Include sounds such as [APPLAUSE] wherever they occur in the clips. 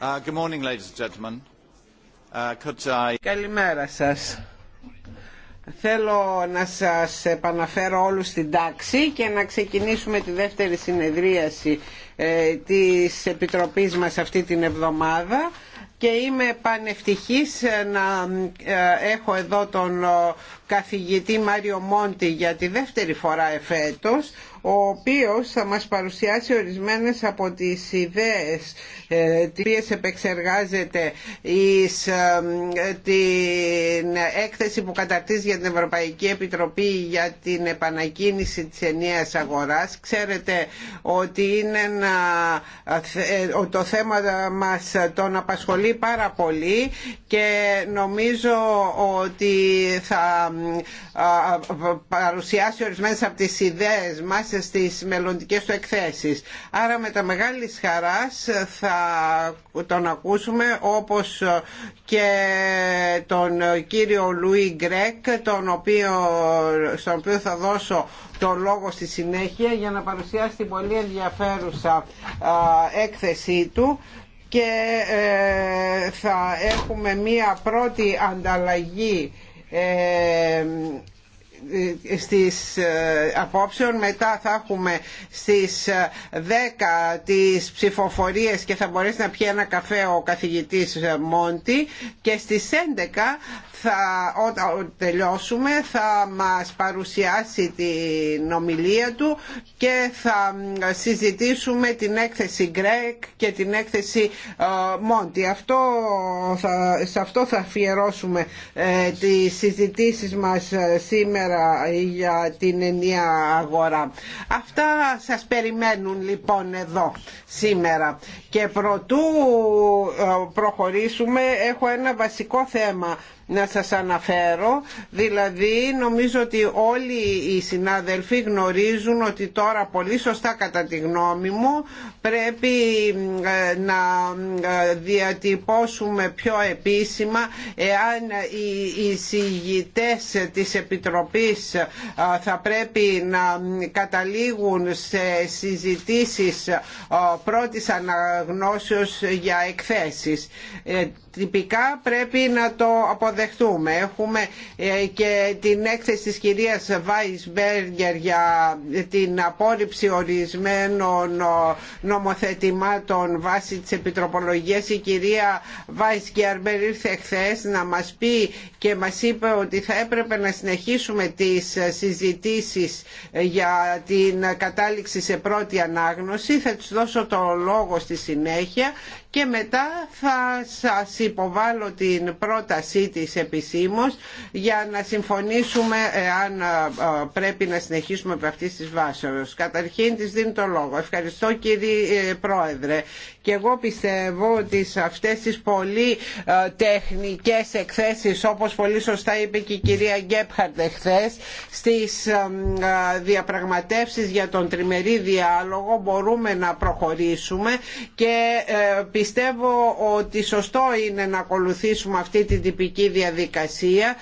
Uh, uh, Καλημέρα σας. Θέλω να σας επαναφέρω όλους στην τάξη και να ξεκινήσουμε τη δεύτερη συνεδρίαση ε, της Επιτροπής μας αυτή την εβδομάδα και είμαι πανευτυχής ε, να ε, έχω εδώ τον καθηγητή Μάριο Μόντι για τη δεύτερη φορά εφέτος ο οποίος θα μας παρουσιάσει ορισμένες από τις ιδέες ε, τις οποίες επεξεργάζεται εις την έκθεση που καταρτίζει για την Ευρωπαϊκή Επιτροπή για την επανακίνηση της ενιαίας αγοράς. Ξέρετε ότι είναι ένα, ε, το θέμα μας τον απασχολεί πάρα πολύ και νομίζω ότι θα παρουσιάσει ορισμένες από τις ιδέες μας Στι στις μελλοντικές του εκθέσεις. Άρα με τα μεγάλης χαράς θα τον ακούσουμε όπως και τον κύριο Λουί Γκρέκ τον οποίο, στον οποίο θα δώσω το λόγο στη συνέχεια για να παρουσιάσει την πολύ ενδιαφέρουσα έκθεσή του και ε, θα έχουμε μία πρώτη ανταλλαγή ε, στις ε, απόψεων μετά θα έχουμε στις 10 ε, τις ψηφοφορίες και θα μπορέσει να πιει ένα καφέ ο καθηγητής Μόντι και στις 11 θα, όταν τελειώσουμε θα μας παρουσιάσει την ομιλία του και θα συζητήσουμε την έκθεση Γκρέκ και την έκθεση ε, Μόντι. Αυτό σε αυτό θα αφιερώσουμε ε, τις συζητήσεις μας ε, σήμερα για την ενία αγορά. Αυτά σας περιμένουν λοιπόν εδώ σήμερα και προτού ε, προχωρήσουμε έχω ένα βασικό θέμα να σας αναφέρω. Δηλαδή νομίζω ότι όλοι οι συνάδελφοι γνωρίζουν ότι τώρα πολύ σωστά κατά τη γνώμη μου πρέπει ε, να ε, διατυπώσουμε πιο επίσημα εάν οι εισηγητές της Επιτροπής θα πρέπει να καταλήγουν σε συζητήσεις πρώτης αναγνώρισης γνώσεως για εκθέσεις. Ε, τυπικά πρέπει να το αποδεχτούμε. Έχουμε ε, και την έκθεση της κυρίας Βάισμπεργκερ για την απόρριψη ορισμένων ε, νομοθετημάτων βάσει της Επιτροπολογίας. Η κυρία Βάισμπεργκερ ήρθε χθε να μας πει και μας είπε ότι θα έπρεπε να συνεχίσουμε τις συζητήσεις για την κατάληξη σε πρώτη ανάγνωση. Θα τους δώσω το λόγο στη συνέχεια και μετά θα σας υποβάλω την πρότασή της επισήμως για να συμφωνήσουμε αν ε, ε, πρέπει να συνεχίσουμε από αυτή τη βάση. Καταρχήν της δίνω το λόγο. Ευχαριστώ κύριε ε, Πρόεδρε. Και εγώ πιστεύω ότι σε αυτές τις πολύ τεχνικές εκθέσεις όπως πολύ σωστά είπε και η κυρία Γκέπχαρτ εχθές στις διαπραγματεύσεις για τον τριμερή διάλογο μπορούμε να προχωρήσουμε και Πιστεύω ότι σωστό είναι να ακολουθήσουμε αυτή την τυπική διαδικασία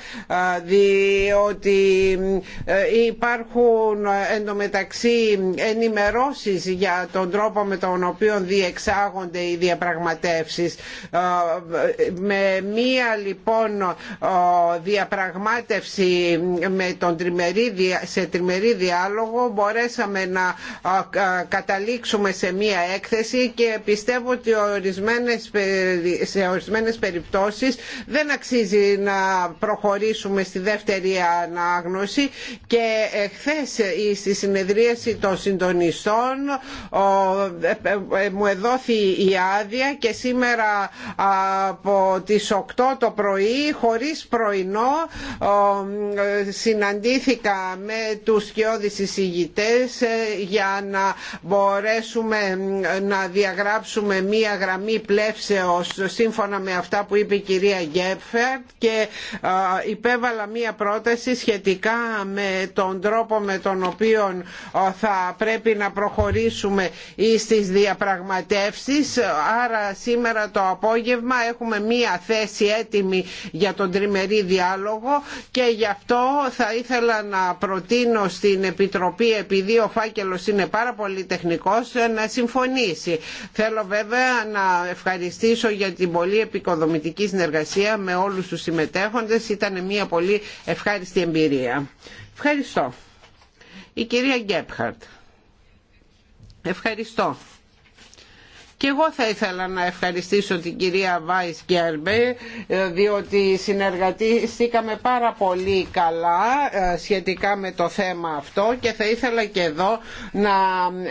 διότι ε, υπάρχουν ε, εντωμεταξύ ενημερώσεις για τον τρόπο με τον οποίο διεξάγονται οι διαπραγματεύσεις. Με μία λοιπόν διαπραγμάτευση με τον τριμερή, σε τριμερή διάλογο μπορέσαμε να καταλήξουμε σε μία έκθεση και πιστεύω ότι ο σε ορισμένες περιπτώσεις δεν αξίζει να προχωρήσουμε στη δεύτερη ανάγνωση και ε, χθε ε, στη συνεδρίαση των συντονιστών ε, μου εδόθη η άδεια και σήμερα από τις 8 το πρωί χωρίς πρωινό συναντήθηκα με τους σκιώδεις εισηγητές για να μπορέσουμε να διαγράψουμε μία γραμμή γραμμή πλεύσεως σύμφωνα με αυτά που είπε η κυρία Γέφερτ και υπέβαλα μία πρόταση σχετικά με τον τρόπο με τον οποίο θα πρέπει να προχωρήσουμε στις διαπραγματεύσεις. Άρα σήμερα το απόγευμα έχουμε μία θέση έτοιμη για τον τριμερή διάλογο και γι' αυτό θα ήθελα να προτείνω στην Επιτροπή επειδή ο φάκελος είναι πάρα πολύ τεχνικός να συμφωνήσει. Θέλω βέβαια να ευχαριστήσω για την πολύ επικοδομητική συνεργασία με όλους τους συμμετέχοντες. Ήταν μια πολύ ευχάριστη εμπειρία. Ευχαριστώ. Η κυρία Γκέπχαρτ. Ευχαριστώ. Και εγώ θα ήθελα να ευχαριστήσω την κυρία Βάις Γκέρμπε ε, διότι συνεργαστήκαμε πάρα πολύ καλά ε, σχετικά με το θέμα αυτό και θα ήθελα και εδώ να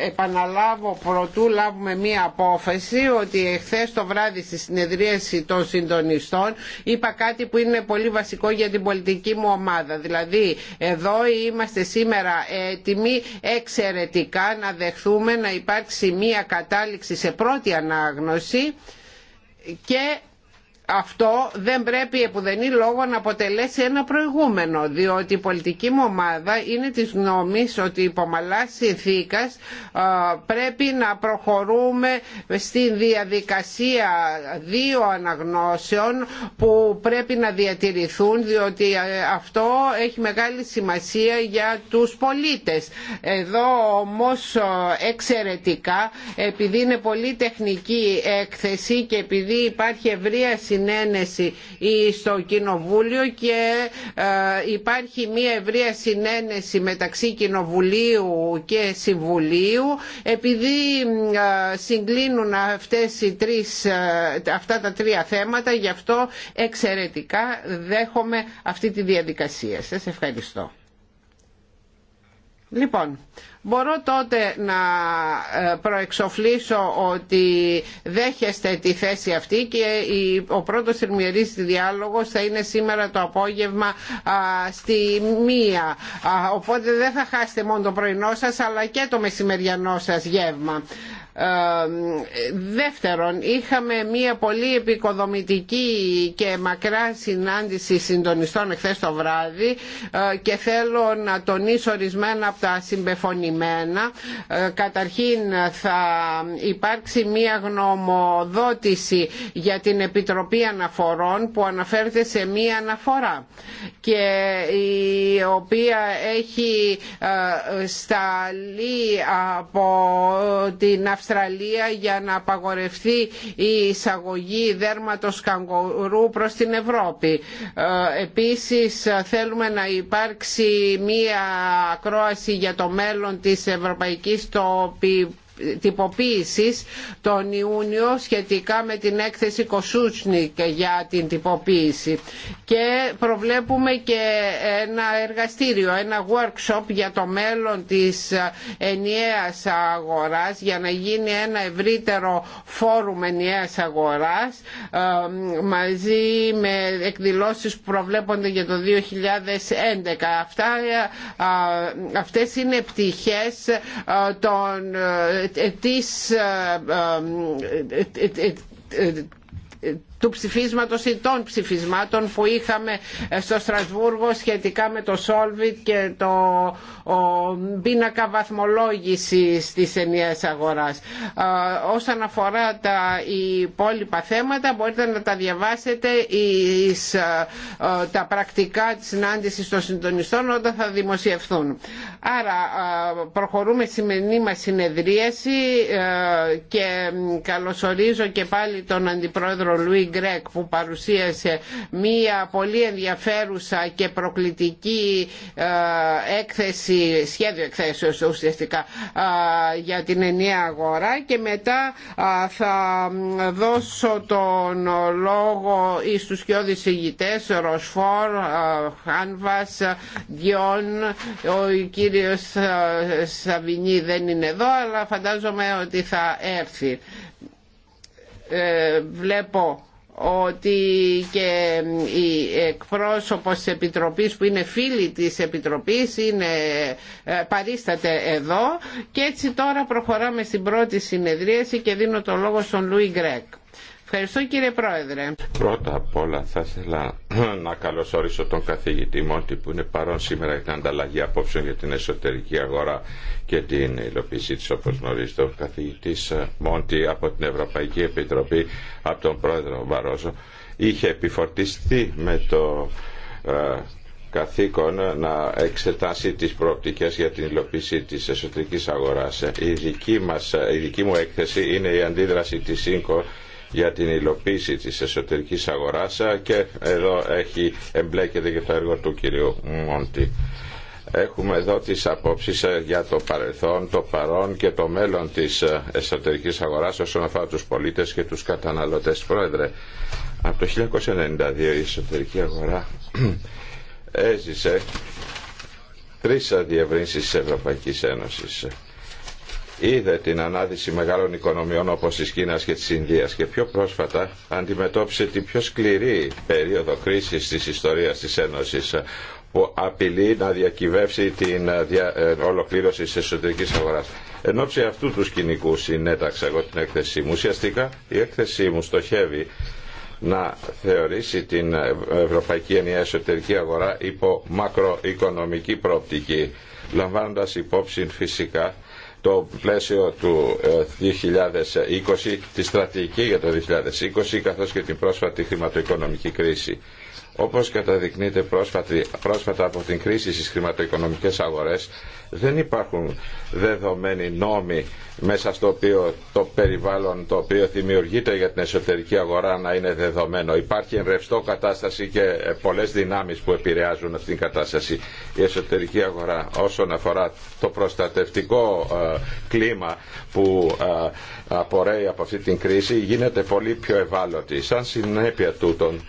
επαναλάβω προτού λάβουμε μία απόφαση ότι εχθές το βράδυ στη συνεδρίαση των συντονιστών είπα κάτι που είναι πολύ βασικό για την πολιτική μου ομάδα. Δηλαδή εδώ είμαστε σήμερα έτοιμοι εξαιρετικά να δεχθούμε να υπάρξει μία κατάληξη σε πρώτη πρώτη ανάγνωση και αυτό δεν πρέπει επουδενή λόγο να αποτελέσει ένα προηγούμενο διότι η πολιτική μου ομάδα είναι της γνώμης ότι υπό μαλάς συνθήκας πρέπει να προχωρούμε στην διαδικασία δύο αναγνώσεων που πρέπει να διατηρηθούν διότι ε, αυτό έχει μεγάλη σημασία για τους πολίτες. Εδώ όμως ε, εξαιρετικά επειδή είναι πολύ τεχνική έκθεση και επειδή υπάρχει ευρεία συνένεση στο Κοινοβούλιο και ε, υπάρχει μια ευρεία συνένεση μεταξύ Κοινοβουλίου και Συμβουλίου επειδή ε, συγκλίνουν αυτές οι τρεις, ε, αυτά τα τρία θέματα γι' αυτό εξαιρετικά δέχομαι αυτή τη διαδικασία. Σας ευχαριστώ. Λοιπόν, μπορώ τότε να ε, προεξοφλήσω ότι δέχεστε τη θέση αυτή και ο πρώτος θερμιερής διάλογος θα είναι σήμερα το απόγευμα στη μία. Οπότε δεν θα χάσετε μόνο το πρωινό σας αλλά και το μεσημεριανό σας γεύμα. Δεύτερον, είχαμε μια πολύ επικοδομητική και μακρά συνάντηση συντονιστών εχθέ το βράδυ ε, και θέλω να τονίσω ορισμένα από τα συμπεφωνημένα. Ε, καταρχήν θα υπάρξει μια γνωμοδότηση για την Επιτροπή Αναφορών που αναφέρεται σε μια αναφορά και η οποία έχει ε, σταλεί από την Αυστραλία Αυστραλία για να απαγορευτεί η εισαγωγή δέρματος καγκορού προς την Ευρώπη. Ε, επίσης θέλουμε να υπάρξει μία ακρόαση για το μέλλον της ευρωπαϊκής τοπικής τυποποίησης τον Ιούνιο σχετικά με την έκθεση και για την τυποποίηση και προβλέπουμε και ένα εργαστήριο, ένα workshop για το μέλλον της ενιαίας αγοράς για να γίνει ένα ευρύτερο φόρουμ ενιαίας αγοράς ε, μαζί με εκδηλώσεις που προβλέπονται για το 2011. Αυτά, ε, ε, αυτές είναι πτυχές των της του ψηφίσματος ή των ψηφισμάτων που είχαμε ε, στο Στρασβούργο σχετικά με το Solvit και το πίνακα βαθμολόγησης της ενιαίας αγοράς. Ε, όσον αφορά τα υπόλοιπα θέματα μπορείτε να τα διαβάσετε εις, ε, τα πρακτικά της συνάντησης των συντονιστών όταν θα δημοσιευθούν. Άρα προχωρούμε στη σημερινή μας συνεδρίαση και καλωσορίζω και πάλι τον Αντιπρόεδρο Λουί που παρουσίασε μία πολύ ενδιαφέρουσα και προκλητική ε, έκθεση, σχέδιο εκθέσεως ουσιαστικά ε, για την ενιαία αγορά και μετά ε, θα δώσω τον λόγο εις τους πιο ηγητές, Ροσφόρ, Χάνβας, Διόν, ο κύριος Σαβινί δεν είναι εδώ αλλά φαντάζομαι ότι θα έρθει. βλέπω ότι και η εκπρόσωπος της Επιτροπής που είναι φίλη της Επιτροπής είναι ε, παρίσταται εδώ και έτσι τώρα προχωράμε στην πρώτη συνεδρίαση και δίνω το λόγο στον Λουί Γκρέκ. Ευχαριστώ κύριε Πρόεδρε. Πρώτα απ' όλα θα ήθελα [CLEARS THROAT] να καλωσορίσω τον καθηγητή Μόντι που είναι παρόν σήμερα για την ανταλλαγή απόψεων για την εσωτερική αγορά και την υλοποίησή της όπως γνωρίζετε. Ο καθηγητής ε, Μόντι από την Ευρωπαϊκή Επιτροπή από τον Πρόεδρο Βαρόζο είχε επιφορτιστεί με το ε, καθήκον να εξετάσει τις προοπτικές για την υλοποίηση της εσωτερικής αγοράς. Η δική, ε, η δική μου έκθεση είναι η αντίδραση της ΣΥΝΚΟ για την υλοποίηση της εσωτερικής αγοράς και εδώ έχει εμπλέκεται και το έργο του κυρίου Μόντι. Έχουμε εδώ τις απόψεις ε, για το παρελθόν, το παρόν και το μέλλον της ε, εσωτερικής αγοράς όσον αφορά τους πολίτες και τους καταναλωτές. Πρόεδρε, από το 1992 η εσωτερική αγορά [CLEARS THROAT] έζησε τρεις διευρύνσεις της Ευρωπαϊκής Ένωσης είδε την ανάδυση μεγάλων οικονομιών όπως της Κίνας και της Ινδίας και πιο πρόσφατα αντιμετώπισε την πιο σκληρή περίοδο κρίσης της ιστορίας της Ένωσης που απειλεί να διακυβεύσει την ε, ε, ολοκλήρωση της εσωτερικής αγοράς. Εν ώψη αυτού του σκηνικού συνέταξα εγώ την έκθεσή μου. Ουσιαστικά η έκθεσή μου στοχεύει να θεωρήσει την ε, Ευρωπαϊκή Ενιαία Εσωτερική Αγορά υπό μακροοικονομική πρόπτική, λαμβάνοντας υπόψη φυσικά το πλαίσιο του 2020, ε, τη στρατηγική για το 2020, καθώς και την πρόσφατη χρηματοοικονομική κρίση. Όπως καταδεικνύεται πρόσφατα από την κρίση στις χρηματοοικονομικές αγορές, δεν υπάρχουν δεδομένοι νόμοι μέσα στο οποίο το περιβάλλον το οποίο δημιουργείται για την εσωτερική αγορά να είναι δεδομένο. Υπάρχει ρευστό κατάσταση και ε, πολλές δυνάμεις που επηρεάζουν αυτήν την κατάσταση. Η εσωτερική αγορά όσον αφορά το προστατευτικό ε, κλίμα που ε, απορρέει από αυτή την κρίση γίνεται πολύ πιο ευάλωτη. Σαν συνέπεια τούτων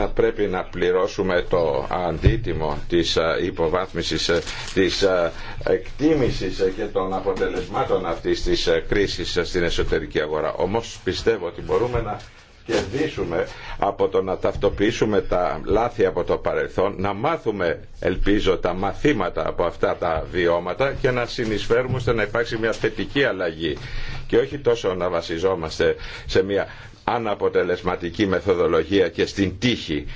θα πρέπει να πληρώσουμε το αντίτιμο της ε, υποβάθμισης ε, της ε, εκτίμησης και των αποτελεσμάτων αυτής της κρίσης στην εσωτερική αγορά. Όμως πιστεύω ότι μπορούμε να κερδίσουμε από το να ταυτοποιήσουμε τα λάθη από το παρελθόν, να μάθουμε ελπίζω τα μαθήματα από αυτά τα βιώματα και να συνεισφέρουμε ώστε να υπάρξει μια θετική αλλαγή και όχι τόσο να βασιζόμαστε σε μια αναποτελεσματική μεθοδολογία και στην τύχη.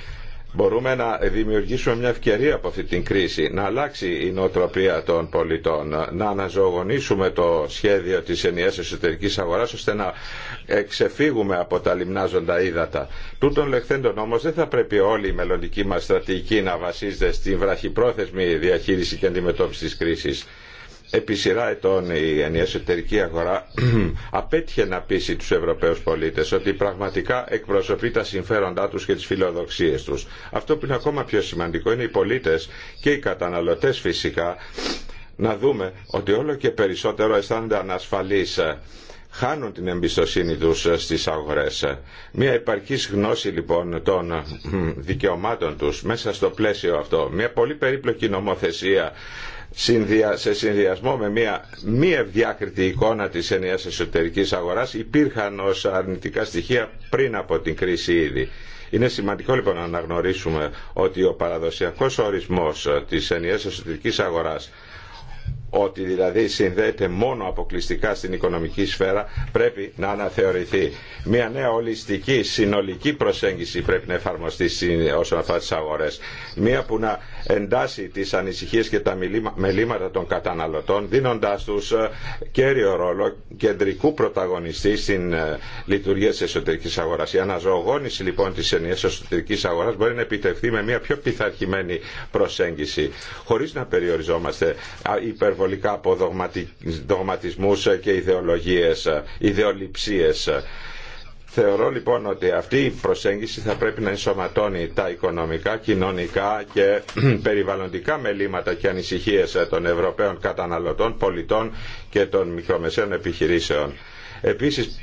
Μπορούμε να δημιουργήσουμε μια ευκαιρία από αυτή την κρίση, να αλλάξει η νοοτροπία των πολιτών, να αναζωογονήσουμε το σχέδιο της ενιαίας εσωτερικής αγοράς, ώστε να ξεφύγουμε από τα λιμνάζοντα ύδατα. Τούτων λεχθέντων όμως δεν θα πρέπει όλη η μελλοντική μας στρατηγική να βασίζεται στην βραχυπρόθεσμη διαχείριση και αντιμετώπιση της κρίσης επί σειρά ετών η ενιαία εσωτερική αγορά [CLEARS THROAT] απέτυχε να πείσει τους Ευρωπαίους πολίτες ότι πραγματικά εκπροσωπεί τα συμφέροντά τους και τις φιλοδοξίες τους. Αυτό που είναι ακόμα πιο σημαντικό είναι οι πολίτες και οι καταναλωτές φυσικά να δούμε ότι όλο και περισσότερο αισθάνονται ανασφαλείς χάνουν την εμπιστοσύνη τους στις αγορές. Μια επαρκής γνώση λοιπόν των [CLEARS THROAT] δικαιωμάτων τους μέσα στο πλαίσιο αυτό, μια πολύ περίπλοκη νομοθεσία σε συνδυασμό με μια μη ευδιάκριτη εικόνα της ενιαίας εσωτερικής αγοράς υπήρχαν ως αρνητικά στοιχεία πριν από την κρίση ήδη. Είναι σημαντικό λοιπόν να αναγνωρίσουμε ότι ο παραδοσιακός ορισμός της ενιαίας εσωτερικής αγοράς ότι δηλαδή συνδέεται μόνο αποκλειστικά στην οικονομική σφαίρα πρέπει να αναθεωρηθεί. Μια νέα ολιστική συνολική προσέγγιση πρέπει να εφαρμοστεί όσον αφορά τι αγορέ. Μια που να εντάσσει τι ανησυχίε και τα μελήματα των καταναλωτών δίνοντά του ε, κέριο ρόλο κεντρικού πρωταγωνιστή στην ε, λειτουργία τη εσωτερική αγορά. Η αναζωογόνηση λοιπόν τη ενιαία εσωτερική αγορά μπορεί να επιτευχθεί με μια πιο πειθαρχημένη προσέγγιση χωρί να περιοριζόμαστε υπερβολικά υπερβολικά από δογματισμούς και ιδεολογίες, ιδεολειψίες. Θεωρώ λοιπόν ότι αυτή η προσέγγιση θα πρέπει να ενσωματώνει τα οικονομικά, κοινωνικά και [CLEARS THROAT] περιβαλλοντικά μελήματα και ανησυχίες των Ευρωπαίων καταναλωτών, πολιτών και των μικρομεσαίων επιχειρήσεων. Επίσης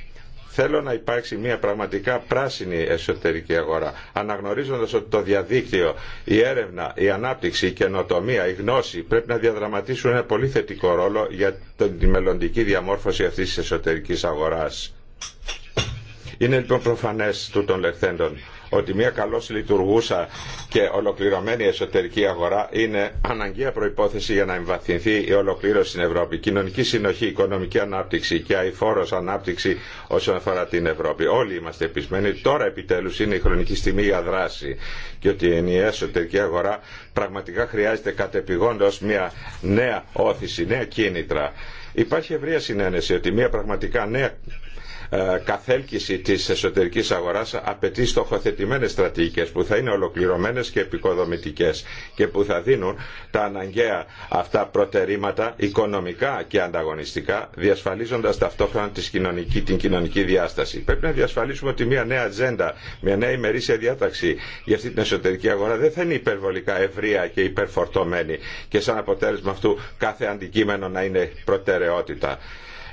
Θέλω να υπάρξει μια πραγματικά πράσινη εσωτερική αγορά, αναγνωρίζοντας ότι το διαδίκτυο, η έρευνα, η ανάπτυξη, η καινοτομία, η γνώση πρέπει να διαδραματίσουν ένα πολύ θετικό ρόλο για τη μελλοντική διαμόρφωση αυτής της εσωτερικής αγοράς. Είναι λοιπόν προφανές τούτων λεχθέντων ότι μια καλώ λειτουργούσα και ολοκληρωμένη εσωτερική αγορά είναι αναγκαία προπόθεση για να εμβαθυνθεί η ολοκλήρωση στην Ευρώπη. Κοινωνική συνοχή, οικονομική ανάπτυξη και αηφόρο ανάπτυξη όσον αφορά την Ευρώπη. Όλοι είμαστε επισμένοι. Τώρα επιτέλου είναι η χρονική στιγμή για δράση και ότι η ενιαία εσωτερική αγορά πραγματικά χρειάζεται κατεπηγόντω μια νέα όθηση, νέα κίνητρα. Υπάρχει ευρεία συνένεση ότι μια πραγματικά νέα ε, καθέλκυση της εσωτερικής αγοράς απαιτεί στοχοθετημένες στρατηγικές που θα είναι ολοκληρωμένες και επικοδομητικές και που θα δίνουν τα αναγκαία αυτά προτερήματα οικονομικά και ανταγωνιστικά διασφαλίζοντας ταυτόχρονα της κοινωνική, την κοινωνική διάσταση. Πρέπει να διασφαλίσουμε ότι μια νέα ατζέντα, μια νέα ημερήσια διάταξη για αυτή την εσωτερική αγορά δεν θα είναι υπερβολικά ευρεία και υπερφορτωμένη και σαν αποτέλεσμα αυτού κάθε αντικείμενο να είναι προτεραιότητα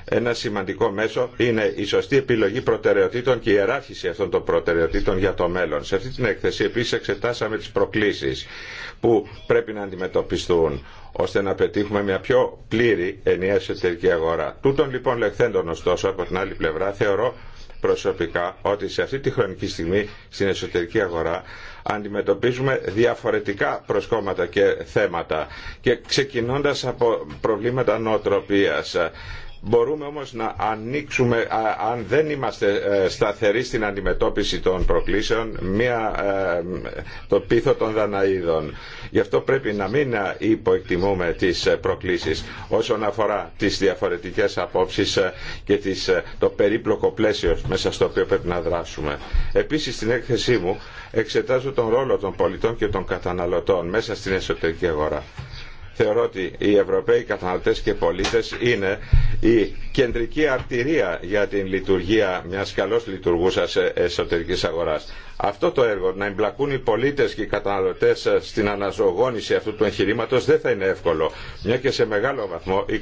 ένα σημαντικό μέσο είναι η σωστή επιλογή προτεραιοτήτων και η ιεράρχηση αυτών των προτεραιοτήτων για το μέλλον. Σε αυτή την έκθεση επίσης εξετάσαμε τις προκλήσεις που πρέπει να αντιμετωπιστούν ώστε να πετύχουμε μια πιο πλήρη ενιαία εσωτερική αγορά. Τούτων λοιπόν λεχθέντων ωστόσο από την άλλη πλευρά θεωρώ προσωπικά ότι σε αυτή τη χρονική στιγμή στην εσωτερική αγορά αντιμετωπίζουμε διαφορετικά προσκόμματα και θέματα και ξεκινώντας από προβλήματα νοοτροπίας Μπορούμε όμως να ανοίξουμε, αν δεν είμαστε ε, σταθεροί στην αντιμετώπιση των προκλήσεων, μία, ε, το πίθο των Δαναίδων. Γι' αυτό πρέπει να μην ε, υποεκτιμούμε τις προκλήσεις όσον αφορά τις διαφορετικές απόψεις και τις, το περίπλοκο πλαίσιο μέσα στο οποίο πρέπει να δράσουμε. Επίσης στην έκθεσή μου εξετάζω τον ρόλο των πολιτών και των καταναλωτών μέσα στην εσωτερική αγορά θεωρώ ότι οι Ευρωπαίοι καταναλωτές και πολίτες είναι η κεντρική αρτηρία για την λειτουργία μιας καλώς λειτουργούσας εσωτερικής αγοράς. Αυτό το έργο, να εμπλακούν οι πολίτες και οι καταναλωτές στην αναζωογόνηση αυτού του εγχειρήματος δεν θα είναι εύκολο. Μια και σε μεγάλο βαθμό οι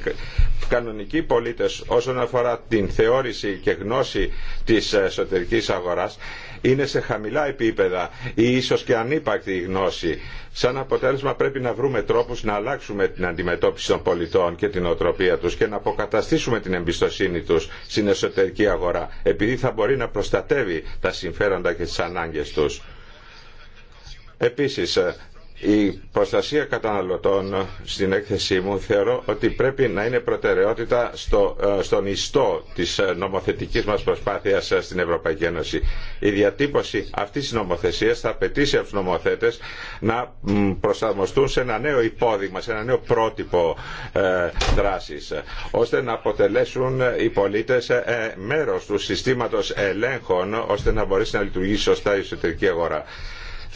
κανονικοί πολίτες όσον αφορά την θεώρηση και γνώση της εσωτερικής αγοράς είναι σε χαμηλά επίπεδα ή ίσως και ανύπακτη η γνώση. Σαν αποτέλεσμα πρέπει να βρούμε τρόπους να αλλάξουμε την αντιμετώπιση των πολιτών και την οτροπία τους και να αποκαταστήσουμε την εμπιστοσύνη τους στην εσωτερική αγορά επειδή θα μπορεί να προστατεύει τα συμφέροντα και τις ανάγκες τους. Επίσης, η προστασία καταναλωτών στην έκθεσή μου θεωρώ ότι πρέπει να είναι προτεραιότητα στο, ε, στον ιστό της ε, νομοθετικής μας προσπάθειας ε, στην Ευρωπαϊκή Ένωση. Η διατύπωση αυτής της νομοθεσίας θα απαιτήσει από τους νομοθέτες να προσαρμοστούν σε ένα νέο υπόδειγμα, σε ένα νέο πρότυπο δράσης, ώστε να αποτελέσουν οι πολίτες μέρος του συστήματος ελέγχων, ώστε να μπορέσει να λειτουργήσει σωστά η εσωτερική αγορά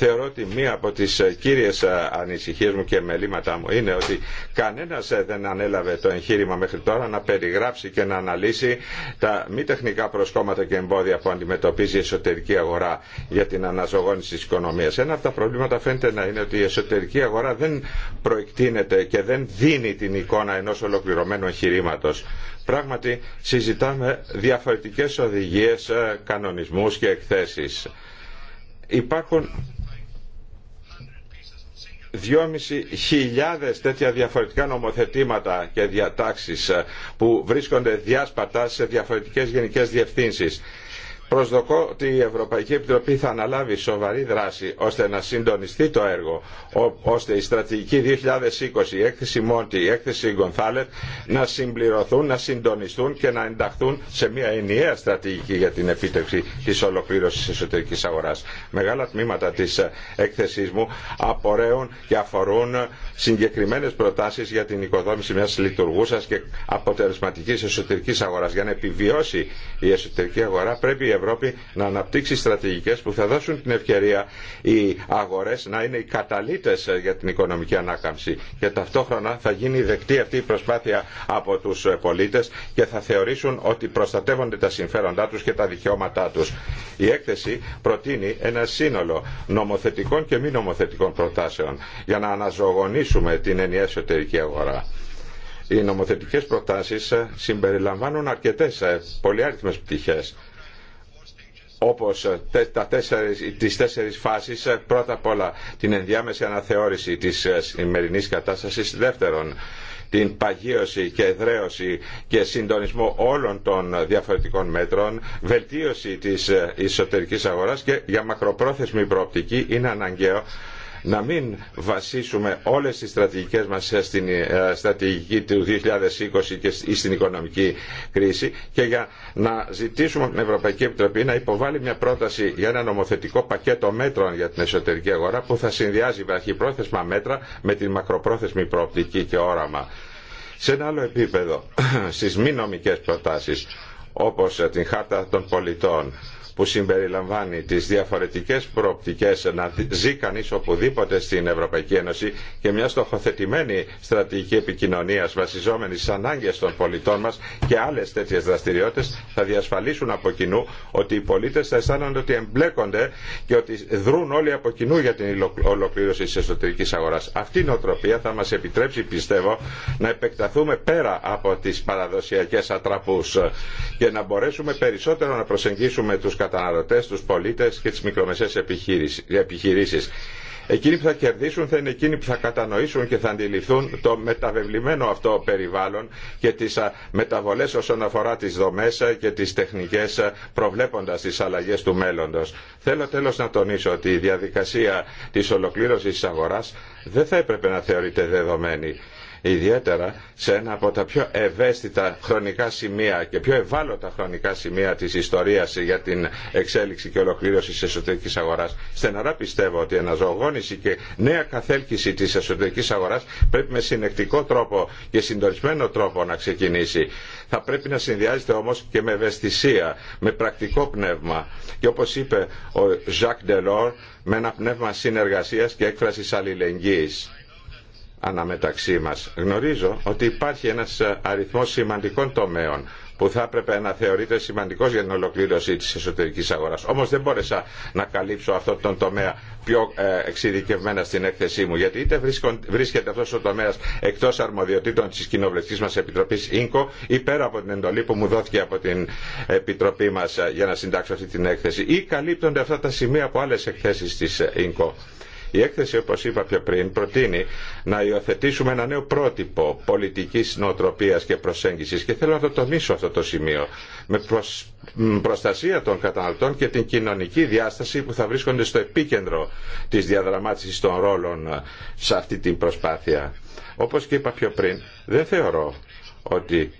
θεωρώ ότι μία από τις ε, κύριες ε, ανησυχίες μου και μελήματά μου είναι ότι κανένας ε, δεν ανέλαβε το εγχείρημα μέχρι τώρα να περιγράψει και να αναλύσει τα μη τεχνικά προσκόμματα και εμπόδια που αντιμετωπίζει η εσωτερική αγορά για την αναζωγόνηση της οικονομίας. Ένα από τα προβλήματα φαίνεται να είναι ότι η εσωτερική αγορά δεν προεκτείνεται και δεν δίνει την εικόνα ενός ολοκληρωμένου εγχειρήματο. Πράγματι, συζητάμε διαφορετικές οδηγίες, κανονισμούς και εκθέσεις. Υπάρχουν χιλιάδες τέτοια διαφορετικά νομοθετήματα και διατάξεις ε, που βρίσκονται διάσπατα σε διαφορετικές γενικές διευθύνσεις. Προσδοκώ ότι η Ευρωπαϊκή Επιτροπή θα αναλάβει σοβαρή δράση ώστε να συντονιστεί το έργο, ώστε η στρατηγική 2020, η έκθεση Μόντι, η έκθεση Γκονθάλετ να συμπληρωθούν, να συντονιστούν και να ενταχθούν σε μια ενιαία στρατηγική για την επίτευξη τη ολοκλήρωση εσωτερική αγορά. Μεγάλα τμήματα τη ε, έκθεσή μου απορρέουν και αφορούν συγκεκριμένε προτάσει για την οικοδόμηση μια λειτουργούσα και αποτελεσματική εσωτερική αγορά. Για να επιβιώσει η εσωτερική αγορά πρέπει Ευρώπη να αναπτύξει στρατηγικές που θα δώσουν την ευκαιρία οι αγορέ να είναι οι καταλήτε για την οικονομική ανάκαμψη και ταυτόχρονα θα γίνει δεκτή αυτή η προσπάθεια από τους πολίτε και θα θεωρήσουν ότι προστατεύονται τα συμφέροντά τους και τα δικαιώματά τους. Η έκθεση προτείνει ένα σύνολο νομοθετικών και μη νομοθετικών προτάσεων για να αναζωογονήσουμε την ενιαία εσωτερική αγορά. Οι νομοθετικές προτάσεις συμπεριλαμβάνουν αρκετές ε, πολυάριθμες πτυχές όπως ε, τα τέσσερις, τις τέσσερις φάσεις ε, πρώτα απ' όλα την ενδιάμεση αναθεώρηση της ε, σημερινής κατάστασης δεύτερον την παγίωση και εδραίωση και συντονισμό όλων των διαφορετικών μέτρων, βελτίωση της εσωτερικής αγοράς και για μακροπρόθεσμη προοπτική είναι αναγκαίο να μην βασίσουμε όλες τις στρατηγικές μας στην ε, στρατηγική του 2020 και στην οικονομική κρίση και για να ζητήσουμε την Ευρωπαϊκή Επιτροπή να υποβάλει μια πρόταση για ένα νομοθετικό πακέτο μέτρων για την εσωτερική αγορά που θα συνδυάζει βραχυπρόθεσμα μέτρα με την μακροπρόθεσμη προοπτική και όραμα. Σε ένα άλλο επίπεδο, [CLEARS THROAT] στις μη νομικές προτάσεις, όπως την Χάρτα των Πολιτών, που συμπεριλαμβάνει τις διαφορετικές προοπτικές να ζει κανείς οπουδήποτε στην Ευρωπαϊκή Ένωση και μια στοχοθετημένη στρατηγική επικοινωνίας βασιζόμενη στις ανάγκες των πολιτών μας και άλλες τέτοιες δραστηριότητες θα διασφαλίσουν από κοινού ότι οι πολίτες θα αισθάνονται ότι εμπλέκονται και ότι δρούν όλοι από κοινού για την ολοκλήρωση της εσωτερικής αγοράς. Αυτή η νοοτροπία θα μας επιτρέψει πιστεύω να επεκταθούμε πέρα από τις παραδοσιακές ατραπούς και να μπορέσουμε περισσότερο να προσεγγίσουμε τους καταναλωτές, τους πολίτες και τις μικρομεσαίες επιχειρήσεις. Εκείνοι που θα κερδίσουν θα είναι εκείνοι που θα κατανοήσουν και θα αντιληφθούν το μεταβεβλημένο αυτό περιβάλλον και τις μεταβολές όσον αφορά τις δομές και τις τεχνικές προβλέποντας τις αλλαγές του μέλλοντος. Θέλω τέλος να τονίσω ότι η διαδικασία της ολοκλήρωσης της αγοράς δεν θα έπρεπε να θεωρείται δεδομένη ιδιαίτερα σε ένα από τα πιο ευαίσθητα χρονικά σημεία και πιο ευάλωτα χρονικά σημεία της ιστορίας για την εξέλιξη και ολοκλήρωση της εσωτερικής αγοράς. Στεναρά πιστεύω ότι η αναζωογόνηση και νέα καθέλκυση της εσωτερικής αγοράς πρέπει με συνεκτικό τρόπο και συντορισμένο τρόπο να ξεκινήσει. Θα πρέπει να συνδυάζεται όμως και με ευαισθησία, με πρακτικό πνεύμα. Και όπως είπε ο Jacques Delors, με ένα πνεύμα συνεργασίας και έκφρασης αλληλεγγύης αναμεταξύ μας. Γνωρίζω ότι υπάρχει ένας ε, αριθμός σημαντικών τομέων που θα έπρεπε να θεωρείται σημαντικό για την ολοκλήρωση τη εσωτερική αγορά. Όμω δεν μπόρεσα να καλύψω αυτόν τον τομέα πιο ε, εξειδικευμένα στην έκθεσή μου, γιατί είτε βρίσκεται αυτό ο τομέα εκτό αρμοδιοτήτων τη κοινοβουλευτική μα Επιτροπή ΙΝΚΟ ή πέρα από την εντολή που μου δόθηκε από την Επιτροπή μα ε, για να συντάξω αυτή την έκθεση, ή καλύπτονται αυτά τα σημεία από άλλε εκθέσει τη ΙΝΚΟ. Η έκθεση, όπω είπα πιο πριν, προτείνει να υιοθετήσουμε ένα νέο πρότυπο πολιτικής νοοτροπίας και προσέγγισης και θέλω να το τονίσω αυτό το σημείο με προστασία των καταναλωτών και την κοινωνική διάσταση που θα βρίσκονται στο επίκεντρο της διαδραμάτισης των ρόλων ε, σε αυτή την προσπάθεια. Όπω και είπα πιο πριν, δεν θεωρώ ότι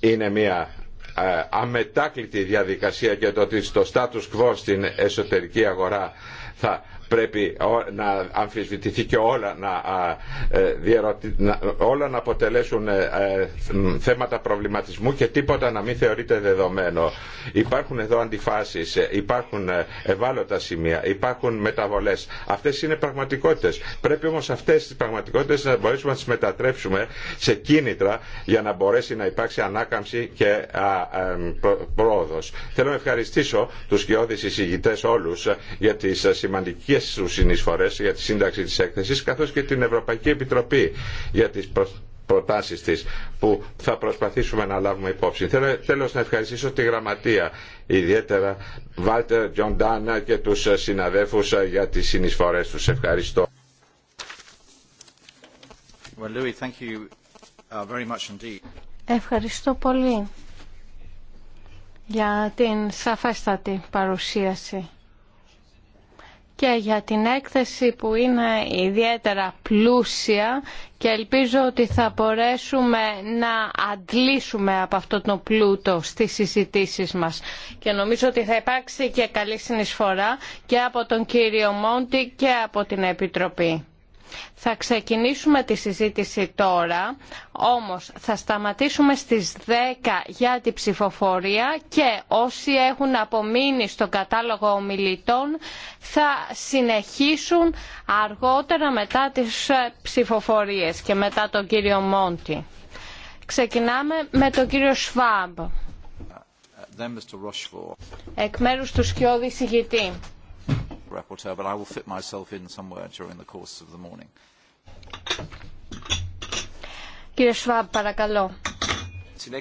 είναι μια ε, αμετάκλητη διαδικασία και το ότι στο status quo στην εσωτερική αγορά θα πρέπει να αμφισβητηθεί και όλα να, ε, όλα να αποτελέσουν ε, ε, θέματα προβληματισμού και τίποτα να μην θεωρείται δεδομένο. Υπάρχουν εδώ αντιφάσεις, υπάρχουν ευάλωτα σημεία, υπάρχουν μεταβολές. Αυτές είναι πραγματικότητες. Πρέπει όμως αυτές τις πραγματικότητες να μπορέσουμε να τις μετατρέψουμε σε κίνητρα για να μπορέσει να υπάρξει ανάκαμψη και πρόοδος. Θέλω να ευχαριστήσω τους εισηγητές όλους για τις σημαντικές τις συνεισφορές για τη σύνταξη της έκθεσης καθώς και την Ευρωπαϊκή Επιτροπή για τις προτάσεις της που θα προσπαθήσουμε να λάβουμε υπόψη. Θέλω τέλος να ευχαριστήσω τη γραμματεία, ιδιαίτερα Βάλτερ Τζοντάνα και τους συναδέφους για τις συνεισφορές τους. Ευχαριστώ. Well, Louis, thank you uh, very much Ευχαριστώ πολύ για την σαφέστατη παρουσίαση και για την έκθεση που είναι ιδιαίτερα πλούσια και ελπίζω ότι θα μπορέσουμε να αντλήσουμε από αυτό το πλούτο στις συζητήσεις μας. Και νομίζω ότι θα υπάρξει και καλή συνεισφορά και από τον κύριο Μόντι και από την Επιτροπή. Θα ξεκινήσουμε τη συζήτηση τώρα, όμως θα σταματήσουμε στις 10 για την ψηφοφορία και όσοι έχουν απομείνει στον κατάλογο ομιλητών θα συνεχίσουν αργότερα μετά τις ε, ψηφοφορίες και μετά τον κύριο Μόντι. Ξεκινάμε με τον κύριο Σφάμπ, εκ μέρους του Σκιώδη Συγητή. Κύριε Σβάμπ, παρακαλώ.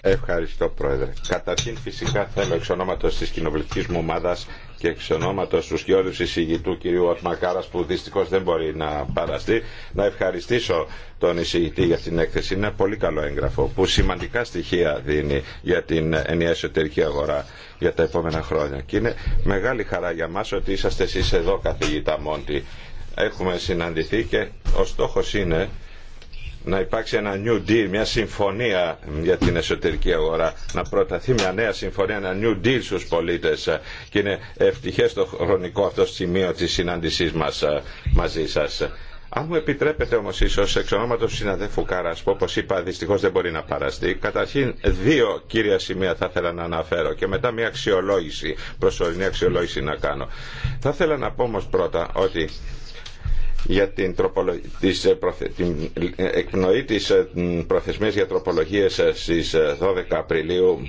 Ευχαριστώ, Πρόεδρε. Καταρχήν, φυσικά θέλω εξ ονόματος της κοινοβουλευτικής μου ομάδας και εξ ονόματο του Γιώργου εισηγητού κυρίου Ατμακάρας που δυστυχώ δεν μπορεί να παραστεί να ευχαριστήσω τον εισηγητή για την έκθεση. Είναι ένα πολύ καλό έγγραφο που σημαντικά στοιχεία δίνει για την ενιαία εσωτερική αγορά για τα επόμενα χρόνια. Και είναι μεγάλη χαρά για μα ότι είσαστε εσεί εδώ καθηγητά Μόντι. Έχουμε συναντηθεί και ο στόχο είναι να υπάρξει ένα New Deal, μια συμφωνία για την εσωτερική αγορά, να προταθεί μια νέα συμφωνία, ένα New Deal στους πολίτες και είναι ευτυχές το χρονικό αυτό σημείο της συνάντησής μας μαζί σας. Αν μου επιτρέπετε όμω, ίσω εξ ονόματο του συναδέλφου Κάρα, που όπω είπα δυστυχώ δεν μπορεί να παραστεί, καταρχήν δύο κύρια σημεία θα ήθελα να αναφέρω και μετά μια αξιολόγηση, προσωρινή αξιολόγηση να κάνω. Θα ήθελα να πω όμω πρώτα ότι για την, τροπολο... της ε, προθε... την ε, εκπνοή ε, της προθεσμίας για τροπολογίες στις 12 Απριλίου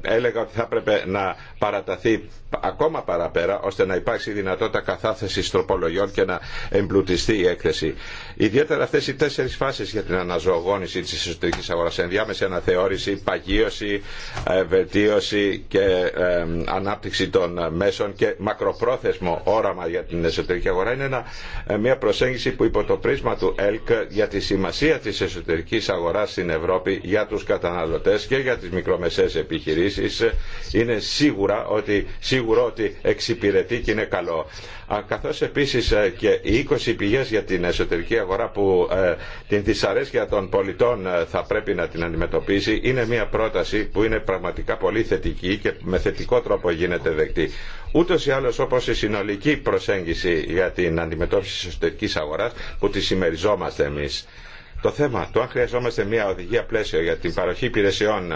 έλεγα ότι θα έπρεπε να παραταθεί ακόμα παραπέρα ώστε να υπάρξει δυνατότητα καθάθεσης τροπολογιών και να εμπλουτιστεί η έκθεση. Ιδιαίτερα αυτές οι τέσσερις φάσεις για την αναζωογόνηση της εσωτερικής αγοράς ενδιάμεση αναθεώρηση, παγίωση, βελτίωση και ανάπτυξη των μέσων και μακροπρόθεσμο όραμα για την εσωτερική αγορά είναι ένα ε, μια προσέγγιση που υπό το πρίσμα του ΕΛΚ για τη σημασία της εσωτερικής αγοράς στην Ευρώπη για τους καταναλωτές και για τις μικρομεσαίες επιχειρήσεις είναι σίγουρα ότι, σίγουρο ότι εξυπηρετεί και είναι καλό. Καθώς επίσης ε, και οι 20 πηγές για την εσωτερική αγορά που ε, την δυσαρέσκεια των πολιτών θα πρέπει να την αντιμετωπίσει είναι μια πρόταση που είναι πραγματικά πολύ θετική και με θετικό τρόπο γίνεται δεκτή. Ούτως ή άλλως όπως η αλλως οπω η προσέγγιση για την αντιμετώπιση τη εσωτερική αγοράς που τη συμμεριζόμαστε εμεί. Το θέμα του αν χρειαζόμαστε μια οδηγία πλαίσιο για την παροχή υπηρεσιών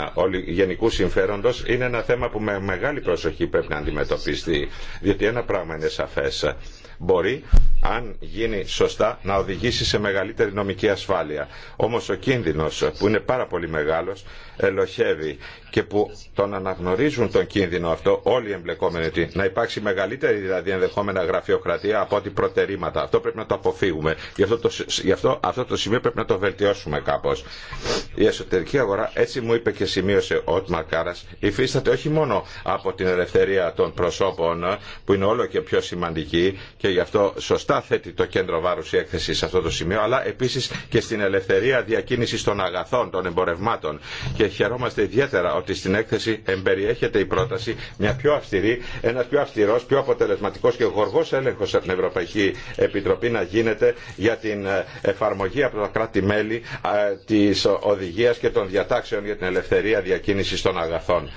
γενικού συμφέροντο είναι ένα θέμα που με μεγάλη προσοχή πρέπει να αντιμετωπιστεί. Διότι ένα πράγμα είναι σαφέ. Μπορεί, αν γίνει σωστά, να οδηγήσει σε μεγαλύτερη νομική ασφάλεια. Όμω ο κίνδυνο που είναι πάρα πολύ μεγάλο ελοχεύει και που τον αναγνωρίζουν τον κίνδυνο αυτό όλοι οι εμπλεκόμενοι ότι να υπάρξει μεγαλύτερη δηλαδή ενδεχόμενα γραφειοκρατία από ό,τι προτερήματα. Αυτό πρέπει να το αποφύγουμε. Γι' αυτό το, γι αυτό, αυτό το σημείο πρέπει να το βελτιώσουμε κάπω. Η εσωτερική αγορά, έτσι μου είπε και σημείωσε ο Μακάρας υφίσταται όχι μόνο από την ελευθερία των προσώπων που είναι όλο και πιο σημαντική και γι' αυτό σωστά θέτει το κέντρο βάρου η έκθεση σε αυτό το σημείο, αλλά επίση και στην ελευθερία διακίνηση των αγαθών, των εμπορευμάτων και χαιρόμαστε ιδιαίτερα ότι στην έκθεση εμπεριέχεται η πρόταση μια πιο αυστηρή, ένα πιο αυστηρό, πιο αποτελεσματικό και γοργό έλεγχο από την Ευρωπαϊκή Επιτροπή να γίνεται για την ε, εφαρμογή από τα κράτη-μέλη ε, τη οδηγία και των διατάξεων για την ελευθερία διακίνηση των αγαθών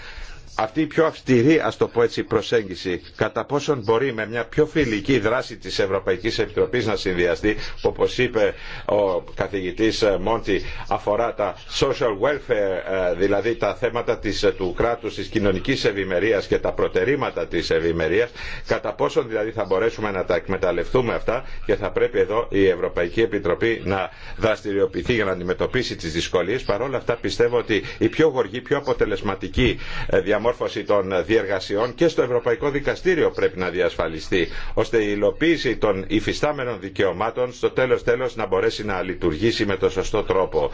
αυτή η πιο αυστηρή ας το πω έτσι προσέγγιση κατά πόσον μπορεί με μια πιο φιλική δράση της Ευρωπαϊκής Επιτροπής να συνδυαστεί που όπως είπε ο καθηγητής Μόντι αφορά τα social welfare ε, δηλαδή τα θέματα της, ε, του κράτους της κοινωνικής ευημερίας και τα προτερήματα της ευημερίας κατά πόσον δηλαδή θα μπορέσουμε να τα εκμεταλλευτούμε αυτά και θα πρέπει εδώ η Ευρωπαϊκή Επιτροπή να δραστηριοποιηθεί για να αντιμετωπίσει τις δυσκολίες παρόλα αυτά πιστεύω ότι η πιο γοργή, πιο αποτελεσματική ε, διαμόρφωση διαμόρφωση των διεργασιών και στο Ευρωπαϊκό Δικαστήριο πρέπει να διασφαλιστεί ώστε η υλοποίηση των υφιστάμενων δικαιωμάτων στο τέλος τέλος να μπορέσει να λειτουργήσει με το σωστό τρόπο.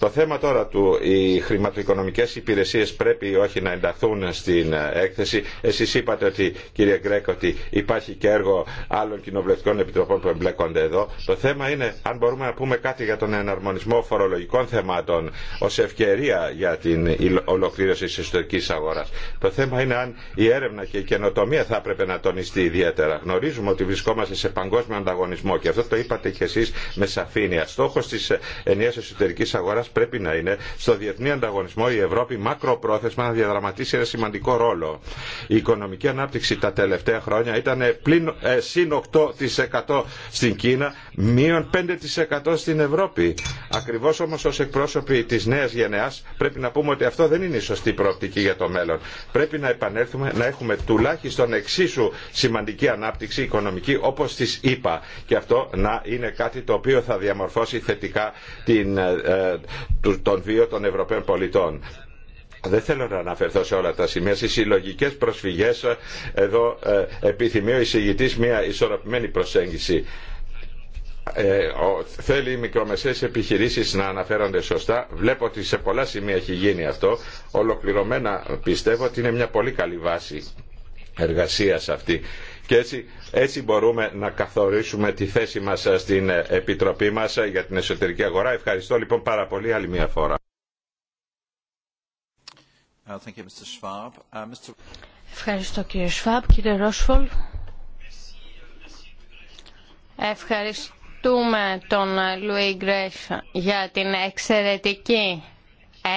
Το θέμα τώρα του οι χρηματοοικονομικές υπηρεσίες πρέπει ή όχι να ενταχθούν στην ε, έκθεση. Εσείς είπατε ότι κύριε Γκρέκ ότι υπάρχει και έργο άλλων κοινοβουλευτικών επιτροπών που εμπλέκονται εδώ. Το θέμα είναι αν μπορούμε να πούμε κάτι για τον εναρμονισμό φορολογικών θεμάτων ως ευκαιρία για την ολοκλήρωση της εσωτερικής αγοράς. Το θέμα είναι αν η έρευνα και η καινοτομία θα έπρεπε να τονιστεί ιδιαίτερα. Γνωρίζουμε ότι βρισκόμαστε σε παγκόσμιο ανταγωνισμό και αυτό το είπατε κι εσείς με σαφήνεια. Στόχος της ε, ενιαίας εσωτερική αγοράς πρέπει να είναι στο διεθνή ανταγωνισμό η Ευρώπη μακροπρόθεσμα να διαδραματίσει ένα σημαντικό ρόλο. Η οικονομική ανάπτυξη τα τελευταία χρόνια ήταν πλην, ε, συν 8% στην Κίνα, μείον 5% στην Ευρώπη. Ακριβώς όμως ως εκπρόσωποι της νέας γενεάς πρέπει να πούμε ότι αυτό δεν είναι η σωστή προοπτική για το μέλλον. Πρέπει να επανέλθουμε να έχουμε τουλάχιστον εξίσου σημαντική ανάπτυξη οικονομική όπως της ΗΠΑ και αυτό να είναι κάτι το οποίο θα διαμορφώσει θετικά την, ε, των δύο των Ευρωπαίων πολιτών. Δεν θέλω να αναφερθώ σε όλα τα σημεία. Στι συλλογικέ προσφυγέ εδώ ε, επιθυμεί ο εισηγητή μια ισορροπημένη προσέγγιση. Ε, θέλει οι μικρομεσαίες επιχειρήσεις να αναφέρονται σωστά. Βλέπω ότι σε πολλά σημεία έχει γίνει αυτό. Ολοκληρωμένα πιστεύω ότι είναι μια πολύ καλή βάση εργασίας αυτή. Και έτσι έτσι μπορούμε να καθορίσουμε τη θέση μας ε, στην ε, Επιτροπή μας ε, για την εσωτερική αγορά. Ευχαριστώ λοιπόν πάρα πολύ άλλη μια φορά. Uh, uh, Ευχαριστώ κύριε Σφάπ. Κύριε Ρόσφολ. Ευχαριστούμε τον Λουί Γκρέφ για την εξαιρετική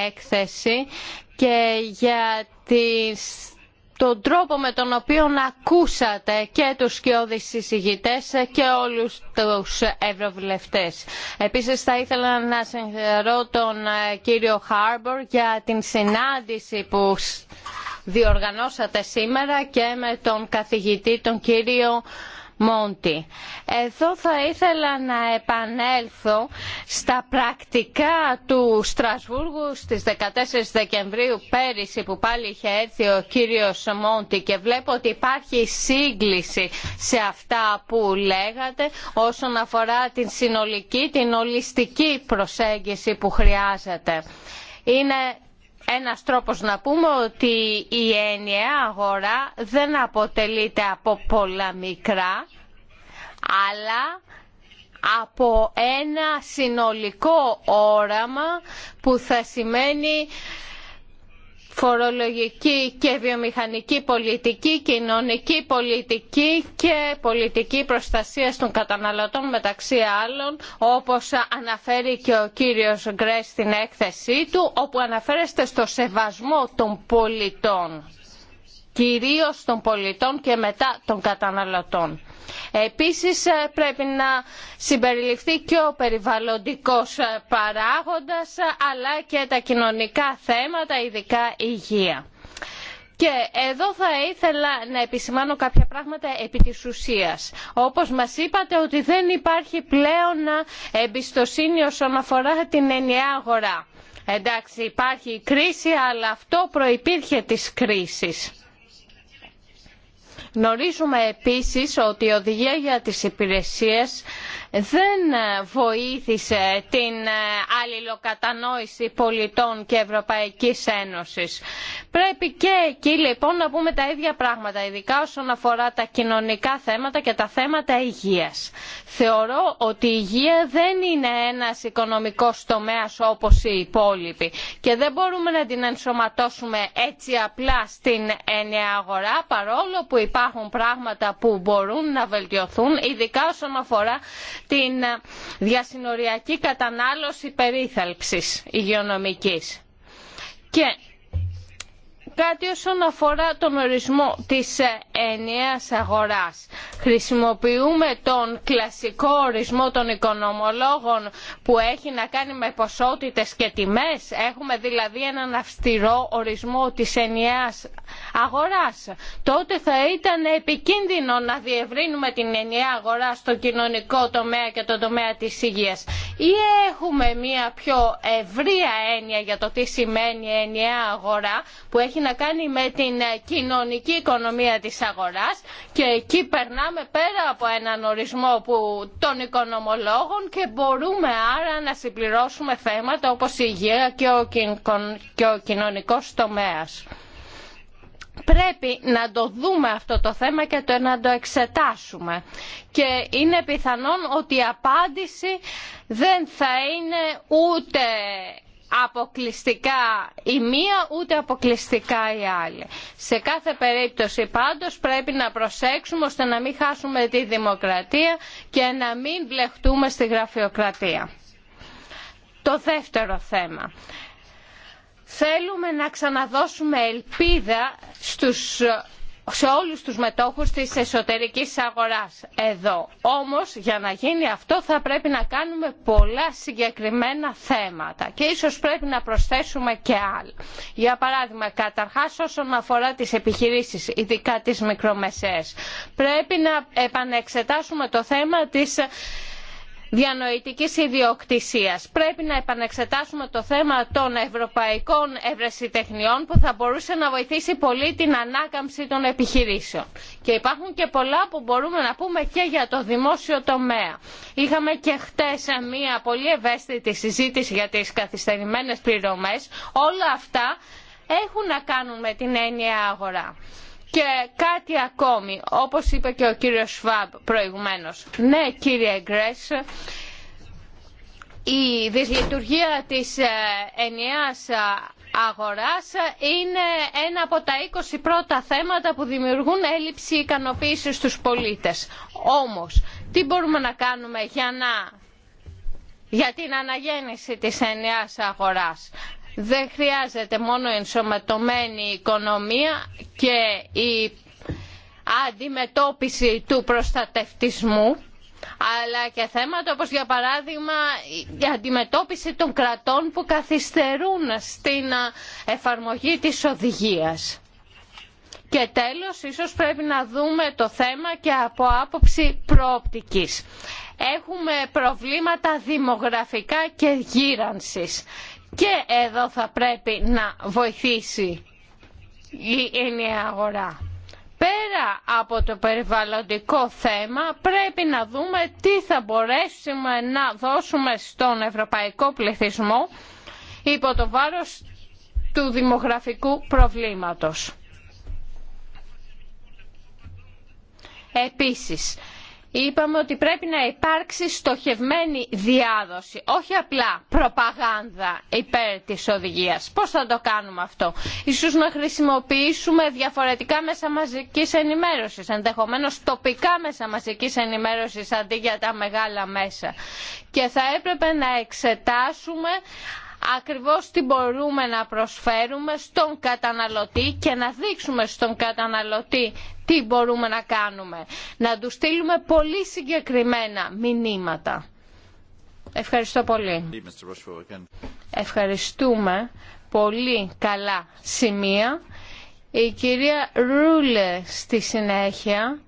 έκθεση και για τις τον τρόπο με τον οποίο ακούσατε και τους σκιώδεις συζητητές και όλους τους ευρωβουλευτές. Επίσης θα ήθελα να συγχαρώ τον ε, κύριο Χάρμπορ για την συνάντηση που διοργανώσατε σήμερα και με τον καθηγητή τον κύριο Μόντι. Εδώ θα ήθελα να επανέλθω στα πρακτικά του Στρασβούργου στις 14 Δεκεμβρίου πέρυσι που πάλι είχε έρθει ο κύριος Μόντι και βλέπω ότι υπάρχει σύγκληση σε αυτά που λέγατε όσον αφορά την συνολική, την ολιστική προσέγγιση που χρειάζεται. Είναι ένας τρόπος να πούμε ότι η ενιαία αγορά δεν αποτελείται από πολλά μικρά αλλά από ένα συνολικό όραμα που θα σημαίνει φορολογική και βιομηχανική πολιτική, κοινωνική πολιτική και πολιτική προστασία των καταναλωτών μεταξύ άλλων, όπως αναφέρει και ο κύριος Γκρέ στην έκθεσή του, όπου αναφέρεστε στο σεβασμό των πολιτών, κυρίως των πολιτών και μετά των καταναλωτών. Επίσης ε, πρέπει να συμπεριληφθεί και ο περιβαλλοντικός ε, παράγοντας ε, αλλά και τα κοινωνικά θέματα, ειδικά υγεία. Και εδώ θα ήθελα να επισημάνω κάποια πράγματα επί της ουσίας. Όπως μας είπατε ότι δεν υπάρχει πλέον εμπιστοσύνη όσον αφορά την ενιαία αγορά. Εντάξει υπάρχει η κρίση αλλά αυτό προϋπήρχε της κρίσης Γνωρίζουμε επίσης ότι η οδηγία για τις υπηρεσίες δεν βοήθησε την ε, αλληλοκατανόηση πολιτών και Ευρωπαϊκής Ένωσης. Πρέπει και εκεί λοιπόν να πούμε τα ίδια πράγματα, ειδικά όσον αφορά τα κοινωνικά θέματα και τα θέματα υγείας. Θεωρώ ότι η υγεία δεν είναι ένας οικονομικός τομέας όπως οι υπόλοιποι και δεν μπορούμε να την ενσωματώσουμε έτσι απλά στην ενιαία αγορά παρόλο που υπάρχουν πράγματα που μπορούν να βελτιωθούν ειδικά όσον αφορά την διασυνοριακή κατανάλωση περίθαλψης υγειονομικής. Και κάτι όσον αφορά τον ορισμό της ε, ενιαίας αγοράς. Χρησιμοποιούμε τον κλασικό ορισμό των οικονομολόγων που έχει να κάνει με ποσότητες και τιμές. Έχουμε δηλαδή έναν αυστηρό ορισμό της ενιαίας αγοράς. Τότε θα ήταν επικίνδυνο να διευρύνουμε την ενιαία αγορά στο κοινωνικό τομέα και το τομέα της υγείας. Ή έχουμε μια πιο ευρία έννοια για το τι σημαίνει ενιαία αγορά που έχει να κάνει με την ε, κοινωνική οικονομία της αγοράς και εκεί περνάμε πέρα από έναν ορισμό που, των οικονομολόγων και μπορούμε άρα να συμπληρώσουμε θέματα όπως η υγεία και ο, και ο κοινωνικός τομέας. Πρέπει να το δούμε αυτό το θέμα και το, να το εξετάσουμε. Και είναι πιθανόν ότι η απάντηση δεν θα είναι ούτε αποκλειστικά η μία ούτε αποκλειστικά η άλλη. Σε κάθε περίπτωση πάντως πρέπει να προσέξουμε ώστε να μην χάσουμε τη δημοκρατία και να μην βλεχτούμε στη γραφειοκρατία. Το δεύτερο θέμα. Θέλουμε να ξαναδώσουμε ελπίδα στους σε όλους τους μετόχους της εσωτερικής αγοράς εδώ. Όμως για να γίνει αυτό θα πρέπει να κάνουμε πολλά συγκεκριμένα θέματα και ίσως πρέπει να προσθέσουμε και άλλα. Για παράδειγμα, καταρχάς όσον αφορά τις επιχειρήσεις, ειδικά τις μικρομεσαίες, πρέπει να επανεξετάσουμε το θέμα της διανοητικής ιδιοκτησίας. Πρέπει να επανεξετάσουμε το θέμα των ευρωπαϊκών ευρεσιτεχνιών που θα μπορούσε να βοηθήσει πολύ την ανάκαμψη των επιχειρήσεων. Και υπάρχουν και πολλά που μπορούμε να πούμε και για το δημόσιο τομέα. Είχαμε και χτες μια πολύ ευαίσθητη συζήτηση για τις καθυστερημένες πληρωμές. Όλα αυτά έχουν να κάνουν με την έννοια αγορά. Και κάτι ακόμη, όπως είπε και ο κύριος Σβάμπ προηγουμένως. Ναι, κύριε Γκρέσ, η δυσλειτουργία της ε, ενιαίας ε, αγοράς είναι ένα από τα 20 πρώτα θέματα που δημιουργούν έλλειψη ικανοποίηση στους πολίτες. Όμως, τι μπορούμε να κάνουμε για, να... για την αναγέννηση της ενιαίας αγοράς. Δεν χρειάζεται μόνο ενσωματωμένη οικονομία και η αντιμετώπιση του προστατευτισμού αλλά και θέματα όπως για παράδειγμα η αντιμετώπιση των κρατών που καθυστερούν στην εφαρμογή της οδηγίας. Και τέλος, ίσως πρέπει να δούμε το θέμα και από άποψη προοπτικής. Έχουμε προβλήματα δημογραφικά και γύρανσης και εδώ θα πρέπει να βοηθήσει η ενιαία αγορά. Πέρα από το περιβαλλοντικό θέμα πρέπει να δούμε τι θα μπορέσουμε να δώσουμε στον ευρωπαϊκό πληθυσμό υπό το βάρος του δημογραφικού προβλήματος. Επίσης, είπαμε ότι πρέπει να υπάρξει στοχευμένη διάδοση, όχι απλά προπαγάνδα υπέρ της οδηγίας. Πώς θα το κάνουμε αυτό. Ίσως να χρησιμοποιήσουμε διαφορετικά μέσα μαζικής ενημέρωσης, ενδεχομένως τοπικά μέσα μαζικής ενημέρωσης αντί για τα μεγάλα μέσα. Και θα έπρεπε να εξετάσουμε ακριβώς τι μπορούμε να προσφέρουμε στον καταναλωτή και να δείξουμε στον καταναλωτή τι μπορούμε να κάνουμε. Να του στείλουμε πολύ συγκεκριμένα μηνύματα. Ευχαριστώ πολύ. Ευχαριστούμε. Πολύ καλά σημεία. Η κυρία Ρούλε στη συνέχεια,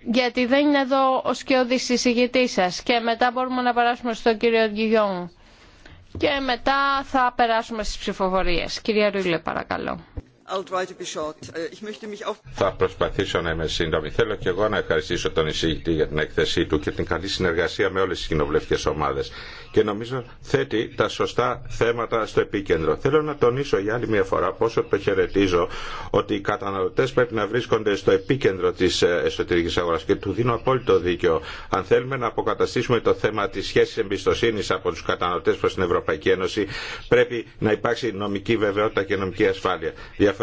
γιατί δεν είναι εδώ ο σκιώδης συζητητής σας και μετά μπορούμε να περάσουμε στον κύριο Γκυγιόν και μετά θα περάσουμε στις ψηφοφορίες. Κυρία Ρούλε παρακαλώ. Uh, Θα προσπαθήσω να είμαι σύντομη. Θέλω και εγώ να ευχαριστήσω τον εισηγητή για την έκθεσή του και την καλή συνεργασία με όλες τις κοινοβουλευτικές ομάδες. Και νομίζω θέτει τα σωστά θέματα στο επίκεντρο. Θέλω να τονίσω για άλλη μια φορά πόσο το χαιρετίζω ότι οι καταναλωτές πρέπει να βρίσκονται στο επίκεντρο της ε, εσωτερικής αγοράς και του δίνω απόλυτο δίκιο. Αν θέλουμε να αποκαταστήσουμε το θέμα της σχέσης εμπιστοσύνης από τους καταναλωτές προς την Ευρωπαϊκή Ένωση πρέπει να υπάρξει νομική βεβαιότητα και νομική ασφάλεια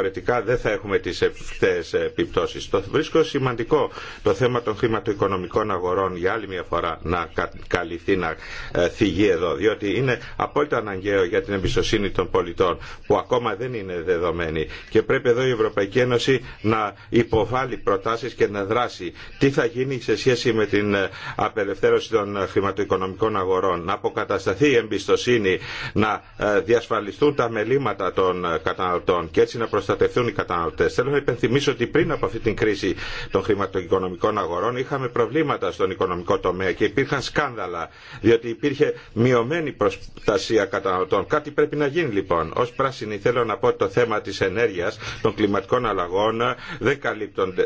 διαφορετικά δεν θα έχουμε τις ευθές επιπτώσεις. Το βρίσκω σημαντικό το θέμα των χρηματοοικονομικών αγορών για άλλη μια φορά να καλυφθεί, να ε, θυγεί εδώ, διότι είναι απόλυτα αναγκαίο για την εμπιστοσύνη των πολιτών που ακόμα δεν είναι δεδομένη και πρέπει εδώ η Ευρωπαϊκή Ένωση να υποβάλει προτάσεις και να δράσει. Τι θα γίνει σε σχέση με την ε, απελευθέρωση των ε, χρηματοοικονομικών αγορών, να αποκατασταθεί η εμπιστοσύνη, να διασφαλιστούν τα μελήματα των καταναλωτών και έτσι προστατευτούν οι καταναλωτέ. Θέλω να υπενθυμίσω ότι πριν από αυτή την κρίση των χρηματοοικονομικών αγορών είχαμε προβλήματα στον οικονομικό τομέα και υπήρχαν σκάνδαλα, διότι υπήρχε μειωμένη προστασία καταναλωτών. Κάτι πρέπει να γίνει λοιπόν. Ω πράσινη θέλω να πω ότι το θέμα τη ενέργεια, των κλιματικών αλλαγών δεν,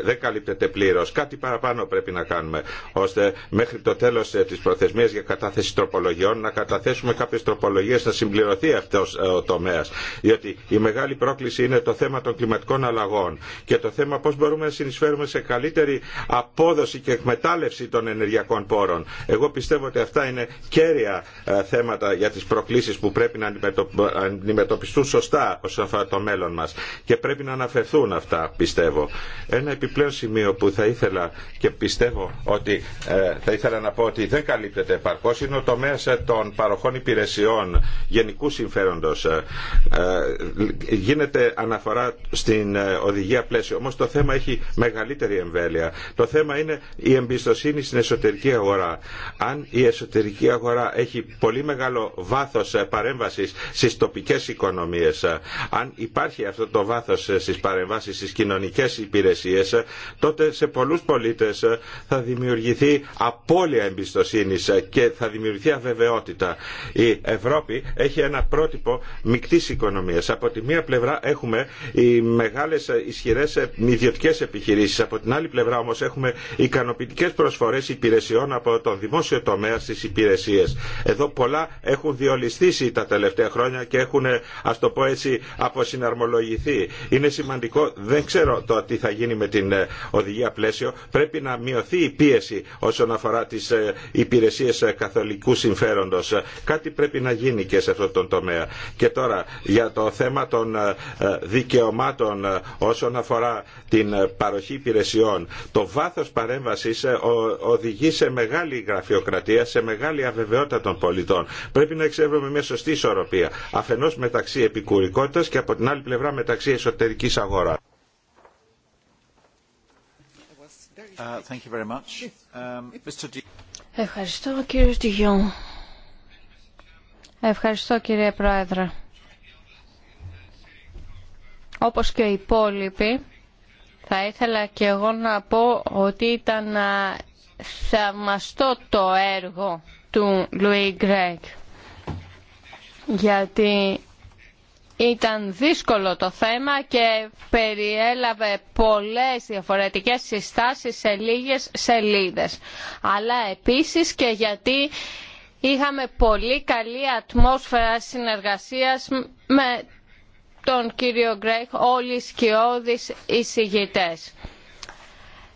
δεν καλύπτεται πλήρω. Κάτι παραπάνω πρέπει να κάνουμε, ώστε μέχρι το τέλο ε, τη προθεσμία για κατάθεση τροπολογιών να καταθέσουμε κάποιε τροπολογίε να συμπληρωθεί αυτό ε, ο τομέα. Διότι η μεγάλη πρόκληση είναι το θέμα των κλιματικών αλλαγών και το θέμα πώς μπορούμε να συνεισφέρουμε σε καλύτερη απόδοση και εκμετάλλευση των ενεργειακών πόρων. Εγώ πιστεύω ότι αυτά είναι κέρια ε, θέματα για τις προκλήσεις που πρέπει να αντιμετωπιστούν σωστά όσον αφορά το μέλλον μας και πρέπει να αναφερθούν αυτά πιστεύω. Ένα επιπλέον σημείο που θα ήθελα και πιστεύω ότι ε, θα ήθελα να πω ότι δεν καλύπτεται επαρκώς είναι ο τομέας ε, των παροχών υπηρεσιών γενικού συμφέροντος. γίνεται αναφορά αφορά στην ε, οδηγία πλαίσιο. Όμω το θέμα έχει μεγαλύτερη εμβέλεια. Το θέμα είναι η εμπιστοσύνη στην εσωτερική αγορά. Αν η εσωτερική αγορά έχει πολύ μεγάλο βάθο ε, παρέμβαση στι τοπικέ οικονομίε, ε, αν υπάρχει αυτό το βάθο στι παρεμβάσει στι κοινωνικέ υπηρεσίε, τότε σε πολλού πολίτε θα δημιουργηθεί απώλεια εμπιστοσύνη και θα δημιουργηθεί αβεβαιότητα. Η Ευρώπη έχει ένα πρότυπο μεικτή οικονομία. Από τη μία πλευρά έχουμε οι μεγάλε ισχυρέ ε, ιδιωτικέ επιχειρήσει. Από την άλλη πλευρά όμω έχουμε ικανοποιητικέ προσφορέ υπηρεσιών από τον δημόσιο τομέα στι υπηρεσίε. Εδώ πολλά έχουν διολυστήσει τα τελευταία χρόνια και έχουν ε, α το πω έτσι αποσυναρμολογηθεί. Είναι σημαντικό, δεν ξέρω το τι θα γίνει με την ε, οδηγία πλαίσιο, πρέπει να μειωθεί η πίεση όσον αφορά τι υπηρεσίε καθολικού συμφέροντος. Κάτι πρέπει να γίνει και σε αυτόν τον τομέα. Και τώρα για το θέμα των δικαιωμάτων δικαιωμάτων ε, όσον αφορά την ε, παροχή υπηρεσιών, το βάθος παρέμβασης ε, οδηγεί σε μεγάλη γραφειοκρατία, σε μεγάλη αβεβαιότητα των πολιτών. Πρέπει να εξεύρουμε μια σωστή ισορροπία, αφενός μεταξύ επικουρικότητας και από την άλλη πλευρά μεταξύ εσωτερικής αγοράς. Uh, um, Ευχαριστώ κύριε Ευχαριστώ κύριε Πρόεδρε όπως και οι υπόλοιποι, θα ήθελα και εγώ να πω ότι ήταν θαυμαστό το έργο του Λουί Γκρέγκ γιατί ήταν δύσκολο το θέμα και περιέλαβε πολλές διαφορετικές συστάσεις σε λίγες σελίδες. Αλλά επίσης και γιατί είχαμε πολύ καλή ατμόσφαιρα συνεργασίας με τον κύριο Γκρέχ, όλοι οι σκιώδεις εισηγητές.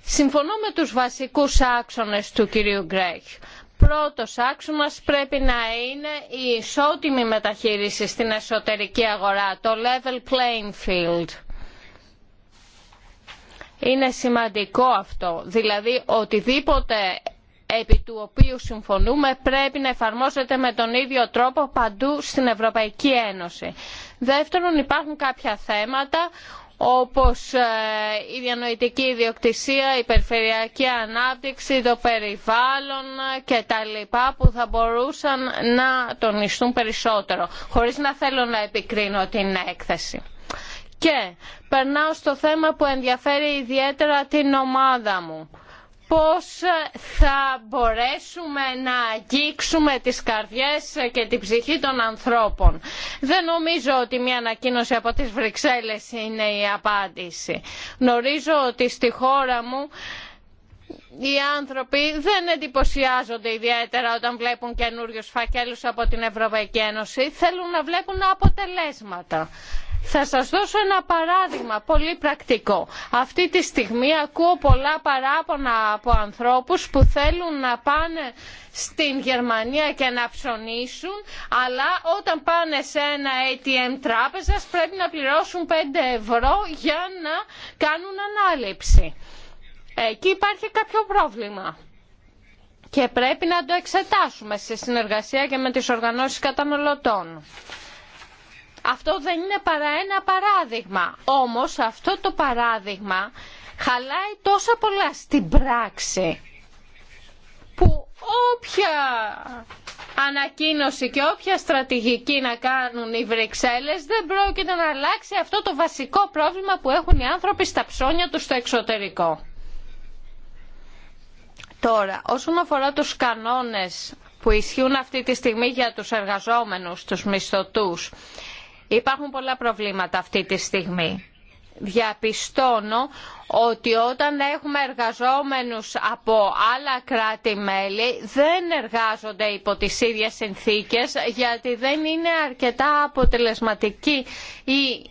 Συμφωνώ με τους βασικούς άξονες του κυρίου Γκρέχ. Πρώτος άξονας πρέπει να είναι η ισότιμη μεταχείριση στην εσωτερική αγορά, το level playing field. Είναι σημαντικό αυτό, δηλαδή οτιδήποτε επί του οποίου συμφωνούμε πρέπει να εφαρμόζεται με τον ίδιο τρόπο παντού στην Ευρωπαϊκή Ένωση. Δεύτερον, υπάρχουν κάποια θέματα όπως ε, η διανοητική ιδιοκτησία, η περιφερειακή ανάπτυξη, το περιβάλλον ε, και τα λοιπά που θα μπορούσαν να τονιστούν περισσότερο, χωρίς να θέλω να επικρίνω την έκθεση. Και περνάω στο θέμα που ενδιαφέρει ιδιαίτερα την ομάδα μου πώς θα μπορέσουμε να αγγίξουμε τις καρδιές και την ψυχή των ανθρώπων. Δεν νομίζω ότι μια ανακοίνωση από τις Βρυξέλλες είναι η απάντηση. Γνωρίζω ότι στη χώρα μου οι άνθρωποι δεν εντυπωσιάζονται ιδιαίτερα όταν βλέπουν καινούριους φακέλους από την Ευρωπαϊκή Ένωση. Θέλουν να βλέπουν αποτελέσματα. Θα σας δώσω ένα παράδειγμα πολύ πρακτικό. Αυτή τη στιγμή ακούω πολλά παράπονα από ανθρώπους που θέλουν να πάνε στην Γερμανία και να ψωνίσουν, αλλά όταν πάνε σε ένα ATM τράπεζας πρέπει να πληρώσουν 5 ευρώ για να κάνουν ανάληψη. Εκεί υπάρχει κάποιο πρόβλημα και πρέπει να το εξετάσουμε σε συνεργασία και με τις οργανώσεις καταναλωτών. Αυτό δεν είναι παρά ένα παράδειγμα. Όμως αυτό το παράδειγμα χαλάει τόσα πολλά στην πράξη που όποια ανακοίνωση και όποια στρατηγική να κάνουν οι Βρυξέλλες δεν πρόκειται να αλλάξει αυτό το βασικό πρόβλημα που έχουν οι άνθρωποι στα ψώνια τους στο εξωτερικό. Τώρα, όσον αφορά τους κανόνες που ισχύουν αυτή τη στιγμή για τους εργαζόμενους, τους μισθωτούς, Υπάρχουν πολλά προβλήματα αυτή τη στιγμή. Διαπιστώνω ότι όταν έχουμε εργαζόμενους από άλλα κράτη-μέλη δεν εργάζονται υπό τις ίδιες συνθήκες γιατί δεν είναι αρκετά αποτελεσματική η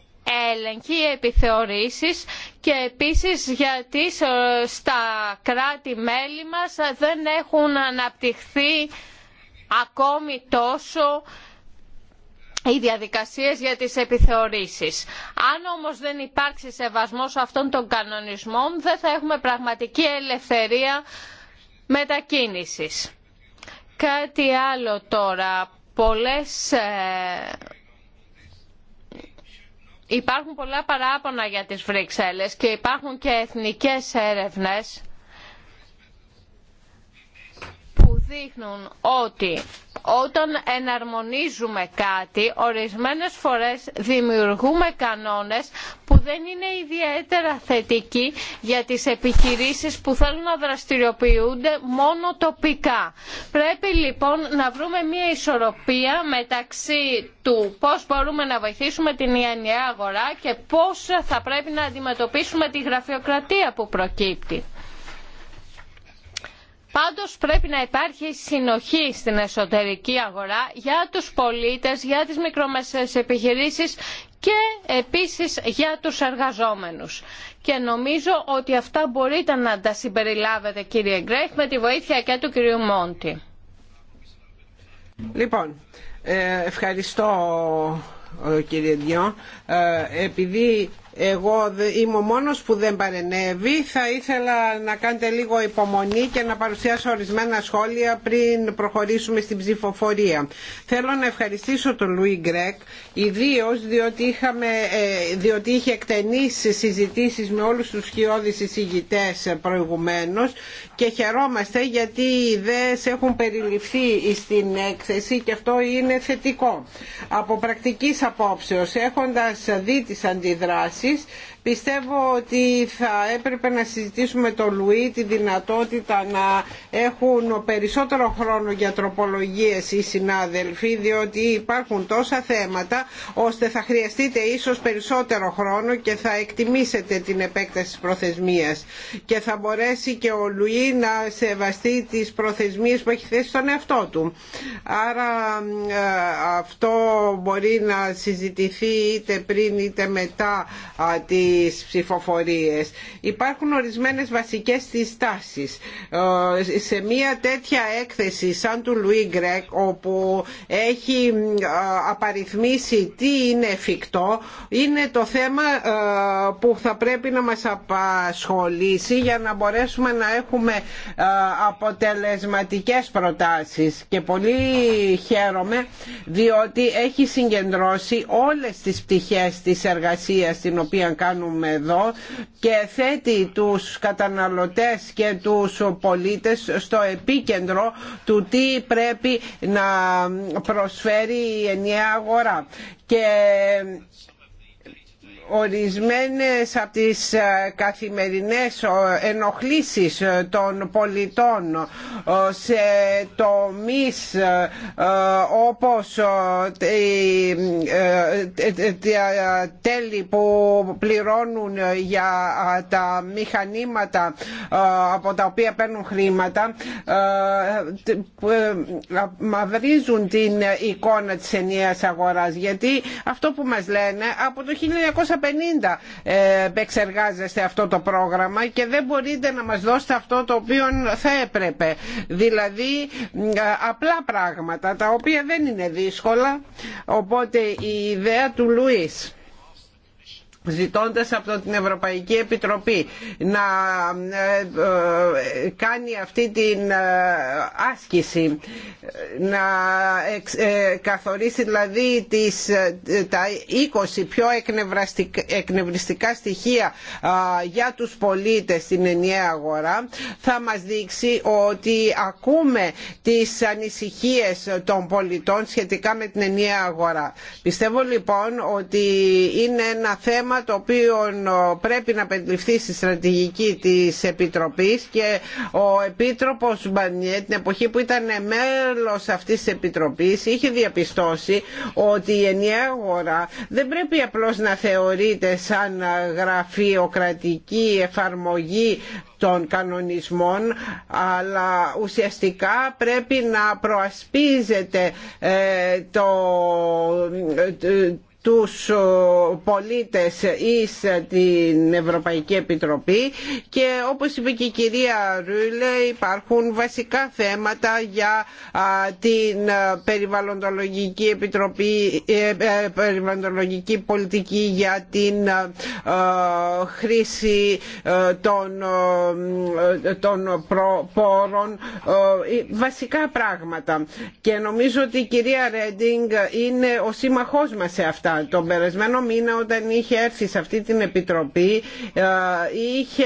έλεγχη επιθεωρήσεις και επίσης γιατί στα κράτη-μέλη μας δεν έχουν αναπτυχθεί ακόμη τόσο οι διαδικασίες για τις επιθεωρήσεις. Αν όμως δεν υπάρξει σεβασμός αυτών των κανονισμών δεν θα έχουμε πραγματική ελευθερία μετακίνησης. Κάτι άλλο τώρα. Ε, υπάρχουν πολλά παράπονα για τις Βρυξέλλες και υπάρχουν και εθνικές έρευνες δείχνουν ότι όταν εναρμονίζουμε κάτι, ορισμένες φορές δημιουργούμε κανόνες που δεν είναι ιδιαίτερα θετικοί για τις επιχειρήσεις που θέλουν να δραστηριοποιούνται μόνο τοπικά. Πρέπει λοιπόν να βρούμε μια ισορροπία μεταξύ του πώς μπορούμε να βοηθήσουμε την ιανιαία αγορά και πώς θα πρέπει να αντιμετωπίσουμε τη γραφειοκρατία που προκύπτει. Πάντως πρέπει να υπάρχει συνοχή στην εσωτερική αγορά για τους πολίτες, για τις μικρομεσαίες επιχειρήσεις και επίσης για τους εργαζόμενους. Και νομίζω ότι αυτά μπορείτε να τα συμπεριλάβετε κύριε Γκρέχ με τη βοήθεια και του κυρίου Μόντι. Λοιπόν, ε, ευχαριστώ ε, κύριε Διό. Ε, επειδή εγώ είμαι ο μόνος που δεν παρενέβη. Θα ήθελα να κάνετε λίγο υπομονή και να παρουσιάσω ορισμένα σχόλια πριν προχωρήσουμε στην ψηφοφορία. Θέλω να ευχαριστήσω τον Λουί Γκρέκ, ιδίω διότι, ε, διότι είχε εκτενήσει συζητήσεις με όλους τους χειώδεις εισηγητές προηγουμένως και χαιρόμαστε γιατί οι ιδέες έχουν περιληφθεί στην έκθεση και αυτό είναι θετικό. Από πρακτικής απόψεως, έχοντας δει τις αντιδράσεις, επίσης Πιστεύω ότι θα έπρεπε να συζητήσουμε το Λουί τη δυνατότητα να έχουν περισσότερο χρόνο για τροπολογίες οι συνάδελφοι διότι υπάρχουν τόσα θέματα ώστε θα χρειαστείτε ίσως περισσότερο χρόνο και θα εκτιμήσετε την επέκταση της προθεσμίας και θα μπορέσει και ο Λουί να σεβαστεί τις προθεσμίες που έχει θέσει στον εαυτό του. Άρα ε, αυτό μπορεί να συζητηθεί είτε πριν είτε μετά τη τις ψηφοφορίες. Υπάρχουν ορισμένες βασικές συστάσεις. Ε, σε μια τέτοια έκθεση σαν του Λουί Γκρέκ όπου έχει ε, απαριθμίσει τι είναι εφικτό είναι το θέμα ε, που θα πρέπει να μας απασχολήσει για να μπορέσουμε να έχουμε αποτελεσματικές προτάσεις και πολύ χαίρομαι διότι έχει συγκεντρώσει όλες τις πτυχές της εργασίας την οποία κάνουμε κάνουμε εδώ και θέτει τους καταναλωτές και τους πολίτες στο επίκεντρο του τι πρέπει να προσφέρει η ενιαία αγορά. Και ορισμένες από τις ε, καθημερινές ενοχλήσεις ε, των πολιτών ε, σε τομείς όπως τα τέλη που πληρώνουν για τα μηχανήματα από τα οποία παίρνουν χρήματα μαυρίζουν την εικόνα της ενιαίας αγοράς γιατί αυτό που μας λένε από το ε, επεξεργάζεστε αυτό το πρόγραμμα και δεν μπορείτε να μας δώσετε αυτό το οποίο θα έπρεπε. Δηλαδή ε, απλά πράγματα τα οποία δεν είναι δύσκολα. Οπότε η ιδέα του Λουίς ζητώντας από την Ευρωπαϊκή Επιτροπή να ε, ε, κάνει αυτή την ε, άσκηση, να καθορίσει δηλαδή τις, τα 20 πιο εκνευριστικά στοιχεία για τους πολίτες στην ενιαία αγορά, θα μας δείξει ότι ακούμε τις ανησυχίες των πολιτών σχετικά με την ενιαία αγορά. Πιστεύω λοιπόν ότι είναι ένα θέμα το οποίο ε, πρέπει να περιληφθεί στη στρατηγική της Επιτροπής και ο Επίτροπος Μπανιέ την εποχή που ήταν μέλος αυτής της Επιτροπής είχε διαπιστώσει ότι η ενιαία αγορά δεν πρέπει απλώς να θεωρείται σαν γραφειοκρατική εφαρμογή των κανονισμών αλλά ουσιαστικά πρέπει να προασπίζεται ε, το, ε, τους πολίτες ή την Ευρωπαϊκή Επιτροπή και όπως είπε και η κυρία Ρούλε υπάρχουν βασικά θέματα για την ε, περιβαλλοντολογική, επιτροπή, ε, ε, περιβαλλοντολογική πολιτική για την χρήση των, των πόρων βασικά πράγματα και νομίζω ότι η κυρία Ρέντινγκ είναι ο σύμμαχός μας σε αυτά τον περασμένο μήνα όταν είχε έρθει σε αυτή την Επιτροπή ε, είχε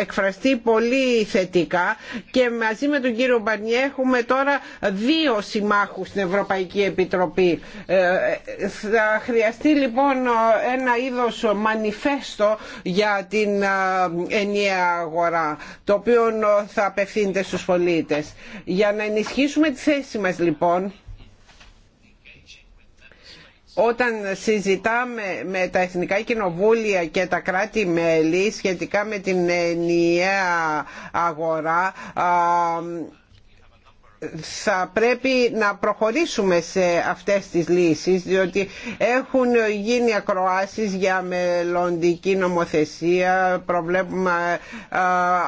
εκφραστεί πολύ θετικά και μαζί με τον κύριο Μπανιέ έχουμε τώρα δύο συμμάχους στην Ευρωπαϊκή Επιτροπή. Ε, θα χρειαστεί λοιπόν ένα είδος μανιφέστο για την ε, ενιαία αγορά το οποίο θα απευθύνεται στους πολίτες. Για να ενισχύσουμε τη θέση μας λοιπόν όταν συζητάμε με τα Εθνικά Κοινοβούλια και τα κράτη-μέλη σχετικά με την ενιαία αγορά θα πρέπει να προχωρήσουμε σε αυτές τις λύσεις διότι έχουν γίνει ακροάσεις για μελλοντική νομοθεσία προβλέπουμε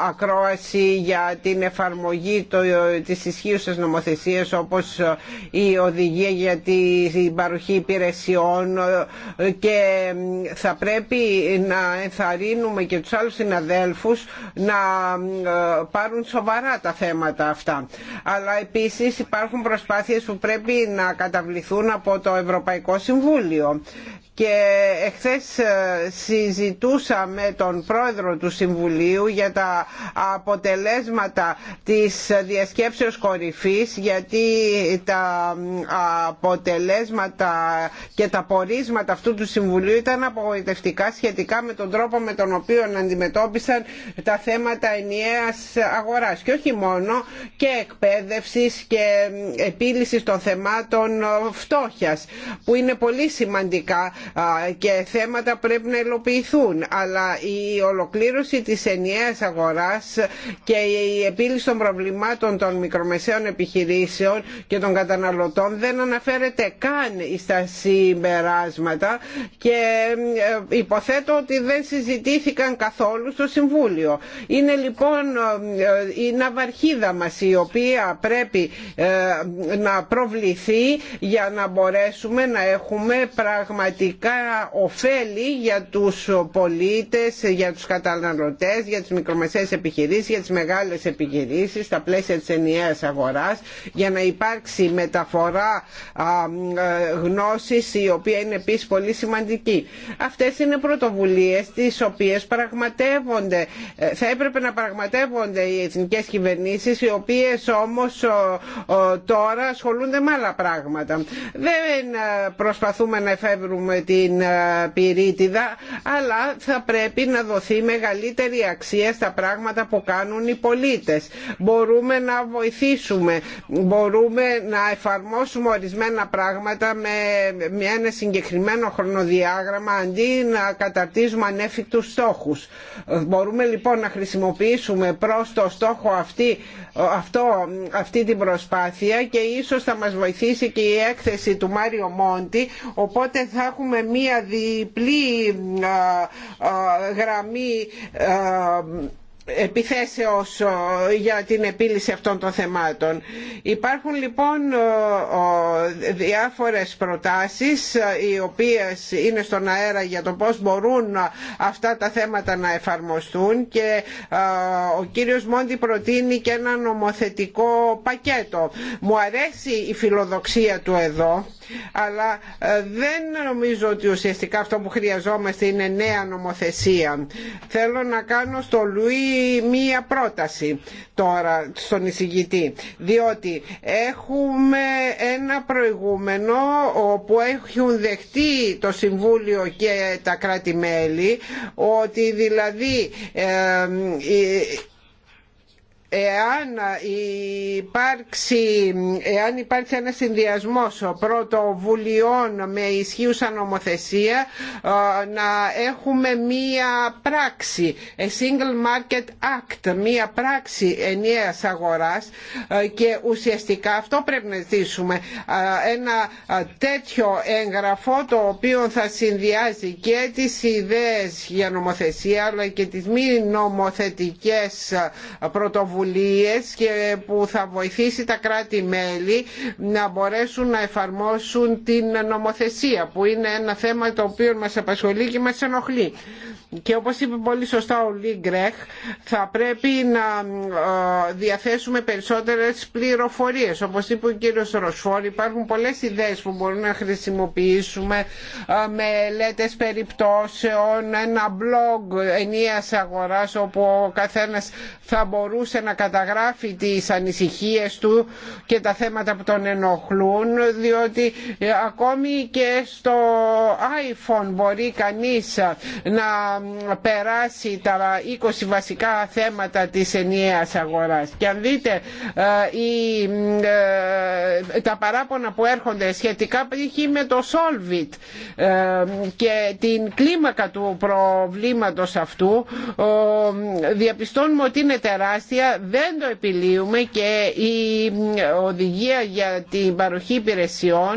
ακρόαση για την εφαρμογή της ισχύουσας νομοθεσίας όπως η οδηγία για την παροχή υπηρεσιών και θα πρέπει να ενθαρρύνουμε και τους άλλους συναδέλφους να πάρουν σοβαρά τα θέματα αυτά αλλά επίσης υπάρχουν προσπάθειες που πρέπει να καταβληθούν από το Ευρωπαϊκό Συμβούλιο και εχθές ε, συζητούσαμε τον πρόεδρο του Συμβουλίου για τα αποτελέσματα της διασκέψεως κορυφής γιατί τα αποτελέσματα και τα πορίσματα αυτού του Συμβουλίου ήταν απογοητευτικά σχετικά με τον τρόπο με τον οποίο αντιμετώπισαν τα θέματα ενιαίας αγοράς και όχι μόνο και εκπαίδευσης και επίλυσης των θεμάτων φτώχειας που είναι πολύ σημαντικά και θέματα πρέπει να υλοποιηθούν αλλά η ολοκλήρωση της ενιαίας αγοράς και η επίλυση των προβλημάτων των μικρομεσαίων επιχειρήσεων και των καταναλωτών δεν αναφέρεται καν στα συμπεράσματα και ε, υποθέτω ότι δεν συζητήθηκαν καθόλου στο Συμβούλιο. Είναι λοιπόν ε, η ναυαρχίδα μας η οποία πρέπει ε, να προβληθεί για να μπορέσουμε να έχουμε πραγματικά πραγματικά ωφέλη για τους πολίτες, για τους καταναλωτές, για τις μικρομεσαίες επιχειρήσεις, για τις μεγάλες επιχειρήσεις στα πλαίσια της ενιαίας αγοράς για να υπάρξει μεταφορά ε, γνώσης η οποία είναι επίσης πολύ σημαντική. Αυτές είναι πρωτοβουλίες τις οποίες πραγματεύονται, ε, θα έπρεπε να πραγματεύονται οι εθνικές κυβερνήσεις οι οποίες όμως τώρα ασχολούνται με άλλα πράγματα. Δεν ε, προσπαθούμε να εφεύρουμε την ε, πυρίτιδα αλλά θα πρέπει να δοθεί μεγαλύτερη αξία στα πράγματα που κάνουν οι πολίτες. Μπορούμε να βοηθήσουμε, μπορούμε να εφαρμόσουμε ορισμένα πράγματα με ένα συγκεκριμένο χρονοδιάγραμμα αντί να καταρτίζουμε ανέφικτους στόχους. Μπορούμε λοιπόν να χρησιμοποιήσουμε προς το στόχο αυτή, αυτή την προσπάθεια και ίσως θα μας βοηθήσει και η έκθεση του Μάριο Μόντι οπότε θα έχουμε με μία διπλή γραμμή επιθέσεως για την επίλυση αυτών των θεμάτων. Υπάρχουν λοιπόν διάφορες προτάσεις οι οποίες είναι στον αέρα για το πώς μπορούν αυτά τα θέματα να εφαρμοστούν και ο κύριος Μόντι προτείνει και ένα νομοθετικό πακέτο. Μου αρέσει η φιλοδοξία του εδώ αλλά ε, δεν νομίζω ότι ουσιαστικά αυτό που χρειαζόμαστε είναι νέα νομοθεσία. Θέλω να κάνω στο Λουί μία πρόταση τώρα στον εισηγητή, διότι έχουμε ένα προηγούμενο όπου έχουν δεχτεί το Συμβούλιο και τα κράτη-μέλη ότι δηλαδή ε, ε, εάν υπάρξει, εάν υπάρξει ένα συνδυασμός πρωτοβουλειών με ισχύουσα νομοθεσία να έχουμε μία πράξη a single market act μία πράξη ενιαίας αγοράς και ουσιαστικά αυτό πρέπει να ζητήσουμε ένα τέτοιο έγγραφο το οποίο θα συνδυάζει και τις ιδέες για νομοθεσία αλλά και τις μη νομοθετικές πρωτοβουλίες πρωτοβουλίες και που θα βοηθήσει τα κράτη-μέλη να μπορέσουν να εφαρμόσουν την νομοθεσία που είναι ένα θέμα το οποίο μας απασχολεί και μας ενοχλεί. Και όπως είπε πολύ σωστά ο Λί θα πρέπει να ε, διαθέσουμε περισσότερες πληροφορίες. Όπως είπε ο κύριος Ροσφόρ, υπάρχουν πολλές ιδέες που μπορούμε να χρησιμοποιήσουμε, με μελέτε περιπτώσεων, ένα blog ενίας αγοράς όπου ο καθένας θα μπορούσε να καταγράφει τις ανησυχίες του και τα θέματα που τον ενοχλούν, διότι ε, ακόμη και στο iPhone μπορεί κανείς να περάσει τα 20 βασικά θέματα της ενιαίας αγοράς. Και αν δείτε ε, ε, τα παράπονα που έρχονται σχετικά π.χ. με το Solvit ε, και την κλίμακα του προβλήματος αυτού διαπιστώνουμε ότι είναι τεράστια, δεν το επιλύουμε και η οδηγία για την παροχή υπηρεσιών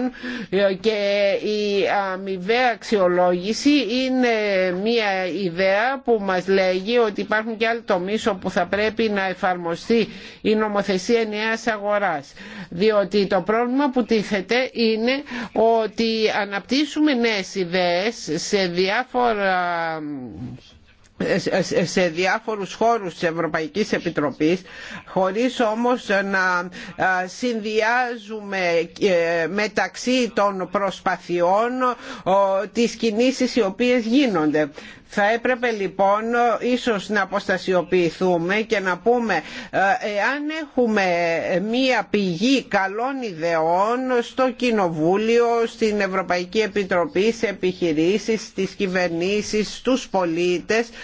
και η αμοιβαία αξιολόγηση είναι μια ιδέα που μας λέγει ότι υπάρχουν και άλλοι τομείς όπου θα πρέπει να εφαρμοστεί η νομοθεσία νέας αγοράς. Διότι το πρόβλημα που τίθεται είναι ότι αναπτύσσουμε νέες ιδέες σε διάφορα σε διάφορους χώρους της Ευρωπαϊκής Επιτροπής χωρίς όμως να συνδυάζουμε ε, μεταξύ των προσπαθειών τις κινήσεις οι οποίες γίνονται. Θα έπρεπε λοιπόν ε, ίσως να αποστασιοποιηθούμε και να πούμε ε, εάν έχουμε μία πηγή καλών ιδεών στο Κοινοβούλιο, στην Ευρωπαϊκή Επιτροπή, σε επιχειρήσεις, στις κυβερνήσεις, στους πολίτες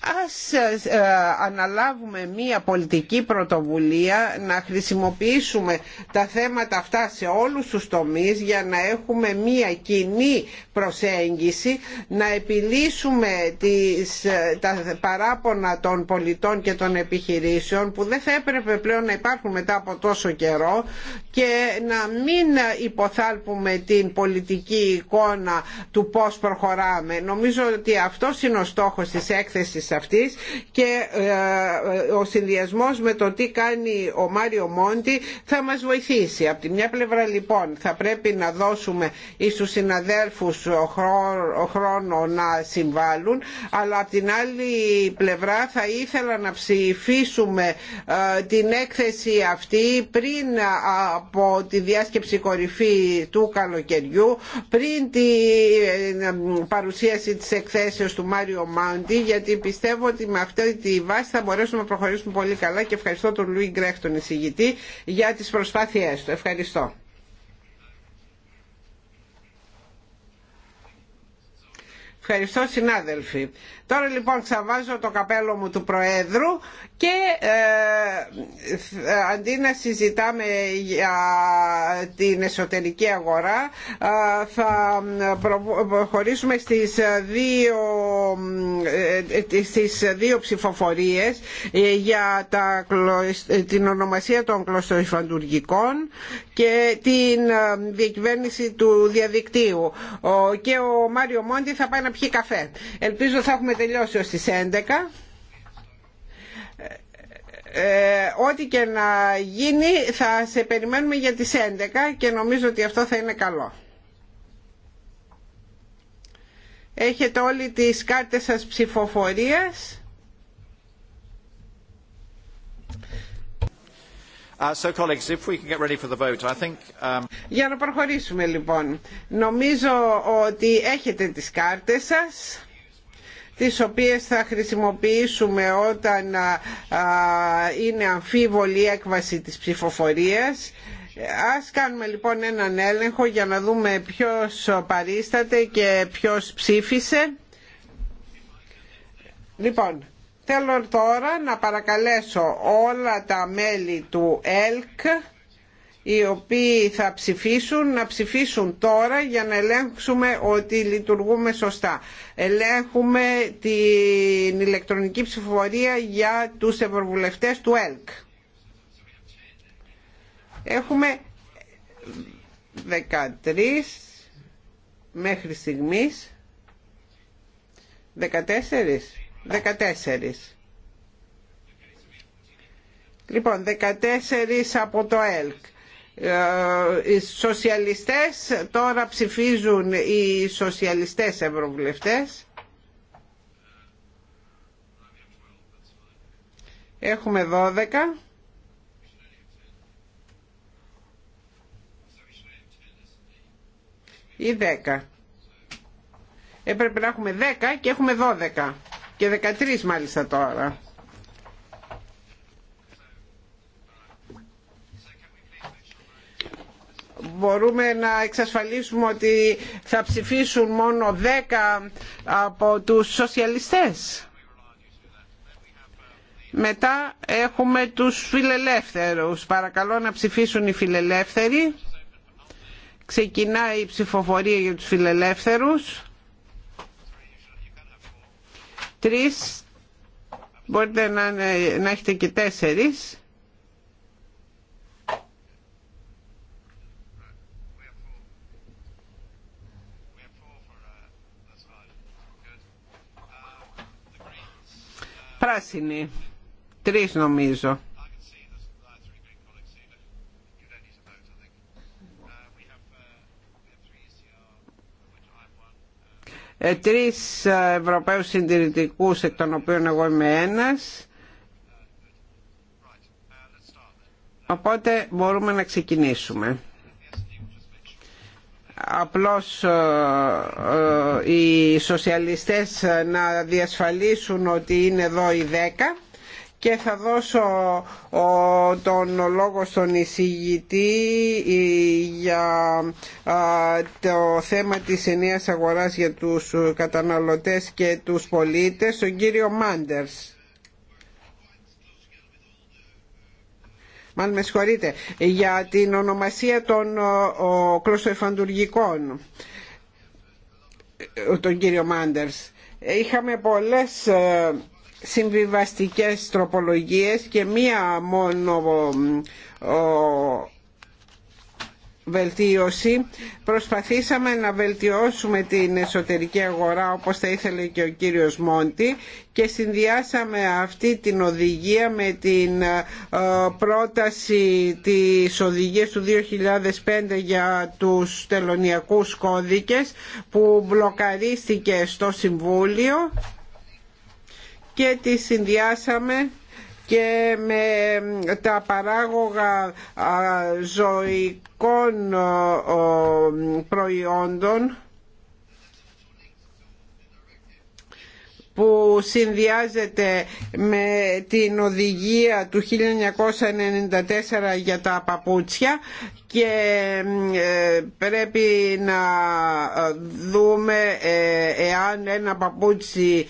Ας ε, ε, αναλάβουμε μία πολιτική πρωτοβουλία να χρησιμοποιήσουμε τα θέματα αυτά σε όλους τους τομείς για να έχουμε μία κοινή προσέγγιση, να επιλύσουμε τις, ε, τα παράπονα των πολιτών και των επιχειρήσεων που δεν θα έπρεπε πλέον να υπάρχουν μετά από τόσο καιρό και να μην υποθάλπουμε την πολιτική εικόνα του πώς προχωράμε. Νομίζω ότι αυτό είναι ο στόχος της έκθεσης αυτής και ε, ε, ο συνδυασμός με το τι κάνει ο Μάριο Μόντι θα μας βοηθήσει. Από τη μια πλευρά λοιπόν θα πρέπει να δώσουμε στους συναδέλφους χρόνο να συμβάλλουν αλλά από την άλλη πλευρά θα ήθελα να ψηφίσουμε ε, την έκθεση αυτή πριν από τη διάσκεψη κορυφή του καλοκαιριού πριν την παρουσίαση της εκθέσεως του Μάριο Μόντι γιατί πιστεύω πιστεύω ότι με αυτή τη βάση θα μπορέσουμε να προχωρήσουμε πολύ καλά και ευχαριστώ τον Λουί Γκρέχ, τον εισηγητή, για τις προσπάθειές του. Ευχαριστώ. Ευχαριστώ συνάδελφοι. Τώρα λοιπόν ξαβάζω το καπέλο μου του Προέδρου και ε, ε, αντί να συζητάμε για την εσωτερική αγορά ε, θα προχωρήσουμε στις δύο, στις δύο ψηφοφορίες για την ονομασία των κλωστοϊφαντουργικών και την διακυβέρνηση του διαδικτύου και ο Μάριο Μόντι θα πάει να πιει καφέ. Ελπίζω θα έχουμε τελειώσει ως τις 11 ε, ε, ό,τι και να γίνει θα σε περιμένουμε για τις 11 και νομίζω ότι αυτό θα είναι καλό. Έχετε όλοι τις κάρτες σας ψηφοφορίας. Για να προχωρήσουμε λοιπόν. Νομίζω ότι έχετε τις κάρτες σας τις οποίες θα χρησιμοποιήσουμε όταν είναι αμφίβολη η έκβαση της ψηφοφορίας. Ας κάνουμε λοιπόν έναν έλεγχο για να δούμε ποιος παρίσταται και ποιος ψήφισε. Λοιπόν, θέλω τώρα να παρακαλέσω όλα τα μέλη του ΕΛΚ οι οποίοι θα ψηφίσουν να ψηφίσουν τώρα για να ελέγξουμε ότι λειτουργούμε σωστά. Ελέγχουμε την ηλεκτρονική ψηφοφορία για τους ευρωβουλευτές του ΕΛΚ. Έχουμε 13 μέχρι στιγμής 14 14 Λοιπόν, 14 από το ΕΛΚ. Ε, οι σοσιαλιστές τώρα ψηφίζουν οι σοσιαλιστές ευρωβουλευτές έχουμε 12 ή 10 έπρεπε να έχουμε 10 και έχουμε 12 και 13 μάλιστα τώρα μπορούμε να εξασφαλίσουμε ότι θα ψηφίσουν μόνο 10 από τους σοσιαλιστές. Μετά έχουμε τους φιλελεύθερους. Παρακαλώ να ψηφίσουν οι φιλελεύθεροι. Ξεκινάει η ψηφοφορία για τους φιλελεύθερους. Τρεις, μπορείτε να, να έχετε και τέσσερις. Πράσινοι. τρει νομίζω. Ε, τρεις ε, Ευρωπαίους συντηρητικούς εκ των οποίων εγώ είμαι ένας. Οπότε μπορούμε να ξεκινήσουμε απλώς ε, ε, οι σοσιαλιστές να διασφαλίσουν ότι είναι εδώ οι 10 και θα δώσω τον λόγο στον εισηγητή ε, για το θέμα της ενιαίας αγοράς για τους καταναλωτές και τους πολίτες, τον κύριο Μάντερς. Μάλλον με συγχωρείτε, για την ονομασία των κλωστοεφαντουργικών, τον κύριο Μάντερς. Είχαμε πολλές ε, συμβιβαστικές τροπολογίες και μία μόνο βελτίωση. Προσπαθήσαμε να βελτιώσουμε την εσωτερική αγορά όπως θα ήθελε και ο κύριος Μόντι και συνδυάσαμε αυτή την οδηγία με την ε, πρόταση της οδηγίας του 2005 για τους τελωνιακούς κώδικες που μπλοκαρίστηκε στο Συμβούλιο και τη συνδυάσαμε και με τα παράγωγα ζωικών προϊόντων που συνδυάζεται με την οδηγία του 1994 για τα παπούτσια και ε, πρέπει να ε, δούμε ε, εάν ένα παπούτσι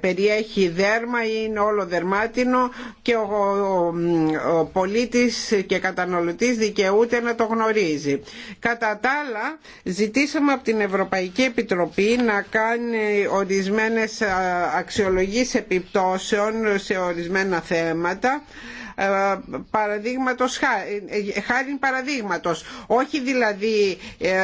περιέχει δέρμα ή είναι όλο δερμάτινο και ο πολίτης και καταναλωτής δικαιούται να το γνωρίζει. Κατά τα άλλα ζητήσαμε από την Ευρωπαϊκή Επιτροπή να κάνει ορισμένες αξιολογήσεις επιπτώσεων σε ορισμένα θέματα ε, παραδείγματος, ε, χάρη παραδείγματος. Όχι δηλαδή ε,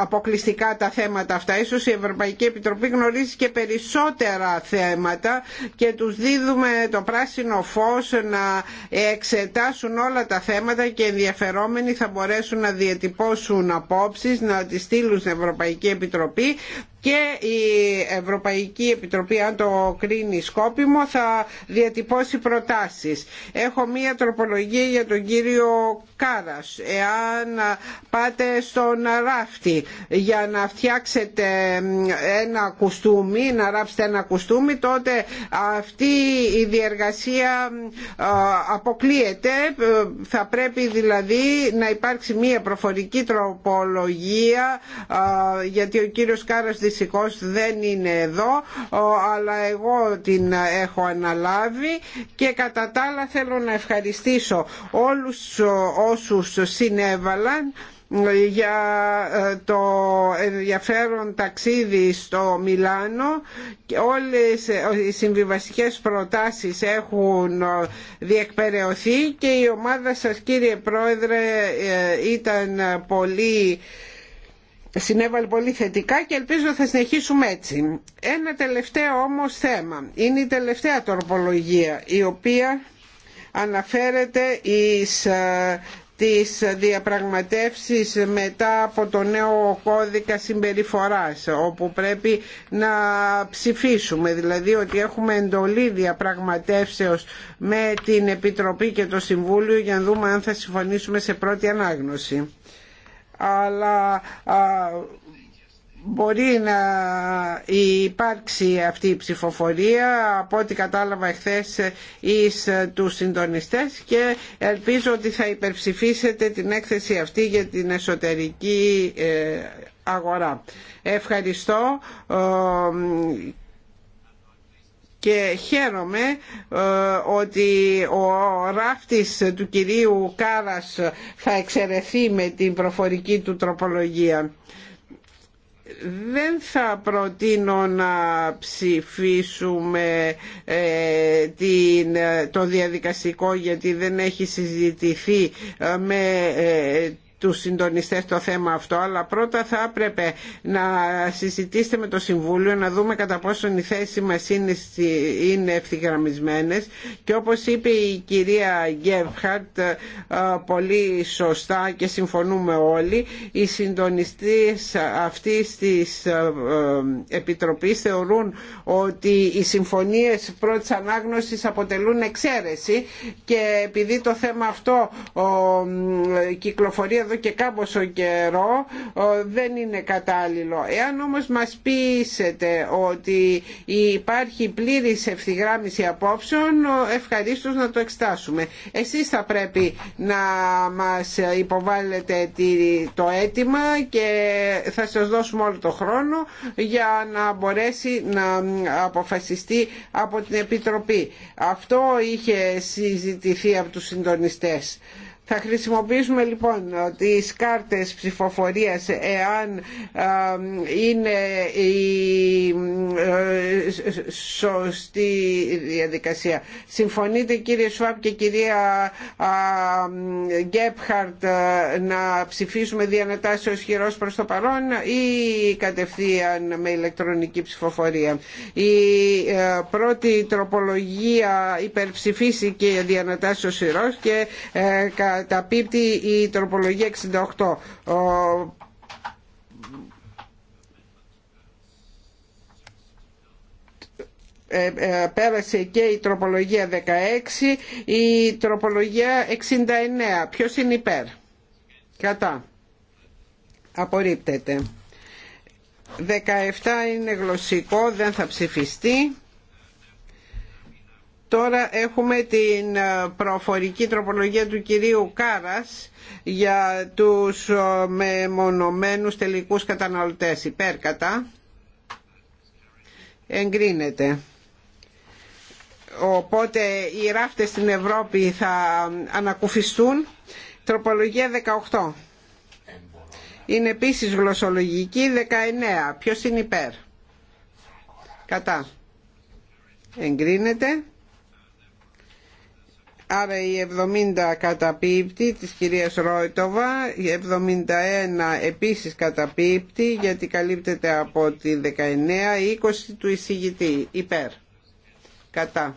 αποκλειστικά τα θέματα αυτά. Ίσως η Ευρωπαϊκή Επιτροπή γνωρίζει και περισσότερα θέματα και τους δίδουμε το πράσινο φως να εξετάσουν όλα τα θέματα και ενδιαφερόμενοι θα μπορέσουν να διατυπώσουν απόψεις, να τις στείλουν στην Ευρωπαϊκή Επιτροπή και η Ευρωπαϊκή Επιτροπή αν το κρίνει σκόπιμο θα διατυπώσει προτάσεις. Έχω μία τροπολογία για τον κύριο Κάρας. Εάν πάτε στον ράφτη για να φτιάξετε ένα κουστούμι, να ράψετε ένα κουστούμι, τότε αυτή η διεργασία αποκλείεται. Θα πρέπει δηλαδή να υπάρξει μία προφορική τροπολογία γιατί ο κύριος Κάρας δεν είναι εδώ αλλά εγώ την έχω αναλάβει και κατά τα άλλα θέλω να ευχαριστήσω όλους όσους συνέβαλαν για ε, το ενδιαφέρον ταξίδι στο Μιλάνο και όλες ε, οι συμβιβαστικές προτάσεις έχουν ε, διεκπαιρεωθεί και η ομάδα σας κύριε Πρόεδρε ήταν πολύ συνέβαλε πολύ θετικά και ελπίζω θα συνεχίσουμε έτσι. Ένα τελευταίο όμως θέμα είναι η τελευταία τροπολογία η οποία αναφέρεται εις ε, τις διαπραγματεύσεις μετά από το νέο κώδικα συμπεριφοράς όπου πρέπει να ψηφίσουμε δηλαδή ότι έχουμε εντολή διαπραγματεύσεως με την Επιτροπή και το Συμβούλιο για να δούμε αν θα συμφωνήσουμε σε πρώτη ανάγνωση αλλά μπορεί να υπάρξει αυτή η ψηφοφορία από ό,τι κατάλαβα εχθές εις ε, τους συντονιστές και ελπίζω ότι θα υπερψηφίσετε την έκθεση αυτή για την εσωτερική ε, αγορά. Ευχαριστώ ε, και χαίρομαι ε, ότι ο ράφτης του κυρίου Κάρας θα εξαιρεθεί με την προφορική του τροπολογία δεν θα προτείνω να ψηφίσουμε ε, το διαδικαστικό γιατί δεν έχει συζητηθεί ε, με τους συντονιστές το θέμα αυτό αλλά πρώτα θα έπρεπε να συζητήσετε με το Συμβούλιο να δούμε κατά πόσον οι θέσει μας είναι, είναι ευθυγραμμισμένες και όπως είπε η κυρία Γκέφχαρτ ε, πολύ σωστά και συμφωνούμε όλοι οι συντονιστές αυτή της ε, ε, Επιτροπής θεωρούν ότι οι συμφωνίες πρώτης ανάγνωσης αποτελούν εξαίρεση και επειδή το θέμα αυτό κυκλοφορεί εδώ και κάμποσο καιρό δεν είναι κατάλληλο. Εάν όμως μας πείσετε ότι υπάρχει πλήρης ευθυγράμμιση απόψεων, ευχαρίστως να το εξτάσουμε. Εσείς θα πρέπει να μας υποβάλλετε το αίτημα και θα σας δώσουμε όλο το χρόνο για να μπορέσει να αποφασιστεί από την Επιτροπή. Αυτό είχε συζητηθεί από τους συντονιστές. Θα χρησιμοποιήσουμε λοιπόν τις κάρτες ψηφοφορίας εάν είναι η ε, σωστή διαδικασία. Συμφωνείτε κύριε Σουάπ και κυρία Γκέπχαρτ να ψηφίσουμε ως χειρός προς το παρόν ή κατευθείαν με ηλεκτρονική ψηφοφορία. Η ε, πρώτη τροπολογία υπερψηφίσει και ως χειρός και ε, καταπίπτει η τροπολογία 68. Ε, ε, πέρασε και η τροπολογία 16, η τροπολογία 69. Ποιος είναι υπέρ. Κατά. Απορρίπτεται. 17 είναι γλωσσικό, δεν θα ψηφιστεί. Τώρα έχουμε την ε, προφορική τροπολογία του κυρίου Κάρας για τους ε, μεμονωμένους τελικούς καταναλωτές υπέρ κατά. Εγκρίνεται. Οπότε οι ράφτες στην Ευρώπη θα ανακουφιστούν. Τροπολογία 18. Είναι επίσης γλωσσολογική 19. Ποιος είναι υπέρ. Κατά. Εγκρίνεται. Άρα η 70 καταπίπτει της κυρίας Ρόιτοβα, η 71 επίσης καταπίπτει γιατί καλύπτεται από τη 19, 20 του εισηγητή, υπέρ, κατά,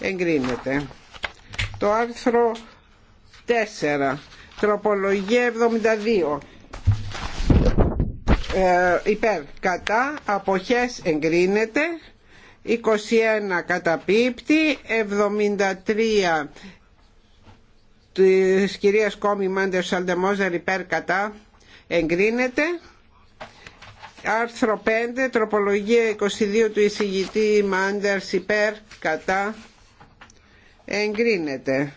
εγκρίνεται. Το άρθρο 4, τροπολογία 72, ε, υπέρ, κατά, αποχές εγκρίνεται. 21 καταπίπτει 73 της κυρίας Κόμι Μάντερ Σαλτεμόζερ υπέρ κατά εγκρίνεται άρθρο 5 τροπολογία 22 του εισηγητή Μάντερ υπέρ κατά εγκρίνεται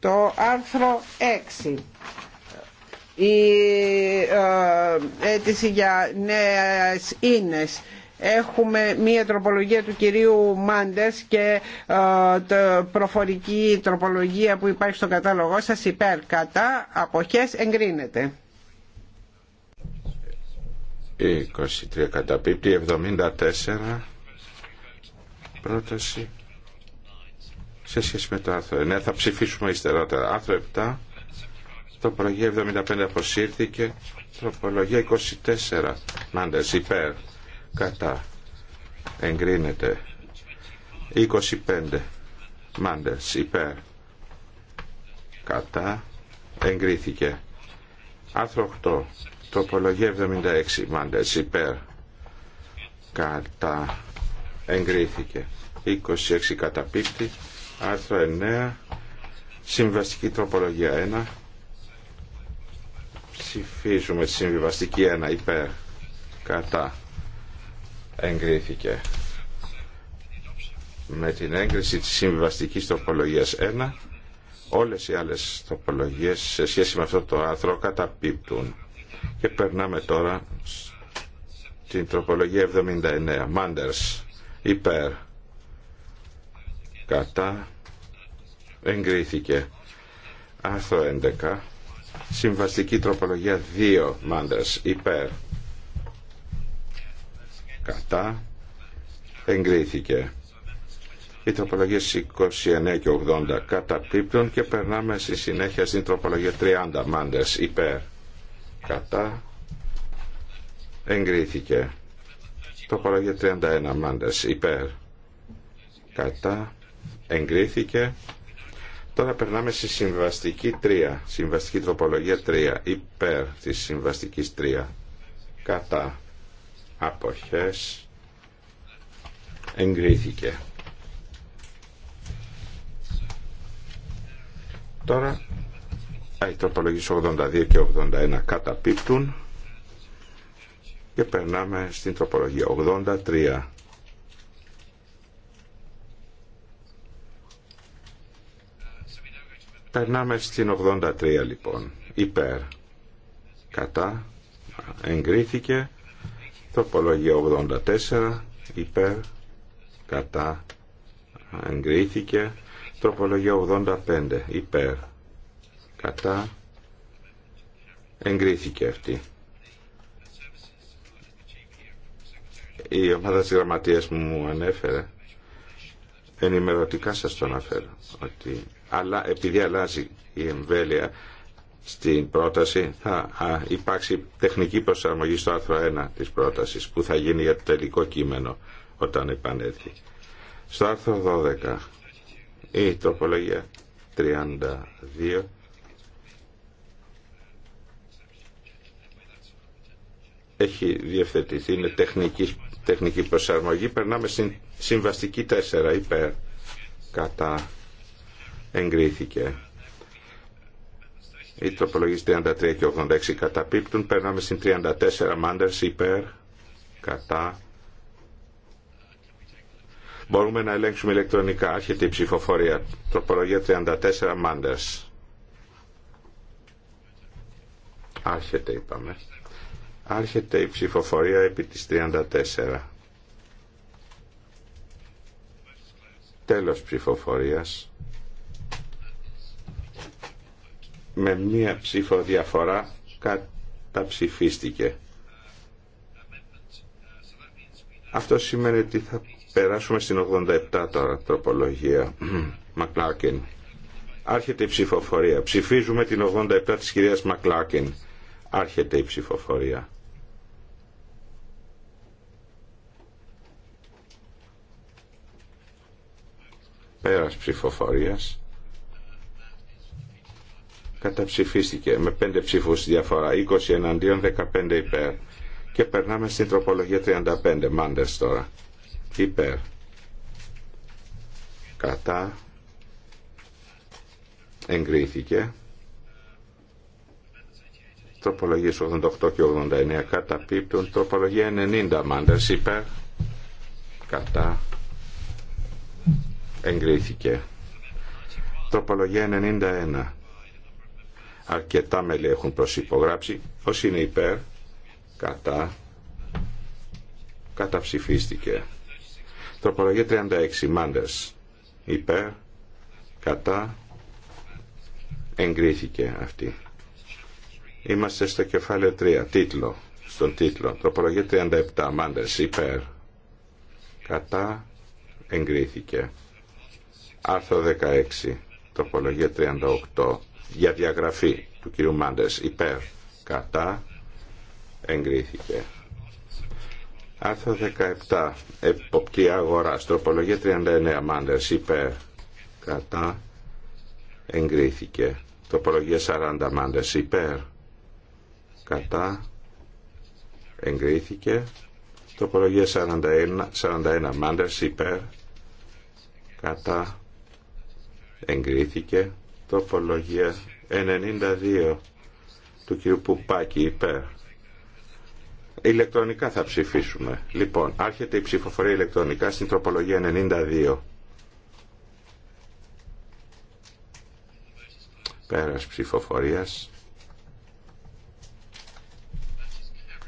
το άρθρο 6 η ε, αίτηση για νέες ίνες Έχουμε μία τροπολογία του κυρίου Μάντες και ε, προφορική τροπολογία που υπάρχει στο κατάλογό σας υπέρ κατά αποχές εγκρίνεται. 23 καταπίπτει 74 πρόταση σε σχέση με το άρθρο 9 θα ψηφίσουμε ύστερότερα άρθρο 7 τροπολογία 75 αποσύρθηκε τροπολογία 24 μάντες υπέρ κατά εγκρίνεται 25 μάντες υπέρ κατά εγκρίθηκε άρθρο 8 τοπολογία 76 μάντες υπέρ κατά εγκρίθηκε 26 καταπίπτη άρθρο 9 συμβαστική τροπολογία 1 ψηφίζουμε τη συμβιβαστική 1 υπέρ κατά εγκρίθηκε με την έγκριση της συμβιβαστικής τροπολογίας 1 όλες οι άλλες τροπολογίες σε σχέση με αυτό το άρθρο καταπίπτουν και περνάμε τώρα στην τροπολογία 79 Μάντερς υπέρ κατά εγκρίθηκε άρθρο 11 συμβαστική τροπολογία 2 Μάντερς υπέρ κατά εγκρίθηκε. η τροπολογία 29 και 80 καταπίπτουν και περνάμε στη συνέχεια στην τροπολογία 30 μάντες υπέρ. Κατά εγκρίθηκε. Τροπολογία 31 μάντες υπέρ. Κατά εγκρίθηκε. Τώρα περνάμε στη συμβαστική 3. Συμβαστική τροπολογία 3. Υπέρ της συμβαστικής 3. Κατά αποχές εγκρίθηκε. Τώρα οι τροπολογίες 82 και 81 καταπίπτουν και περνάμε στην τροπολογία 83. Περνάμε στην 83 λοιπόν. Υπέρ. Κατά. Εγκρίθηκε. Τροπολογία 84 υπέρ κατά εγκρίθηκε. Τροπολογία 85 υπέρ κατά εγκρίθηκε αυτή. Η ομάδα της γραμματείας μου μου ανέφερε ενημερωτικά σας το αναφέρω ότι αλλά επειδή αλλάζει η εμβέλεια στην πρόταση θα υπάρξει τεχνική προσαρμογή στο άρθρο 1 της πρότασης που θα γίνει για το τελικό κείμενο όταν επανέλθει. Στο άρθρο 12 η τροπολογία 32 έχει διευθετηθεί, είναι τεχνική, τεχνική προσαρμογή. Περνάμε στην συμβαστική 4 υπέρ κατά εγκρίθηκε. Οι τροπολογίες 33 και 86 καταπίπτουν. Περνάμε στην 34 μάντερς υπέρ κατά. Μπορούμε να ελέγξουμε ηλεκτρονικά. Άρχεται η ψηφοφορία. Τροπολογία 34 μάντερς. Άρχεται είπαμε. Άρχεται η ψηφοφορία επί της 34. Τέλος ψηφοφορίας. με μία ψήφο διαφορά καταψηφίστηκε. Αυτό σημαίνει ότι θα περάσουμε στην 87 τώρα τροπολογία. [CLEARS THROAT] Μακλάκιν. Άρχεται η ψηφοφορία. Ψηφίζουμε την 87 της κυρίας Μακλάκιν. Άρχεται η ψηφοφορία. Πέρας ψηφοφορίας καταψηφίστηκε με 5 ψήφους διαφορά, 20 εναντίον, 15 υπέρ. Και περνάμε στην τροπολογία 35, μάντες τώρα. Υπέρ. Κατά. Εγκρίθηκε. τροπολογία 88 και 89 καταπίπτουν. Τροπολογία 90, μάντες υπέρ. Κατά. Εγκρίθηκε. Τροπολογία 91 Αρκετά μέλη έχουν προσυπογράψει. Όσοι είναι υπέρ, κατά, καταψηφίστηκε. Τροπολογία 36, Μάντες. Υπέρ, κατά, εγκρίθηκε αυτή. Είμαστε στο κεφάλαιο 3, τίτλο, στον τίτλο. Τροπολογία 37, Μάντες, υπέρ, κατά, εγκρίθηκε. Άρθρο 16, τροπολογία 38, για διαγραφή του κ. Μάντες υπέρ κατά εγκρίθηκε. Άρθρο 17. Εποπτεία αγορά. Τροπολογία 39. Μάντες υπέρ κατά εγκρίθηκε. Τροπολογία 40. Μάντες υπέρ κατά εγκρίθηκε. Τροπολογία 41. 41. Μάντες υπέρ κατά εγκρίθηκε. Τροπολογία 92 του κ. Πουπάκη υπέρ. Ηλεκτρονικά θα ψηφίσουμε. Λοιπόν, άρχεται η ψηφοφορία ηλεκτρονικά στην τροπολογία 92. Πέρας ψηφοφορίας.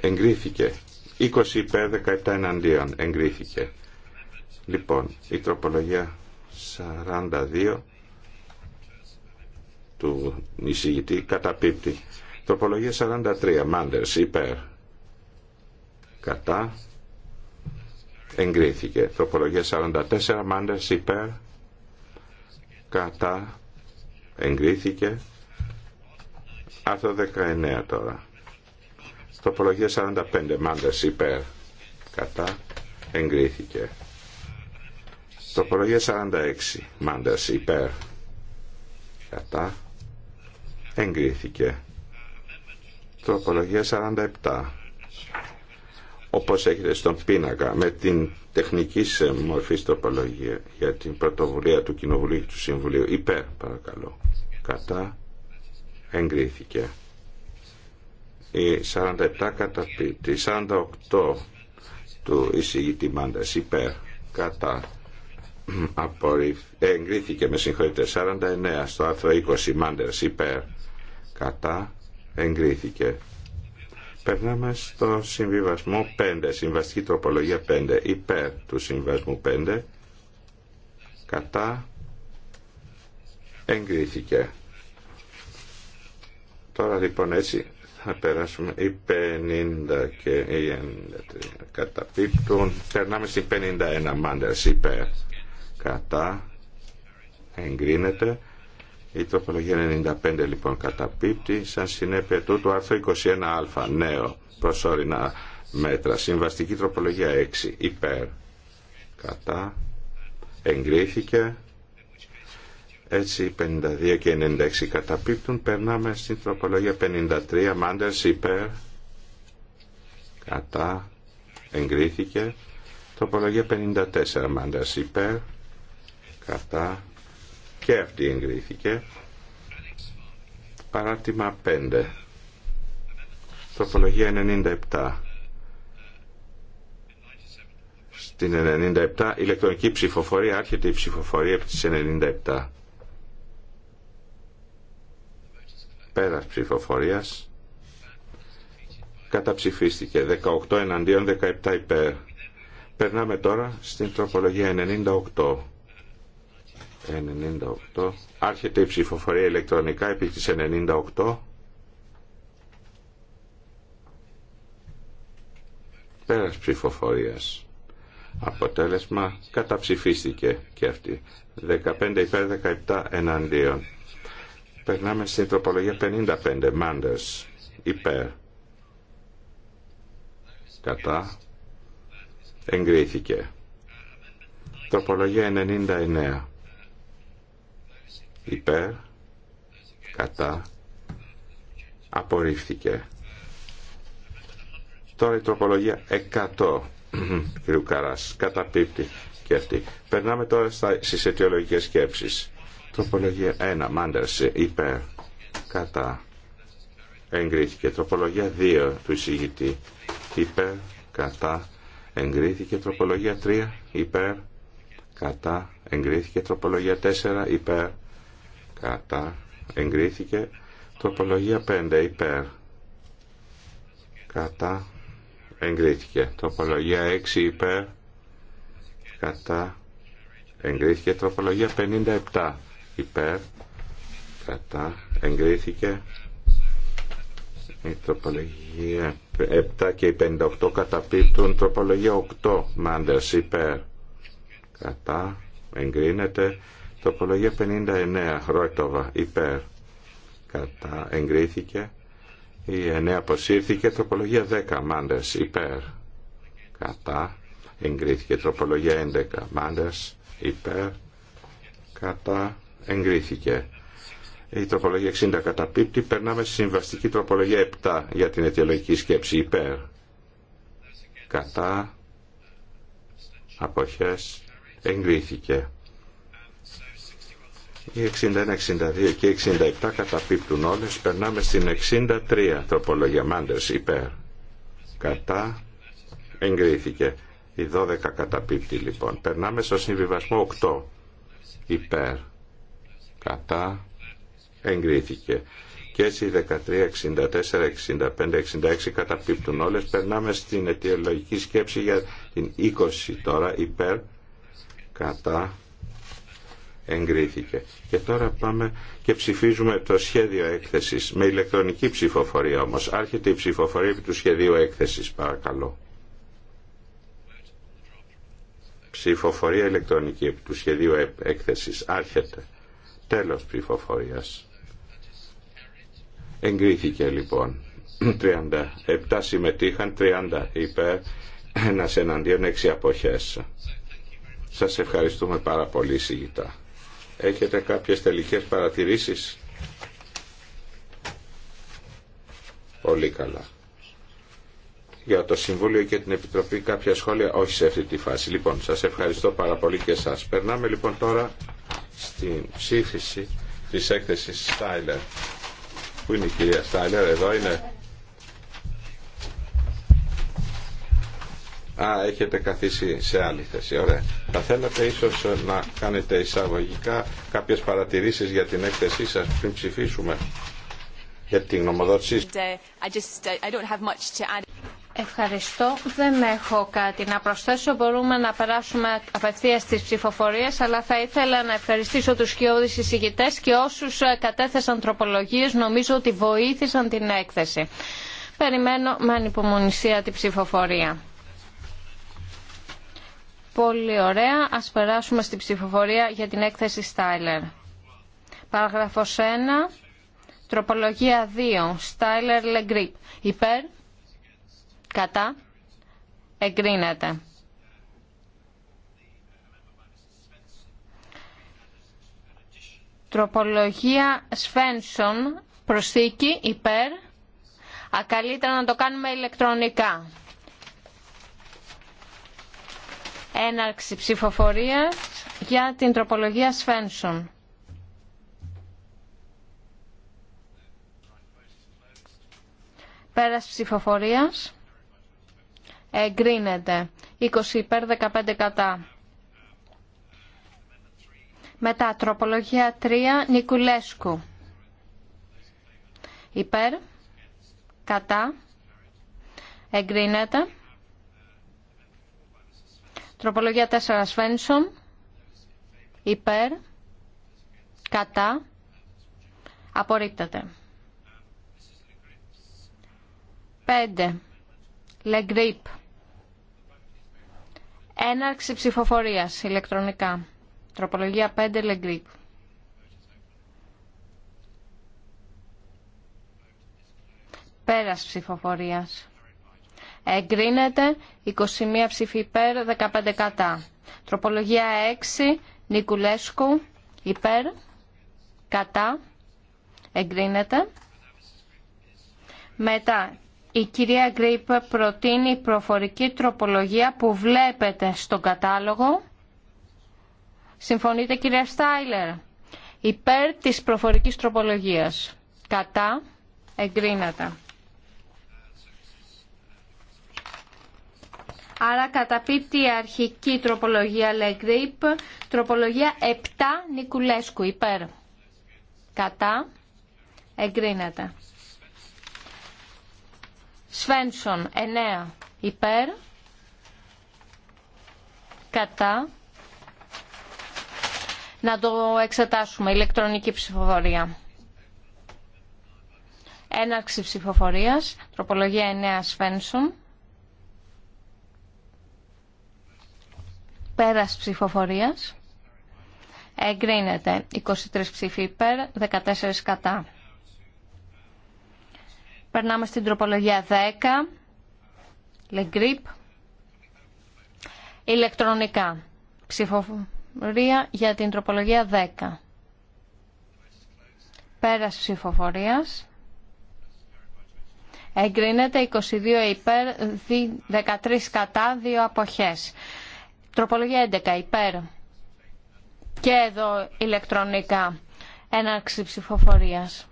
Εγκρίθηκε. 20 υπέρ 17 εναντίον. Εγκρίθηκε. Λοιπόν, η τροπολογία 42 του εισηγητή καταπίπτει. Τροπολογία 43. Μάντερ υπέρ. Κατά. Εγκρίθηκε. Τροπολογία 44. Μάντερ υπέρ. Κατά. Εγκρίθηκε. Άρθρο 19 τώρα. Τροπολογία 45. Μάντερ υπέρ. Κατά. Εγκρίθηκε. Τροπολογία 46. Μάντερ υπέρ. Κατά εγκρίθηκε. Τροπολογία 47 όπως έχετε στον πίνακα με την τεχνική μορφή τροπολογία για την πρωτοβουλία του Κοινοβουλίου και του Συμβουλίου υπέρ παρακαλώ κατά εγκρίθηκε η 47 πίτη. 48 του εισηγητή μάντας υπέρ κατά εγκρίθηκε με συγχωρείτε 49 στο άρθρο 20 Μάντερς. υπέρ κατά εγκρίθηκε. Περνάμε στο συμβιβασμό 5, συμβαστική τροπολογία 5, υπέρ του συμβιβασμού 5, κατά εγκρίθηκε. Τώρα λοιπόν έτσι θα περάσουμε οι 50 και οι 93 καταπίπτουν. Περνάμε στην 51 μάντερς υπέρ. Κατά εγκρίνεται. Η τροπολογία 95 λοιπόν καταπίπτει σαν συνέπεια τούτου άρθρο 21α νέο προσωρινά μέτρα. Συμβαστική τροπολογία 6 υπέρ κατά εγκρίθηκε έτσι 52 και 96 καταπίπτουν περνάμε στην τροπολογία 53 μάντερς υπέρ κατά εγκρίθηκε τροπολογία 54 μάντερς υπέρ κατά και αυτή εγκρίθηκε. Παράρτημα 5. Τροπολογία 97. Στην 97 ηλεκτρονική ψηφοφορία άρχεται η ψηφοφορία από τις 97. Πέρας ψηφοφορίας καταψηφίστηκε 18 εναντίον 17 υπέρ. Περνάμε τώρα στην τροπολογία 98. 98. Άρχεται η ψηφοφορία ηλεκτρονικά επί της 98. Πέρας ψηφοφορίας. Αποτέλεσμα καταψηφίστηκε και αυτή. 15 υπέρ 17 εναντίον. Περνάμε στην τροπολογία 55. Μάντες. Υπέρ. Κατά. Εγκρίθηκε. Τροπολογία 99 υπέρ κατά απορρίφθηκε τώρα η τροπολογία 100 κ. Καράς καταπίπτει και αυτή περνάμε τώρα στις αιτιολογικές σκέψεις τροπολογία 1 Μάντερσε υπέρ κατά εγκρίθηκε τροπολογία 2 του εισηγητή υπέρ κατά εγκρίθηκε τροπολογία 3 υπέρ κατά εγκρίθηκε τροπολογία 4 υπέρ κατά εγκρίθηκε τροπολογία 5 υπέρ κατά εγκρίθηκε τροπολογία 6 υπέρ κατά εγκρίθηκε τροπολογία 57 υπέρ κατά εγκρίθηκε η τροπολογία 7 και η 58 καταπίπτουν τροπολογία 8 μάντερς υπέρ κατά εγκρίνεται Τοπολογία 59, Ρόιτοβα, υπέρ. Κατά, εγκρίθηκε. Η 9 αποσύρθηκε. Τροπολογία 10, Μάντες, υπέρ. Κατά, εγκρίθηκε. Τροπολογία 11, Μάντες, υπέρ. Κατά, εγκρίθηκε. Η τροπολογία 60 καταπίπτει. Περνάμε στη συμβαστική τροπολογία 7 για την αιτιολογική σκέψη υπέρ. Κατά. Αποχές. Εγκρίθηκε. Οι 61, 62 και 67 καταπίπτουν όλες. Περνάμε στην 63 τροπολογία. υπέρ. Κατά. Εγκρίθηκε. Οι 12 καταπίπτει λοιπόν. Περνάμε στο συμβιβασμό 8. Υπέρ. Κατά. Εγκρίθηκε. Και έτσι οι 13, 64, 65, 66 καταπίπτουν όλες. Περνάμε στην αιτιολογική σκέψη για την 20 τώρα. Υπέρ. Κατά εγκρίθηκε. Και τώρα πάμε και ψηφίζουμε το σχέδιο έκθεσης με ηλεκτρονική ψηφοφορία όμως. Άρχεται η ψηφοφορία επί του σχεδίου έκθεσης παρακαλώ. Ψηφοφορία ηλεκτρονική επί του σχεδίου έκθεσης. Άρχεται. Τέλος ψηφοφορίας. Εγκρίθηκε λοιπόν. 37 συμμετείχαν, 30 υπέρ, ένας εναντίον, 6 αποχές. Σας ευχαριστούμε πάρα πολύ Σιγητά. Έχετε κάποιες τελικές παρατηρήσεις. Πολύ καλά. Για το Συμβούλιο και την Επιτροπή κάποια σχόλια, όχι σε αυτή τη φάση. Λοιπόν, σας ευχαριστώ πάρα πολύ και σας. Περνάμε λοιπόν τώρα στην ψήφιση της έκθεσης Στάιλερ. Πού είναι η κυρία Στάιλερ, εδώ είναι. Α, έχετε καθίσει σε άλλη θέση. Ωραία. Θα θέλατε ίσως να κάνετε εισαγωγικά κάποιες παρατηρήσεις για την έκθεσή σας πριν ψηφίσουμε για την γνωμοδότηση. Uh, uh, Ευχαριστώ. Δεν έχω κάτι να προσθέσω. Μπορούμε να περάσουμε απευθείας στις ψηφοφορίες, αλλά θα ήθελα να ευχαριστήσω τους σκιώδεις συζητητέ και όσους ε, κατέθεσαν τροπολογίες νομίζω ότι βοήθησαν την έκθεση. Περιμένω με ανυπομονησία την ψηφοφορία. Πολύ ωραία. Ας περάσουμε στην ψηφοφορία για την έκθεση Στάιλερ. Παραγραφός 1. Τροπολογία 2. Στάιλερ Λεγκρίπ. Υπέρ. Κατά. Εγκρίνεται. Τροπολογία Σφένσον. Προσθήκη. Υπέρ. Ακαλύτερα να το κάνουμε ηλεκτρονικά. έναρξη ψηφοφορία για την τροπολογία Σφένσον. Πέρας ψηφοφορίας εγκρίνεται 20 υπέρ 15 κατά. Μετά τροπολογία 3 Νικουλέσκου. Υπέρ, κατά, εγκρίνεται. Τροπολογία 4 Σβένσον. Υπέρ. Κατά. Απορρίπτεται. 5. Λεγκρίπ. Έναρξη ψηφοφορίας ηλεκτρονικά. Τροπολογία 5 Λεγκρίπ. Πέρας ψηφοφορίας. Εγκρίνεται 21 ψηφί υπέρ, 15 κατά. Τροπολογία 6, Νικουλέσκου, υπέρ, κατά, εγκρίνεται. Μετά, η κυρία Γκρίπ προτείνει προφορική τροπολογία που βλέπετε στον κατάλογο. Συμφωνείτε κυρία Στάιλερ. Υπέρ της προφορικής τροπολογίας. Κατά εγκρίνεται. Άρα καταπίπτει η αρχική τροπολογία Λεγκρίπ, τροπολογία 7 Νικουλέσκου υπέρ. Κατά. Εγκρίνεται. Σφένσον 9 υπέρ. Κατά. Να το εξετάσουμε. Ηλεκτρονική ψηφοφορία. Έναρξη ψηφοφορίας. Τροπολογία 9 Σφένσον. Πέρας ψηφοφορίας. Εγκρίνεται 23 ψήφοι υπέρ, 14 κατά. Περνάμε στην τροπολογία 10. Λεγκρίπ. Ηλεκτρονικά. Ψηφοφορία για την τροπολογία 10. Πέρας ψηφοφορίας. Εγκρίνεται 22 υπέρ, 13 κατά, 2 αποχές. Τροπολογία 11 υπέρ. Και εδώ ηλεκτρονικά. Έναρξη ψηφοφορίας.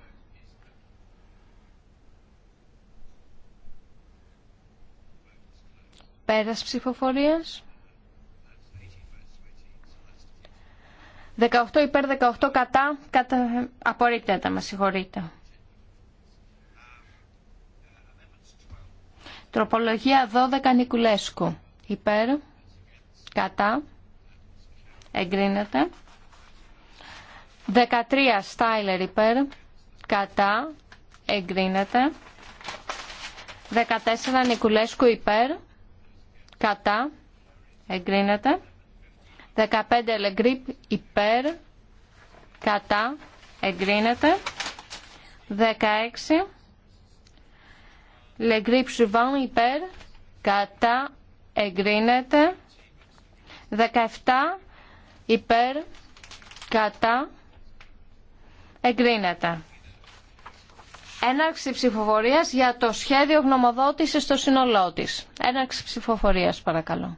Πέρας ψηφοφορίας. 18 υπέρ 18 κατά, κατά απορρίπτεται, με συγχωρείτε. Τροπολογία 12 Νικουλέσκου. Υπέρ κατά εγκρίνεται 13 Στάιλερ υπέρ κατά εγκρίνεται 14 Νικουλέσκου υπέρ κατά εγκρίνεται 15 Λεγκρίπ υπέρ κατά εγκρίνεται 16 Λεγκρίπ Σουβάν υπέρ κατά εγκρίνεται 17 υπέρ κατά εγκρίνεται. Έναρξη ψηφοφορίας για το σχέδιο γνωμοδότησης στο σύνολό της. Έναρξη ψηφοφορίας παρακαλώ.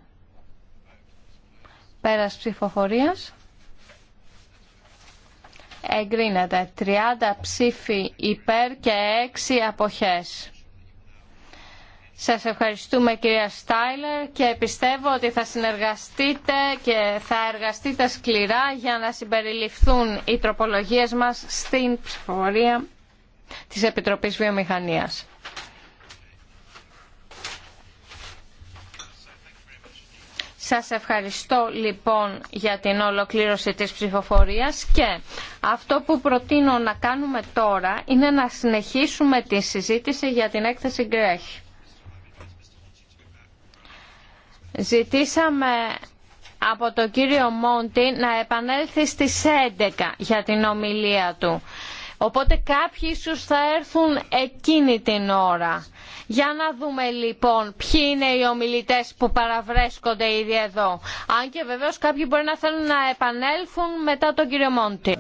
Πέρας ψηφοφορίας. Εγκρίνεται. 30 ψήφοι υπέρ και 6 αποχές. Σας ευχαριστούμε κυρία Στάιλερ και πιστεύω ότι θα συνεργαστείτε και θα εργαστείτε σκληρά για να συμπεριληφθούν οι τροπολογίες μας στην ψηφοφορία της Επιτροπής Βιομηχανίας. Σας ευχαριστώ λοιπόν για την ολοκλήρωση της ψηφοφορίας και αυτό που προτείνω να κάνουμε τώρα είναι να συνεχίσουμε τη συζήτηση για την έκθεση Γκρέχη. Ζητήσαμε από τον κύριο Μόντι να επανέλθει στις 11 για την ομιλία του. Οπότε κάποιοι ίσως θα έρθουν εκείνη την ώρα. Για να δούμε λοιπόν ποιοι είναι οι ομιλητές που παραβρέσκονται ήδη εδώ. Αν και βεβαίως κάποιοι μπορεί να θέλουν να επανέλθουν μετά τον κύριο Μόντι.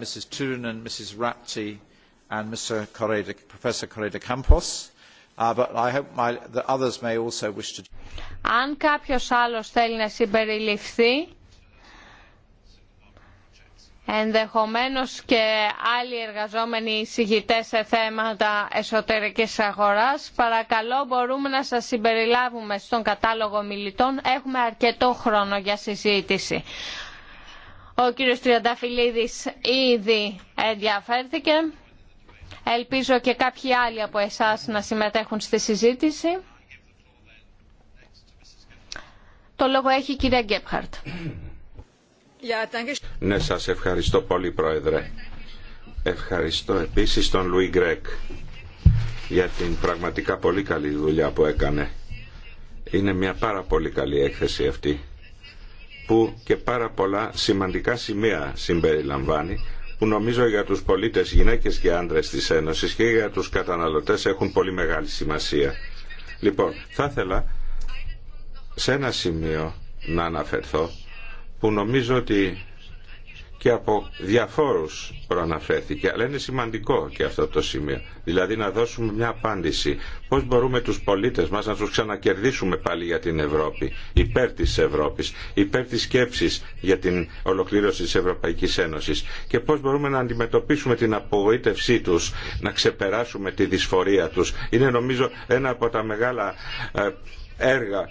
Αν κάποιος άλλος θέλει να συμπεριληφθεί, ενδεχομένως και άλλοι εργαζόμενοι εισηγητές σε θέματα εσωτερικής αγοράς, παρακαλώ μπορούμε να σας συμπεριλάβουμε στον κατάλογο μιλητών. Έχουμε αρκετό χρόνο για συζήτηση. Ο κύριος Τριανταφυλλίδης ήδη ενδιαφέρθηκε. Ελπίζω και κάποιοι άλλοι από εσάς να συμμετέχουν στη συζήτηση. Το λόγο έχει η κυρία Γκέπχαρτ. Ναι, σας ευχαριστώ πολύ Πρόεδρε. Ευχαριστώ επίσης τον Λουί Γκρέκ για την πραγματικά πολύ καλή δουλειά που έκανε. Είναι μια πάρα πολύ καλή έκθεση αυτή που και πάρα πολλά σημαντικά σημεία συμπεριλαμβάνει που νομίζω για τους πολίτες γυναίκες και άντρες της Ένωσης και για τους καταναλωτές έχουν πολύ μεγάλη σημασία. Λοιπόν, θα ήθελα σε ένα σημείο να αναφερθώ που νομίζω ότι και από διαφόρους προαναφέρθηκε, αλλά είναι σημαντικό και αυτό το σημείο. Δηλαδή να δώσουμε μια απάντηση. Πώς μπορούμε τους πολίτες μας να τους ξανακερδίσουμε πάλι για την Ευρώπη, υπέρ της Ευρώπης, υπέρ της σκέψης για την ολοκλήρωση της Ευρωπαϊκής Ένωσης και πώς μπορούμε να αντιμετωπίσουμε την απογοήτευσή τους, να ξεπεράσουμε τη δυσφορία τους. Είναι νομίζω ένα από τα μεγάλα ε, έργα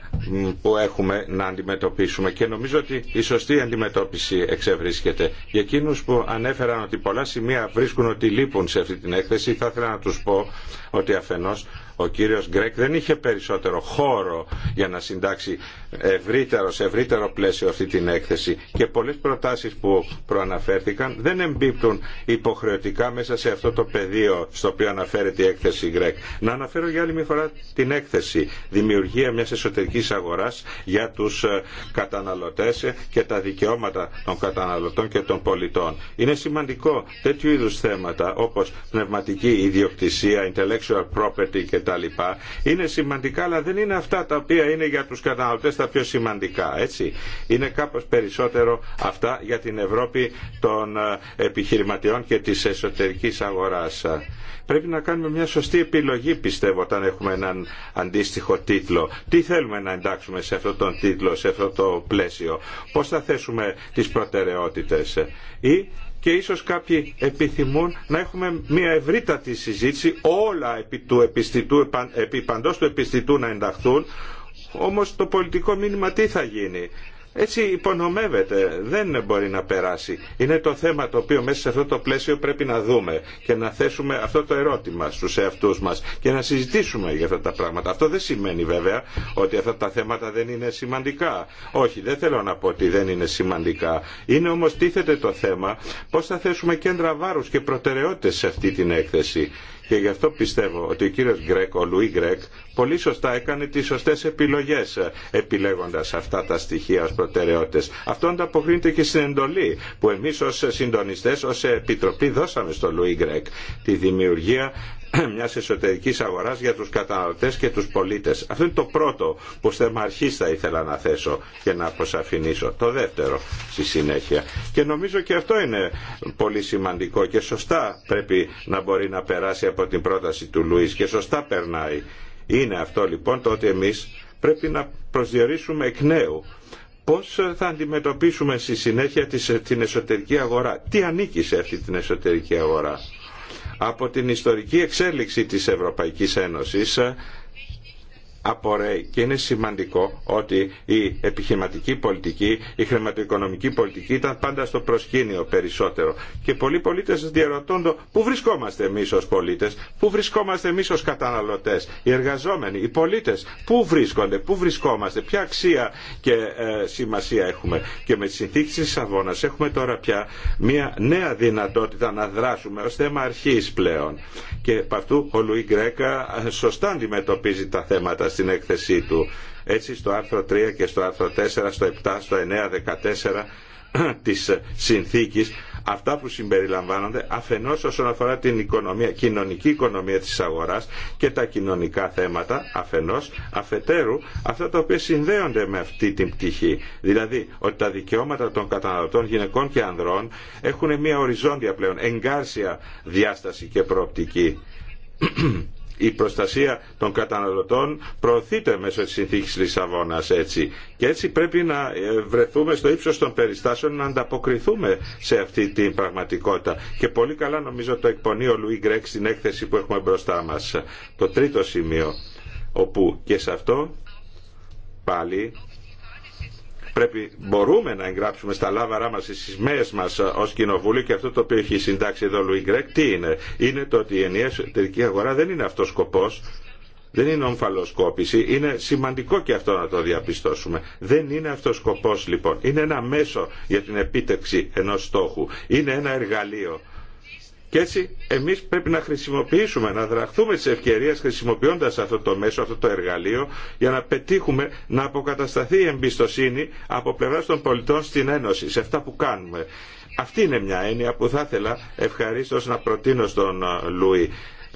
που έχουμε να αντιμετωπίσουμε και νομίζω ότι η σωστή αντιμετώπιση εξευρίσκεται. Για εκείνου που ανέφεραν ότι πολλά σημεία βρίσκουν ότι λείπουν σε αυτή την έκθεση θα ήθελα να του πω ότι αφενό. Ο κύριος Γκρέκ δεν είχε περισσότερο χώρο για να συντάξει ευρύτερο, σε ευρύτερο πλαίσιο αυτή την έκθεση και πολλές προτάσεις που προαναφέρθηκαν δεν εμπίπτουν υποχρεωτικά μέσα σε αυτό το πεδίο στο οποίο αναφέρεται η έκθεση Γκρέκ. Να αναφέρω για άλλη μια φορά την έκθεση δημιουργία μιας εσωτερικής αγοράς για τους ε, καταναλωτές και τα δικαιώματα των καταναλωτών και των πολιτών. Είναι σημαντικό τέτοιου είδους θέματα όπως πνευματική ιδιοκτησία, intellectual property είναι σημαντικά, αλλά δεν είναι αυτά τα οποία είναι για τους καταναλωτές τα πιο σημαντικά. Έτσι. Είναι κάπως περισσότερο αυτά για την Ευρώπη των ε, επιχειρηματιών και της εσωτερικής αγοράς. Πρέπει να κάνουμε μια σωστή επιλογή πιστεύω όταν έχουμε έναν αντίστοιχο τίτλο. Τι θέλουμε να εντάξουμε σε αυτό τον τίτλο, σε αυτό το πλαίσιο. Πώς θα θέσουμε τις προτεραιότητες. Ή και ίσως κάποιοι επιθυμούν να έχουμε μια ευρύτατη συζήτηση όλα επί, του επιστητού, επί παντός του επιστητού να ενταχθούν όμως το πολιτικό μήνυμα τι θα γίνει έτσι υπονομεύεται, δεν μπορεί να περάσει. Είναι το θέμα το οποίο μέσα σε αυτό το πλαίσιο πρέπει να δούμε και να θέσουμε αυτό το ερώτημα στους εαυτούς μας και να συζητήσουμε για αυτά τα πράγματα. Αυτό δεν σημαίνει βέβαια ότι αυτά τα θέματα δεν είναι σημαντικά. Όχι, δεν θέλω να πω ότι δεν είναι σημαντικά. Είναι όμως τίθεται το θέμα πώς θα θέσουμε κέντρα βάρους και προτεραιότητες σε αυτή την έκθεση. Και γι' αυτό πιστεύω ότι ο κύριος Γκρέκ, ο Λουί Γκρέκ, πολύ σωστά έκανε τις σωστές επιλογές επιλέγοντας αυτά τα στοιχεία ως προτεραιότητες. Αυτό ανταποκρίνεται και στην εντολή που εμείς ως συντονιστές, ως Επιτροπή δώσαμε στο Λουί Γκρέκ τη δημιουργία [CLEARS THROAT] μιας εσωτερική αγοράς για τους καταναλωτές και τους πολίτες. Αυτό είναι το πρώτο που θέμα αρχή θα ήθελα να θέσω και να αποσαφηνίσω. Το δεύτερο στη συνέχεια. Και νομίζω και αυτό είναι πολύ σημαντικό και σωστά πρέπει να μπορεί να περάσει από την πρόταση του Λουίς και σωστά περνάει. Είναι αυτό λοιπόν το ότι εμείς πρέπει να προσδιορίσουμε εκ νέου πώς θα αντιμετωπίσουμε στη συνέχεια την εσωτερική αγορά. Τι ανήκει σε αυτή την εσωτερική αγορά από την ιστορική εξέλιξη της Ευρωπαϊκής Ένωσης απορρέει και είναι σημαντικό ότι η επιχειρηματική πολιτική, η χρηματοοικονομική πολιτική ήταν πάντα στο προσκήνιο περισσότερο. Και πολλοί πολίτε διαρωτώνται πού βρισκόμαστε εμεί ω πολίτε, πού βρισκόμαστε εμεί ω καταναλωτέ, οι εργαζόμενοι, οι πολίτε, πού βρίσκονται, πού βρισκόμαστε, ποια αξία και ε, σημασία έχουμε. Και με τι συνθήκε τη Αβώνα έχουμε τώρα πια μια νέα δυνατότητα να δράσουμε ω θέμα αρχή πλέον. Και από αυτού ο Λουί Γκρέκα σωστά αντιμετωπίζει τα θέματα στην έκθεσή του. Έτσι στο άρθρο 3 και στο άρθρο 4, στο 7, στο 9, 14 [CLEARS THROAT] της συνθήκης αυτά που συμπεριλαμβάνονται αφενός όσον αφορά την οικονομία, κοινωνική οικονομία της αγοράς και τα κοινωνικά θέματα αφενός, αφετέρου αυτά τα οποία συνδέονται με αυτή την πτυχή. Δηλαδή ότι τα δικαιώματα των καταναλωτών γυναικών και ανδρών έχουν μια οριζόντια πλέον εγκάρσια διάσταση και προοπτική. [CLEARS THROAT] η προστασία των καταναλωτών προωθείται μέσω της συνθήκης Λισαβόνας έτσι. Και έτσι πρέπει να ε, βρεθούμε στο ύψος των περιστάσεων να ανταποκριθούμε σε αυτή την πραγματικότητα. Και πολύ καλά νομίζω το εκπονεί ο Λουί Γκρέκ στην έκθεση που έχουμε μπροστά μας. Το τρίτο σημείο, όπου και σε αυτό πάλι πρέπει, μπορούμε να εγγράψουμε στα λάβαρά μας στις σημαίες μας ε, ως κοινοβούλιο και αυτό το οποίο έχει συντάξει εδώ Λουί τι είναι. Είναι το ότι η ενιαία εσωτερική αγορά δεν είναι αυτός σκοπός. Δεν είναι ομφαλοσκόπηση, είναι σημαντικό και αυτό να το διαπιστώσουμε. Δεν είναι αυτό σκοπός λοιπόν. Είναι ένα μέσο για την επίτευξη ενός στόχου. Είναι ένα εργαλείο και έτσι εμείς πρέπει να χρησιμοποιήσουμε, να δραχθούμε τις ευκαιρίες χρησιμοποιώντας αυτό το μέσο, αυτό το εργαλείο για να πετύχουμε να αποκατασταθεί η εμπιστοσύνη από πλευράς των πολιτών στην Ένωση, σε αυτά που κάνουμε. Αυτή είναι μια έννοια που θα ήθελα ευχαρίστως να προτείνω στον ε, Λουί.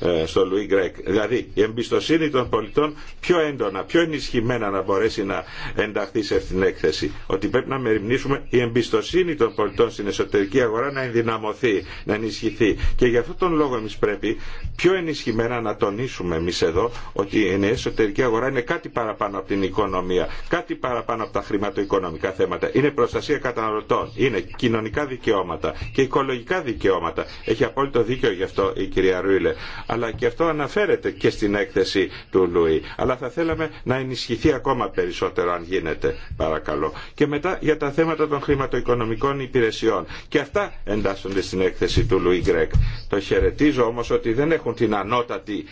Ε, στο Λουί Γκρέκ. Δηλαδή η εμπιστοσύνη των πολιτών πιο έντονα, πιο ενισχυμένα να μπορέσει να ενταχθεί σε αυτήν την έκθεση. Ότι πρέπει να μεριμνήσουμε η εμπιστοσύνη των πολιτών στην εσωτερική αγορά να ενδυναμωθεί, να ενισχυθεί. Και γι' αυτόν τον λόγο εμεί πρέπει πιο ενισχυμένα να τονίσουμε εμεί εδώ ότι η εσωτερική αγορά είναι κάτι παραπάνω από την οικονομία, κάτι παραπάνω από τα χρηματοοικονομικά θέματα. Είναι προστασία καταναλωτών, είναι κοινωνικά δικαιώματα και οικολογικά δικαιώματα. Έχει απόλυτο δίκιο γι' αυτό η κυρία Ρούιλε αλλά και αυτό αναφέρεται και στην έκθεση του Λουί. Αλλά θα θέλαμε να ενισχυθεί ακόμα περισσότερο αν γίνεται, παρακαλώ. Και μετά για τα θέματα των χρηματοοικονομικών υπηρεσιών. Και αυτά εντάσσονται στην έκθεση του Λουί Γκρέκ. Το χαιρετίζω όμως ότι δεν έχουν την ανώτατη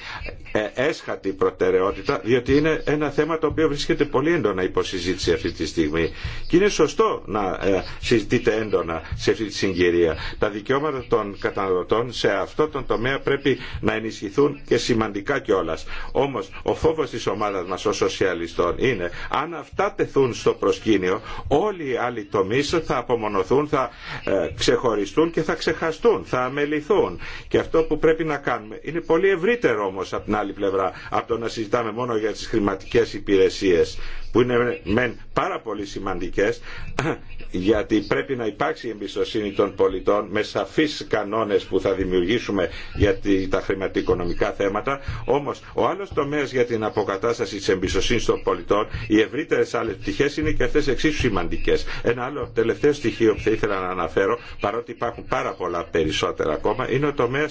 ε, έσχατη προτεραιότητα, διότι είναι ένα θέμα το οποίο βρίσκεται πολύ έντονα συζήτηση αυτή τη στιγμή. Και είναι σωστό να ε, συζητείται έντονα σε αυτή τη συγκυρία. Τα δικαιώματα των καταναλωτών σε αυτό τον τομέα πρέπει να ενισχυθούν και σημαντικά κιόλα. Όμω ο φόβο τη ομάδα μα ως σοσιαλιστών είναι αν αυτά τεθούν στο προσκήνιο, όλοι οι άλλοι τομεί θα απομονωθούν, θα ε, ξεχωριστούν και θα ξεχαστούν, θα αμεληθούν. Και αυτό που πρέπει να κάνουμε είναι πολύ ευρύτερο όμω από την άλλη πλευρά από το να συζητάμε μόνο για τι χρηματικέ υπηρεσίε που είναι μεν πάρα πολύ σημαντικές [CLEARS THROAT] γιατί πρέπει να υπάρξει η εμπιστοσύνη των πολιτών με σαφείς κανόνες που θα δημιουργήσουμε για τα χρηματικά τα οικονομικά θέματα. Όμω, ο άλλο τομέα για την αποκατάσταση τη εμπιστοσύνη των πολιτών, οι ευρύτερε άλλε πτυχέ είναι και αυτέ εξίσου σημαντικέ. Ένα άλλο τελευταίο στοιχείο που θα ήθελα να αναφέρω, παρότι υπάρχουν πάρα πολλά περισσότερα ακόμα, είναι ο τομέα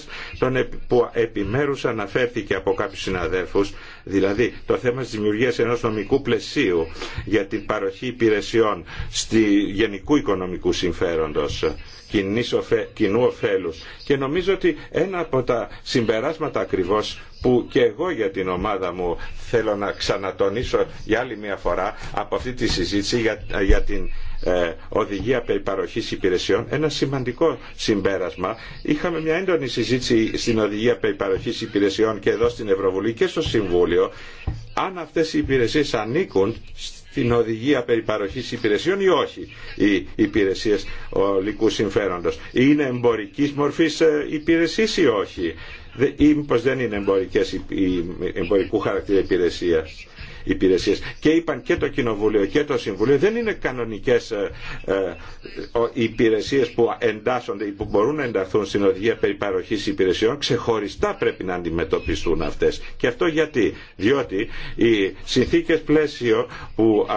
που επιμέρου αναφέρθηκε από κάποιου συναδέλφου, Δηλαδή το θέμα της δημιουργίας ενός νομικού πλαισίου για την παροχή υπηρεσιών στη γενικού οικονομικού συμφέροντος κοινού ωφέλους. Και νομίζω ότι ένα από τα συμπεράσματα ακριβώς που και εγώ για την ομάδα μου θέλω να ξανατονίσω για άλλη μια φορά από αυτή τη συζήτηση για, για την ε, οδηγία περί παροχής υπηρεσιών, ένα σημαντικό συμπέρασμα. Είχαμε μια έντονη συζήτηση στην οδηγία περί υπηρεσιών και εδώ στην Ευρωβουλή και στο Συμβούλιο. Αν αυτές οι υπηρεσίες ανήκουν στην οδηγία περί παροχής υπηρεσιών ή όχι οι υπηρεσίες ολικού συμφέροντος. Είναι εμπορικής μορφής ε, υπηρεσία ή όχι ή μήπως δεν είναι εμπορικές, εμπορικού χαρακτήρα υπηρεσίας. Και είπαν και το Κοινοβούλιο και το Συμβούλιο δεν είναι κανονικές ε, ε, υπηρεσίε που εντάσσονται ή που μπορούν να ενταχθούν στην οδηγία περί υπηρεσιών. Ξεχωριστά πρέπει να αντιμετωπιστούν αυτέ. Και αυτό γιατί. Διότι οι συνθήκε πλαίσιο που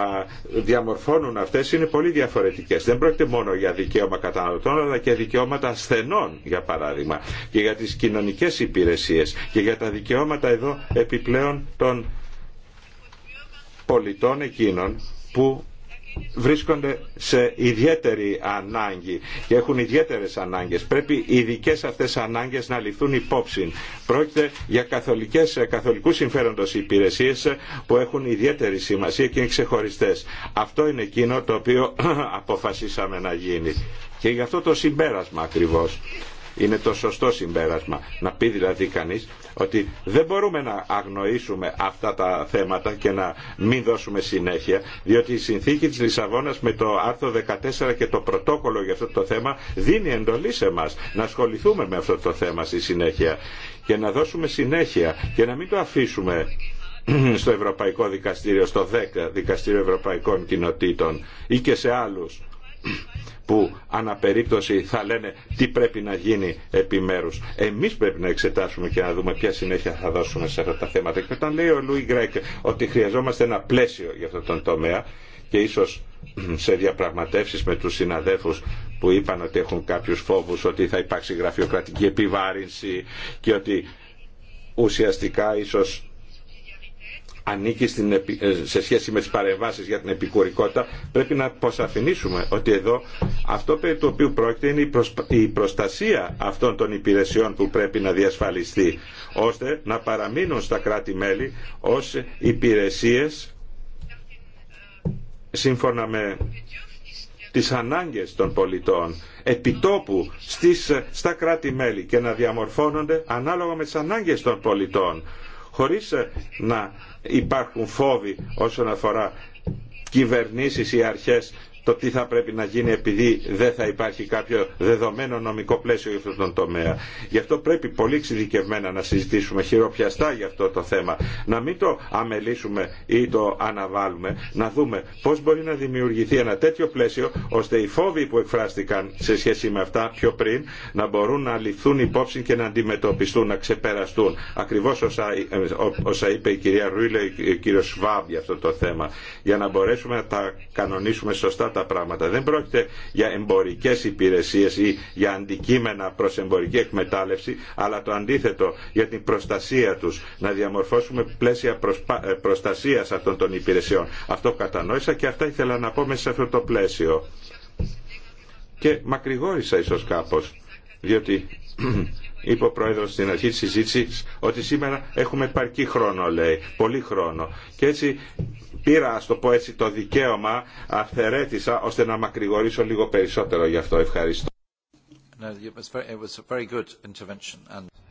διαμορφώνουν αυτέ είναι πολύ διαφορετικέ. Δεν πρόκειται μόνο για δικαίωμα καταναλωτών αλλά και δικαιώματα ασθενών για παράδειγμα και για τι κοινωνικέ υπηρεσίε και για τα δικαιώματα εδώ επιπλέον των πολιτών εκείνων που βρίσκονται σε ιδιαίτερη ανάγκη και έχουν ιδιαίτερες ανάγκες. Πρέπει οι ειδικές αυτές ανάγκες να ληφθούν υπόψη. Πρόκειται για καθολικές, καθολικούς συμφέροντος υπηρεσίες που έχουν ιδιαίτερη σημασία και είναι ξεχωριστές. Αυτό είναι εκείνο το οποίο [CLEARS THROAT] αποφασίσαμε να γίνει. Και γι' αυτό το συμπέρασμα ακριβώς είναι το σωστό συμπέρασμα. Να πει δηλαδή κανείς ότι δεν μπορούμε να αγνοήσουμε αυτά τα θέματα και να μην δώσουμε συνέχεια, διότι η συνθήκη της Λισαβόνας με το άρθρο 14 και το πρωτόκολλο για αυτό το θέμα δίνει εντολή σε μας να ασχοληθούμε με αυτό το θέμα στη συνέχεια και να δώσουμε συνέχεια και να μην το αφήσουμε [CLEARS THROAT] στο Ευρωπαϊκό Δικαστήριο, στο 10 Δικαστήριο Ευρωπαϊκών Κοινοτήτων ή και σε άλλους που αναπερίπτωση θα λένε τι πρέπει να γίνει επιμέρους. Εμείς πρέπει να εξετάσουμε και να δούμε ποια συνέχεια θα δώσουμε σε αυτά τα θέματα. Και όταν λέει ο Λουί Γκρέκ ότι χρειαζόμαστε ένα πλαίσιο για αυτόν τον τομέα και ίσως σε διαπραγματεύσεις με τους συναδέλφους που είπαν ότι έχουν κάποιους φόβους ότι θα υπάρξει γραφειοκρατική επιβάρυνση και ότι ουσιαστικά ίσως ανήκει στην, ε, σε σχέση με τις παρεμβάσεις για την επικουρικότητα πρέπει να αποσαφηνίσουμε ότι εδώ αυτό περί το πρόκειται είναι η προστασία αυτών των υπηρεσιών που πρέπει να διασφαλιστεί ώστε να παραμείνουν στα κράτη-μέλη ως υπηρεσίες σύμφωνα με τις ανάγκες των πολιτών επιτόπου στις, στα κράτη-μέλη και να διαμορφώνονται ανάλογα με τις ανάγκες των πολιτών χωρίς να υπάρχουν φόβοι όσον αφορά κυβερνήσεις ή αρχές το τι θα πρέπει να γίνει επειδή δεν θα υπάρχει κάποιο δεδομένο νομικό πλαίσιο για αυτόν τον τομέα. Γι' αυτό πρέπει πολύ εξειδικευμένα να συζητήσουμε χειροπιαστά για αυτό το θέμα. Να μην το αμελήσουμε ή το αναβάλουμε. Να δούμε πώ μπορεί να δημιουργηθεί ένα τέτοιο πλαίσιο ώστε οι φόβοι που εκφράστηκαν σε σχέση με αυτά πιο πριν να μπορούν να ληφθούν υπόψη και να αντιμετωπιστούν, να ξεπεραστούν. Ακριβώ ε, όσα είπε η κυρία Ρούιλε και ο κύριο Σβάμπ για αυτό το θέμα. Για να μπορέσουμε να τα κανονίσουμε σωστά τα πράγματα. Δεν πρόκειται για εμπορικές υπηρεσίες ή για αντικείμενα προς εμπορική εκμετάλλευση, αλλά το αντίθετο για την προστασία τους. Να διαμορφώσουμε πλαίσια προστασία ε, προστασίας αυτών των υπηρεσιών. Αυτό κατανόησα και αυτά ήθελα να πω μέσα σε αυτό το πλαίσιο. Και μακρηγόρησα ίσως κάπως, διότι [CLEARS THROAT] είπε ο πρόεδρος στην αρχή της συζήτησης ότι σήμερα έχουμε παρκή χρόνο λέει, πολύ χρόνο και έτσι πήρα, α το πω έτσι, το δικαίωμα, αυθερέτησα, ώστε να μακρηγορήσω λίγο περισσότερο γι' αυτό. Ευχαριστώ.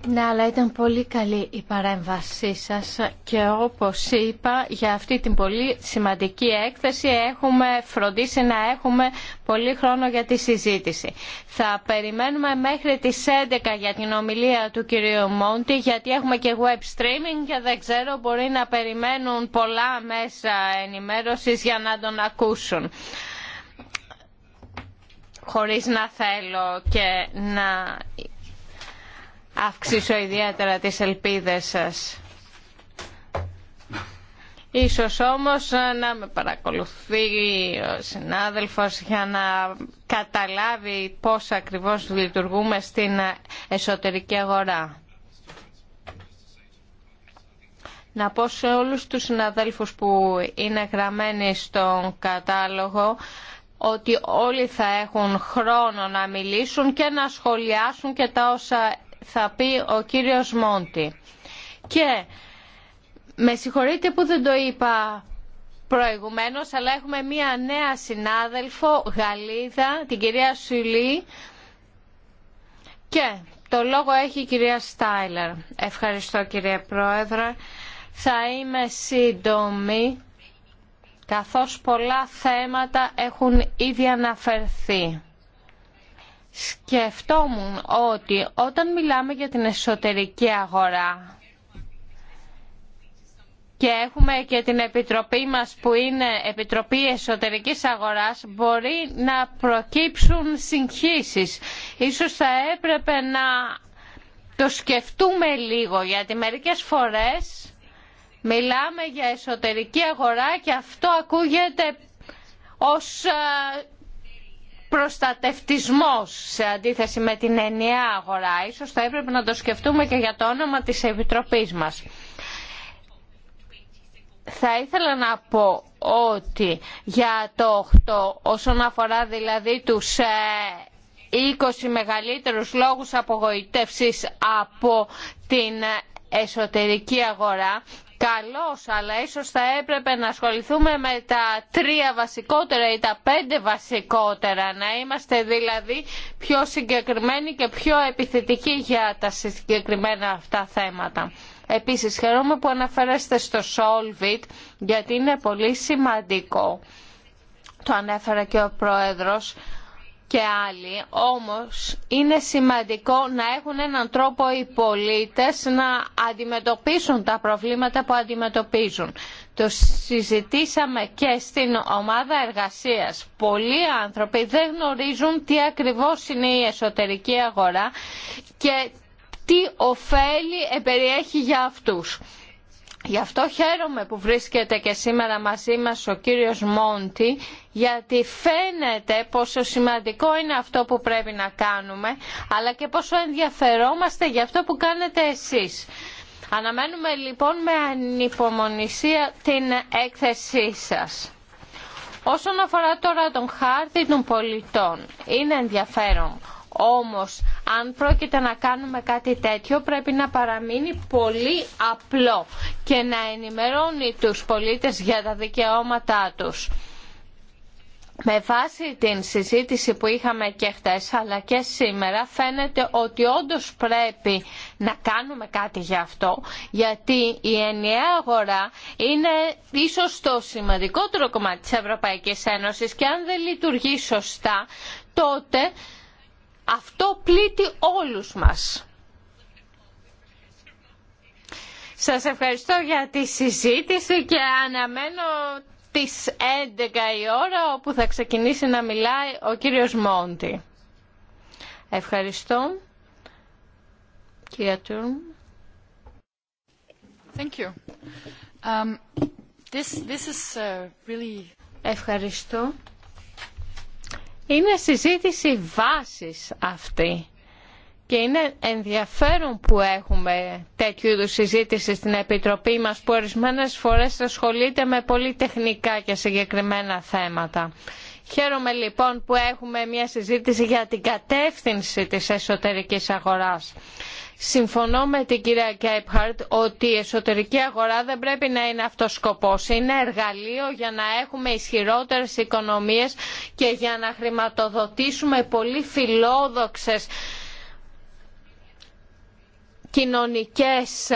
Ναι, αλλά ήταν πολύ καλή η παρέμβασή σας και όπως είπα για αυτή την πολύ σημαντική έκθεση έχουμε φροντίσει να έχουμε πολύ χρόνο για τη συζήτηση. Θα περιμένουμε μέχρι τις 11 για την ομιλία του κυρίου Μόντι γιατί έχουμε και web streaming και δεν ξέρω μπορεί να περιμένουν πολλά μέσα ενημέρωσης για να τον ακούσουν χωρίς να θέλω και να αυξήσω ιδιαίτερα τις ελπίδες σας. Ίσως όμως να με παρακολουθεί ο συνάδελφος για να καταλάβει πώς ακριβώς λειτουργούμε στην εσωτερική αγορά. Να πω σε όλους τους συναδέλφους που είναι γραμμένοι στον κατάλογο ότι όλοι θα έχουν χρόνο να μιλήσουν και να σχολιάσουν και τα όσα θα πει ο κύριος Μόντι. Και με συγχωρείτε που δεν το είπα προηγουμένως, αλλά έχουμε μία νέα συνάδελφο, Γαλίδα, την κυρία Σουλή και το λόγο έχει η κυρία Στάιλερ. Ευχαριστώ κύριε Πρόεδρε. Θα είμαι σύντομη καθώς πολλά θέματα έχουν ήδη αναφερθεί. Σκεφτόμουν ότι όταν μιλάμε για την εσωτερική αγορά και έχουμε και την επιτροπή μας που είναι Επιτροπή Εσωτερικής Αγοράς μπορεί να προκύψουν συγχύσεις. Ίσως θα έπρεπε να το σκεφτούμε λίγο γιατί μερικές φορές Μιλάμε για εσωτερική αγορά και αυτό ακούγεται ως ε, προστατευτισμός σε αντίθεση με την ενιαία αγορά. Ίσως θα έπρεπε να το σκεφτούμε και για το όνομα της Επιτροπής μας. Θα ήθελα να πω ότι για το 8, όσον αφορά δηλαδή τους 20 ε, μεγαλύτερους λόγους απογοητεύσης από την ε, εσωτερική αγορά καλός, αλλά ίσως θα έπρεπε να ασχοληθούμε με τα τρία βασικότερα ή τα πέντε βασικότερα, να είμαστε δηλαδή πιο συγκεκριμένοι και πιο επιθετικοί για τα συγκεκριμένα αυτά θέματα. Επίσης, χαιρόμαι που αναφέρεστε στο Solvit, γιατί είναι πολύ σημαντικό. Το ανέφερα και ο Πρόεδρος και άλλοι, όμως είναι σημαντικό να έχουν έναν τρόπο οι πολίτες να αντιμετωπίσουν τα προβλήματα που αντιμετωπίζουν. Το συζητήσαμε και στην ομάδα εργασίας. Πολλοί άνθρωποι δεν γνωρίζουν τι ακριβώς είναι η εσωτερική αγορά και τι ωφέλη περιέχει για αυτούς. Γι' αυτό χαίρομαι που βρίσκεται και σήμερα μαζί μας ο κύριος Μόντι, γιατί φαίνεται πόσο σημαντικό είναι αυτό που πρέπει να κάνουμε, αλλά και πόσο ενδιαφερόμαστε για αυτό που κάνετε εσείς. Αναμένουμε λοιπόν με ανυπομονησία την έκθεσή σας. Όσον αφορά τώρα τον χάρτη των πολιτών, είναι ενδιαφέρον όμως, αν πρόκειται να κάνουμε κάτι τέτοιο, πρέπει να παραμείνει πολύ απλό και να ενημερώνει τους πολίτες για τα δικαιώματά τους. Με βάση την συζήτηση που είχαμε και χτες αλλά και σήμερα φαίνεται ότι όντως πρέπει να κάνουμε κάτι γι' αυτό γιατί η ενιαία αγορά είναι ίσως το σημαντικότερο κομμάτι της Ευρωπαϊκής Ένωσης και αν δεν λειτουργεί σωστά τότε αυτό πλήττει όλους μας. Σας ευχαριστώ για τη συζήτηση και αναμένω τις 11 η ώρα όπου θα ξεκινήσει να μιλάει ο κύριος Μόντι. Ευχαριστώ. Κυρία Τούρμ. Thank you. Um, this, this is uh, really... Ευχαριστώ. Είναι συζήτηση βάσης αυτή και είναι ενδιαφέρον που έχουμε τέτοιου είδου συζήτηση στην Επιτροπή μας που ορισμένες φορές ασχολείται με πολύ τεχνικά και συγκεκριμένα θέματα. Χαίρομαι λοιπόν που έχουμε μια συζήτηση για την κατεύθυνση της εσωτερικής αγοράς συμφωνώ με την κυρία Κέιπχαρτ ότι η εσωτερική αγορά δεν πρέπει να είναι αυτός σκοπός. Είναι εργαλείο για να έχουμε ισχυρότερες οικονομίες και για να χρηματοδοτήσουμε πολύ φιλόδοξες κοινωνικές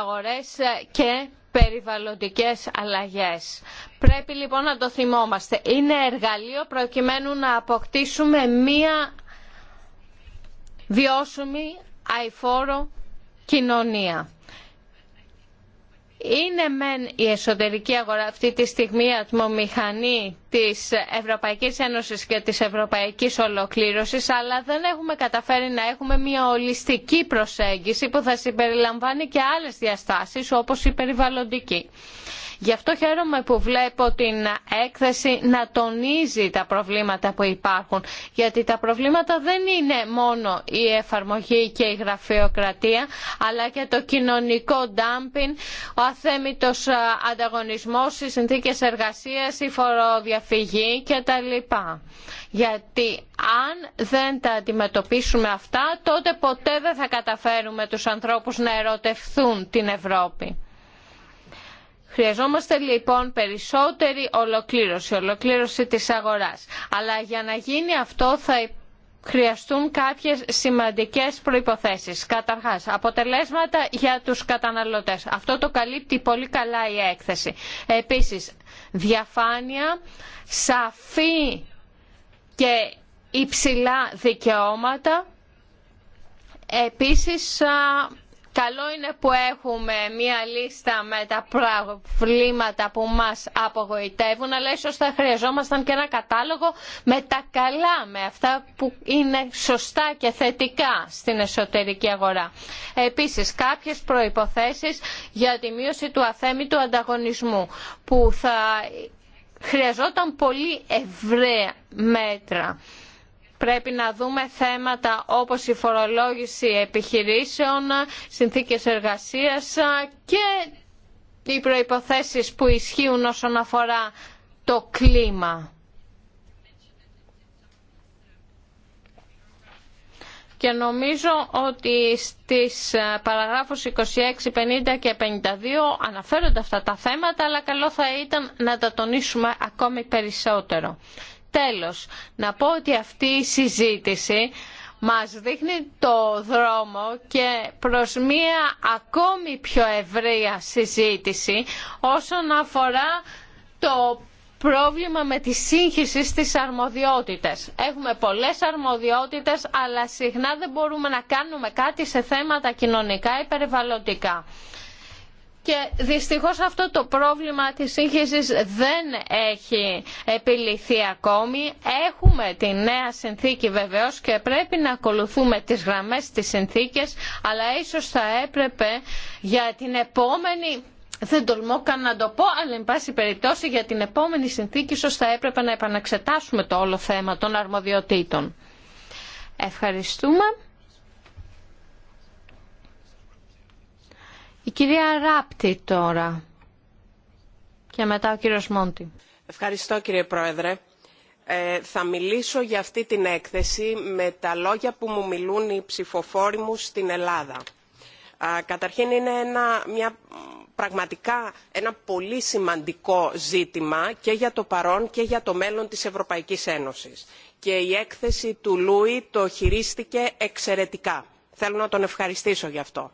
αγορές και περιβαλλοντικές αλλαγές. Πρέπει λοιπόν να το θυμόμαστε. Είναι εργαλείο προκειμένου να αποκτήσουμε μία βιώσιμη αηφόρο κοινωνία. Είναι μεν η εσωτερική αγορά αυτή τη στιγμή ατμομηχανή της Ευρωπαϊκής Ένωσης και της Ευρωπαϊκής Ολοκλήρωσης, αλλά δεν έχουμε καταφέρει να έχουμε μια ολιστική προσέγγιση που θα συμπεριλαμβάνει και άλλες διαστάσεις όπως η περιβαλλοντική. Γι' αυτό χαίρομαι που βλέπω την έκθεση να τονίζει τα προβλήματα που υπάρχουν. Γιατί τα προβλήματα δεν είναι μόνο η εφαρμογή και η γραφειοκρατία, αλλά και το κοινωνικό ντάμπιν, ο αθέμητος ανταγωνισμός, οι συνθήκες εργασίας, η φοροδιαφυγή κτλ. Γιατί αν δεν τα αντιμετωπίσουμε αυτά, τότε ποτέ δεν θα καταφέρουμε τους ανθρώπους να ερωτευθούν την Ευρώπη. Χρειαζόμαστε λοιπόν περισσότερη ολοκλήρωση, ολοκλήρωση της αγοράς. Αλλά για να γίνει αυτό θα χρειαστούν κάποιες σημαντικές προϋποθέσεις. Καταρχάς, αποτελέσματα για τους καταναλωτές. Αυτό το καλύπτει πολύ καλά η έκθεση. Επίσης, διαφάνεια, σαφή και υψηλά δικαιώματα. Επίσης, Καλό είναι που έχουμε μία λίστα με τα προβλήματα που μας απογοητεύουν, αλλά ίσως θα χρειαζόμασταν και ένα κατάλογο με τα καλά, με αυτά που είναι σωστά και θετικά στην εσωτερική αγορά. Επίσης, κάποιες προϋποθέσεις για τη μείωση του αθέμητου ανταγωνισμού, που θα χρειαζόταν πολύ ευρέα μέτρα. Πρέπει να δούμε θέματα όπως η φορολόγηση επιχειρήσεων, συνθήκες εργασίας και οι προϋποθέσεις που ισχύουν όσον αφορά το κλίμα. και νομίζω ότι στις ε, παραγράφους 26, 50 και 52 αναφέρονται αυτά τα θέματα αλλά καλό θα ήταν να τα τονίσουμε ακόμη περισσότερο. Τέλος, να πω ότι αυτή η συζήτηση μας δείχνει το δρόμο και προς μία ακόμη πιο ευρεία συζήτηση όσον αφορά το πρόβλημα με τη σύγχυση στις αρμοδιότητες. Έχουμε πολλές αρμοδιότητες, αλλά συχνά δεν μπορούμε να κάνουμε κάτι σε θέματα κοινωνικά ή περιβαλλοντικά και δυστυχώς αυτό το πρόβλημα της σύγχυσης δεν έχει επιληθεί ακόμη. Έχουμε τη νέα συνθήκη βεβαίως και πρέπει να ακολουθούμε τις γραμμές της συνθήκες, αλλά ίσως θα έπρεπε για την επόμενη... Δεν τολμώ καν να το πω, αλλά εν πάση περιπτώσει για την επόμενη συνθήκη ίσως θα έπρεπε να επαναξετάσουμε το όλο θέμα των αρμοδιοτήτων. Ευχαριστούμε. Η κυρία Ράπτη τώρα και μετά ο κύριος Μόντι. Ευχαριστώ κύριε Πρόεδρε. Ε, θα μιλήσω για αυτή την έκθεση με τα λόγια που μου μιλούν οι ψηφοφόροι μου στην Ελλάδα. καταρχήν είναι ένα, μια, πραγματικά ένα πολύ σημαντικό ζήτημα και για το παρόν και για το μέλλον της Ευρωπαϊκής Ένωσης. Και η έκθεση του Λούι το χειρίστηκε εξαιρετικά. Θέλω να τον ευχαριστήσω γι' αυτό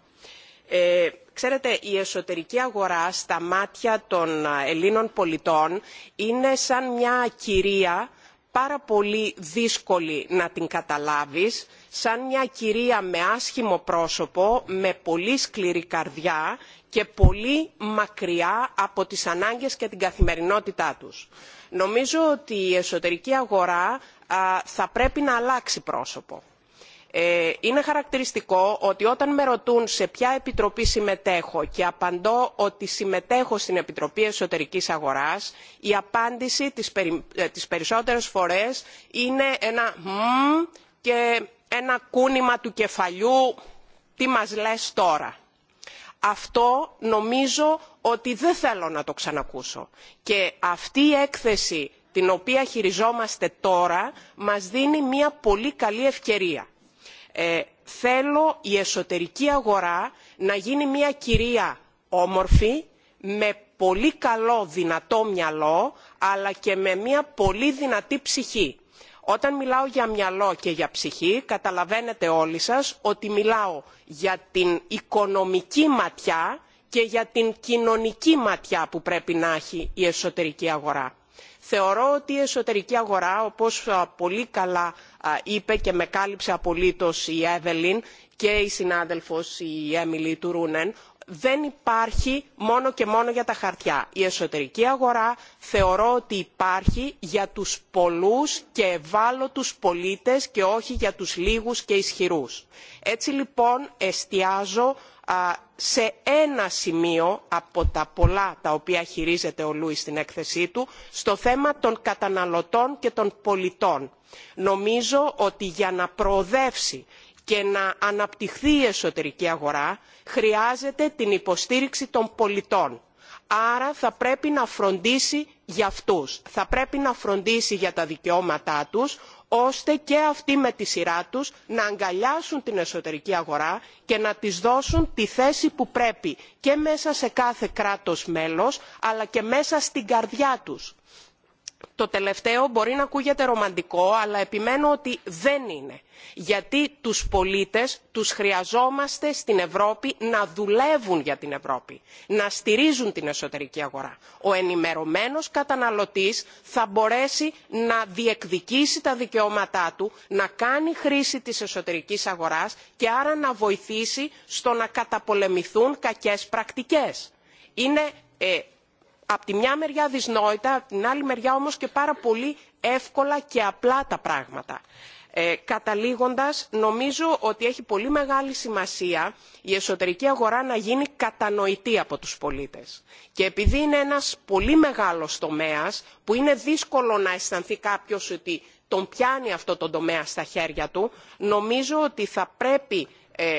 ε, ξέρετε η εσωτερική αγορά στα μάτια των ε, ελλήνων πολιτών είναι σαν μια κυρία πάρα πολύ δύσκολη να την καταλάβεις σαν μια κυρία με άσχημο πρόσωπο με πολύ σκληρή καρδιά και πολύ μακριά από τις ανάγκες και την καθημερινότητά τους. νομίζω ότι η εσωτερική αγορά θα πρέπει να αλλάξει πρόσωπο. Ε, είναι χαρακτηριστικό ότι όταν με ρωτούν σε ποια επιτροπή συμμετέχω και απαντώ ότι συμμετέχω στην επιτροπή εσωτερικής αγοράς η απάντηση ε, τις, περισσότερες φορές είναι ένα μ και ένα κούνημα του κεφαλιού τι μας λες τώρα. αυτό νομίζω ότι δεν θέλω να το ξανακούσω και αυτή η έκθεση την οποία χειριζόμαστε τώρα μας δίνει μια πολύ καλή ευκαιρία ε, θέλω η εσωτερική αγορά να γίνει μια κυρία όμορφη με πολύ καλό δυνατό μυαλό αλλά και με μια πολύ δυνατή ψυχή. Όταν μιλάω για μυαλό και για ψυχή καταλαβαίνετε όλοι σας ότι μιλάω για την οικονομική ματιά και για την κοινωνική ματιά που πρέπει να έχει η εσωτερική αγορά θεωρώ ότι η εσωτερική αγορά όπως πολύ καλά είπε και με κάλυψε απολύτως η εύελιν και η συνάδελφος η έμιλι τουρούνεν δεν υπάρχει μόνο και μόνο για τα χαρτιά. η εσωτερική αγορά θεωρώ ότι υπάρχει για τους πολλούς και ευάλωτους πολίτες και όχι για τους λίγους και ισχυρούς. έτσι λοιπόν εστιάζω σε ένα σημείο από τα πολλά τα οποία χειρίζεται ο Λούις στην έκθεσή του στο θέμα των καταναλωτών και των πολιτών. νομίζω ότι για να προοδεύσει και να αναπτυχθεί η εσωτερική αγορά χρειάζεται την υποστήριξη των πολιτών άρα θα πρέπει να φροντίσει για αυτούς θα πρέπει να φροντίσει για τα δικαιώματά τους ώστε και αυτοί με τη σειρά τους να αγκαλιάσουν την εσωτερική αγορά και να της δώσουν τη θέση που πρέπει και μέσα σε κάθε κράτος μέλος αλλά και μέσα στην καρδιά τους το τελευταίο μπορεί να ακούγεται ρομαντικό αλλά επιμένω ότι δεν είναι γιατί τους πολίτες τους χρειαζόμαστε στην ευρώπη να δουλεύουν για την ευρώπη να στηρίζουν την εσωτερική αγορά. ο ενημερωμένος καταναλωτής θα μπορέσει να διεκδικήσει τα δικαιώματά του να κάνει χρήση της εσωτερικής αγοράς και άρα να βοηθήσει στο να καταπολεμηθούν κακές πρακτικές. είναι ε, από τη μια μεριά δυσνόητα, από την άλλη μεριά όμως και πάρα πολύ εύκολα και απλά τα πράγματα. Ε, καταλήγοντας, νομίζω ότι έχει πολύ μεγάλη σημασία η εσωτερική αγορά να γίνει κατανοητή από τους πολίτες. Και επειδή είναι ένας πολύ μεγάλος τομέας που είναι δύσκολο να αισθανθεί κάποιος ότι τον πιάνει αυτό το τομέα στα χέρια του, νομίζω ότι θα πρέπει ε,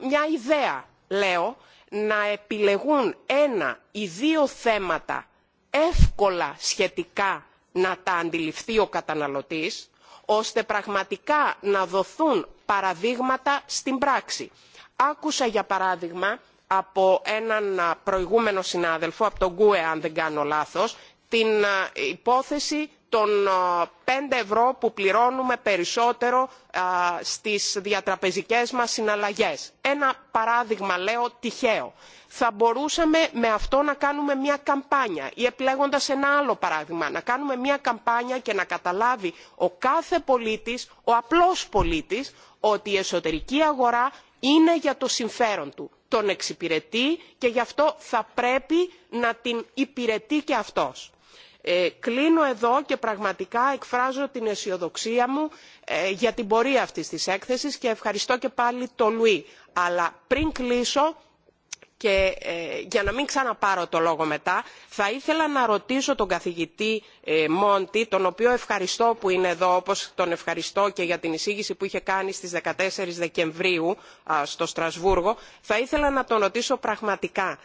μια ιδέα, λέω, να επιλεγούν ένα ή δύο θέματα εύκολα σχετικά να τα αντιληφθεί ο καταναλωτής ώστε πραγματικά να δοθούν παραδείγματα στην πράξη. Άκουσα για παράδειγμα από έναν προηγούμενο συνάδελφο, από τον Κούε, αν δεν κάνω λάθος, την ε, υπόθεση των 5 ε, ευρώ που πληρώνουμε περισσότερο ε, στις διατραπεζικές μας συναλλαγές. Ένα παράδειγμα λέω τυχαίο. Θα μπορούσαμε με αυτό να κάνουμε μια καμπάνια ή επιλέγοντας ένα άλλο παράδειγμα να κάνουμε μια καμπάνια και να καταλάβει ο κάθε πολίτης, ο απλός πολίτης ότι η εσωτερική αγορά είναι για το συμφέρον του τον εξυπηρετεί και γι' αυτό θα πρέπει να την υπηρετεί και αυτός. Ε, κλείνω εδώ και πραγματικά εκφράζω την αισιοδοξία μου ε, για την πορεία αυτής της έκθεσης και ευχαριστώ και πάλι τον Λουί. Αλλά πριν κλείσω και ε, για να μην ξαναπάρω το λόγο μετά θα ήθελα να ρωτήσω τον καθηγητή Μόντι τον οποίο ευχαριστώ που είναι εδώ όπως τον ευχαριστώ και για την εισήγηση που είχε κάνει στις 14 Δεκεμβρίου στο Στρασβούργο θα ήθελα να τον ρωτήσω πραγματικά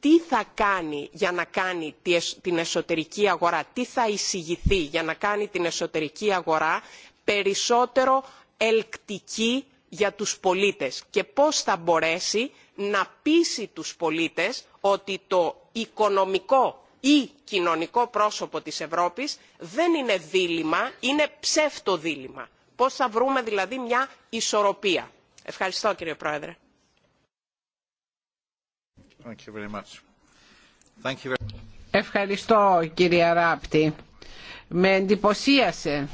τι θα κάνει για να κάνει την εσωτερική αγορά, τι θα εισηγηθεί για να κάνει την εσωτερική αγορά περισσότερο ελκτική για τους πολίτες και πώς θα μπορέσει να πείσει τους πολίτες ότι το οικονομικό ή κοινωνικό πρόσωπο της Ευρώπης δεν είναι δίλημα, είναι ψεύτο δίλημα. Πώς θα βρούμε δηλαδή μια ισορροπία. Ευχαριστώ κύριε Πρόεδρε. Ευχαριστώ κύριε Ράπτη. Με εντυπωσίασε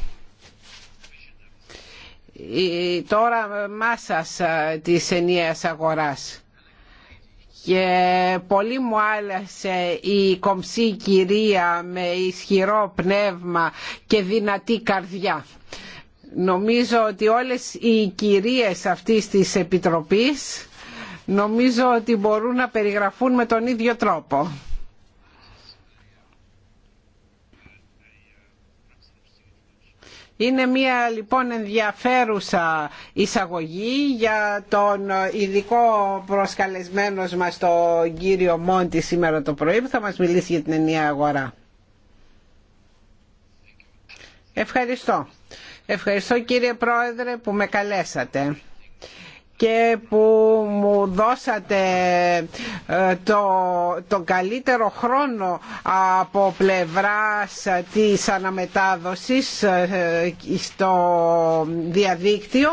η τώρα μάσας της ενιαίας αγοράς και πολύ μου άλλασε η κομψή κυρία με ισχυρό πνεύμα και δυνατή καρδιά. Νομίζω ότι όλες οι κυρίες αυτής της Επιτροπής νομίζω ότι μπορούν να περιγραφούν με τον ίδιο τρόπο. Είναι μια λοιπόν ενδιαφέρουσα εισαγωγή για τον ειδικό προσκαλεσμένος μας τον κύριο Μόντι σήμερα το πρωί που θα μας μιλήσει για την ενιαία αγορά. Ευχαριστώ. Ευχαριστώ κύριε Πρόεδρε που με καλέσατε και που μου δώσατε ε, το, το καλύτερο χρόνο από πλευράς της αναμετάδοσης ε, στο διαδίκτυο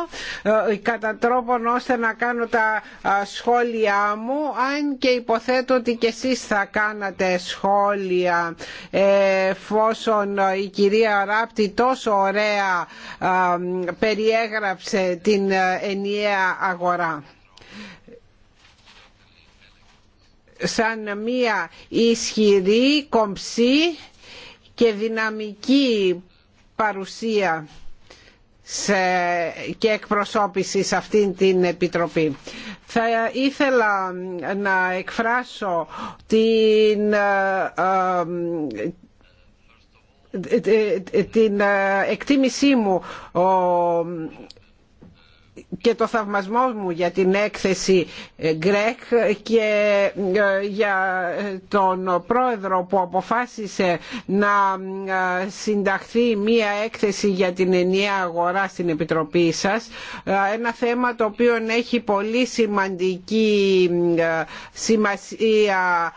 ε, κατά τρόπον ώστε να κάνω τα σχόλιά μου αν και υποθέτω ότι και εσείς θα κάνατε σχόλια εφόσον η κυρία Ράπτη τόσο ωραία περιέγραψε την ενιαία σαν μία ισχυρή, κομψή και δυναμική παρουσία και εκπροσώπηση σε αυτήν την Επιτροπή. Θα ήθελα να εκφράσω την ε, ε, ε, εκτίμησή μου και το θαυμασμό μου για την έκθεση ε, Γκρέκ και ε, για ε, τον πρόεδρο που αποφάσισε να συνταχθεί μία έκθεση για την ενιαία αγορά στην Επιτροπή σας ένα θέμα το οποίο έχει πολύ σημαντική σημασία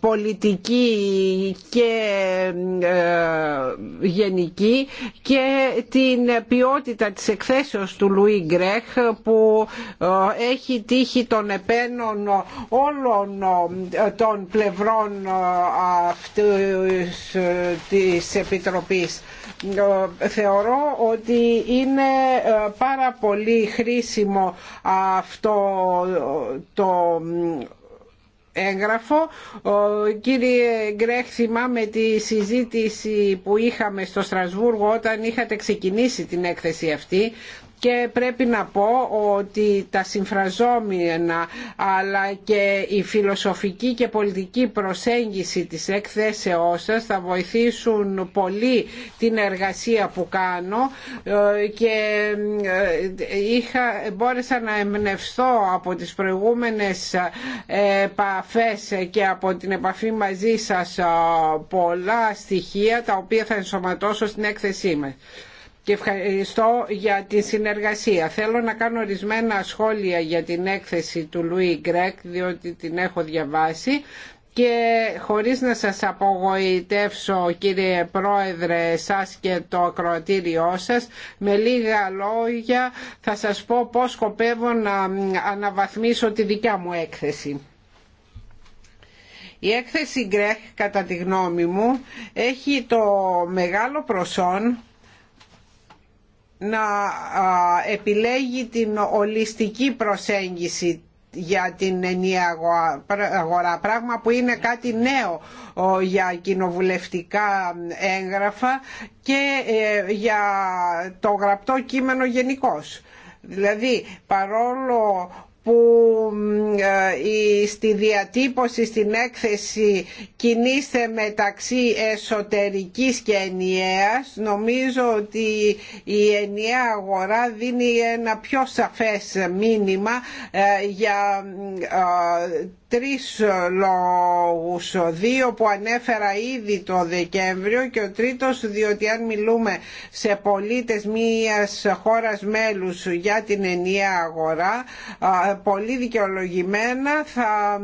πολιτική και γενική και την ποιότητα της εκθέσεως του Λουί που ε, έχει τύχει των επένων όλων ε, των πλευρών ε, αυτής της Επιτροπής. Θεωρώ ότι είναι πάρα πολύ χρήσιμο αυτό το έγγραφο. Κύριε Γκρέχ, θυμάμαι τη συζήτηση που είχαμε στο Στρασβούργο όταν είχατε ξεκινήσει την έκθεση αυτή και πρέπει να πω ότι τα συμφραζόμενα αλλά και η φιλοσοφική και πολιτική προσέγγιση της εκθέσεώς σας θα βοηθήσουν πολύ την εργασία που κάνω ε, και ε, είχα, μπόρεσα να εμπνευστώ από τις προηγούμενες ε, επαφές και από την επαφή μαζί σας πολλά στοιχεία τα οποία θα ενσωματώσω στην έκθεσή μας και ευχαριστώ για τη συνεργασία. Θέλω να κάνω ορισμένα σχόλια για την έκθεση του Λουί Γκρέκ, διότι την έχω διαβάσει και χωρίς να σας απογοητεύσω κύριε Πρόεδρε σας και το ακροατήριό σας με λίγα λόγια θα σας πω πώς σκοπεύω να αναβαθμίσω τη δικιά μου έκθεση. Η έκθεση Γκρέχ κατά τη γνώμη μου έχει το μεγάλο προσόν να επιλέγει την ολιστική προσέγγιση για την ενιαία αγορά, πράγμα που είναι κάτι νέο για κοινοβουλευτικά έγγραφα και ε, για το γραπτό κείμενο γενικώς. Δηλαδή παρόλο που στη διατύπωση στην έκθεση κινείστε μεταξύ εσωτερικής και ενιαίας νομίζω ότι η ενιαία αγορά δίνει ένα πιο σαφές μήνυμα ε, για τρεις λόγους, δύο που ανέφερα ήδη το Δεκέμβριο και ο τρίτος διότι αν μιλούμε σε πολίτες μίας χώρας μέλους για την ενιαία αγορά πολύ δικαιολογημένα θα,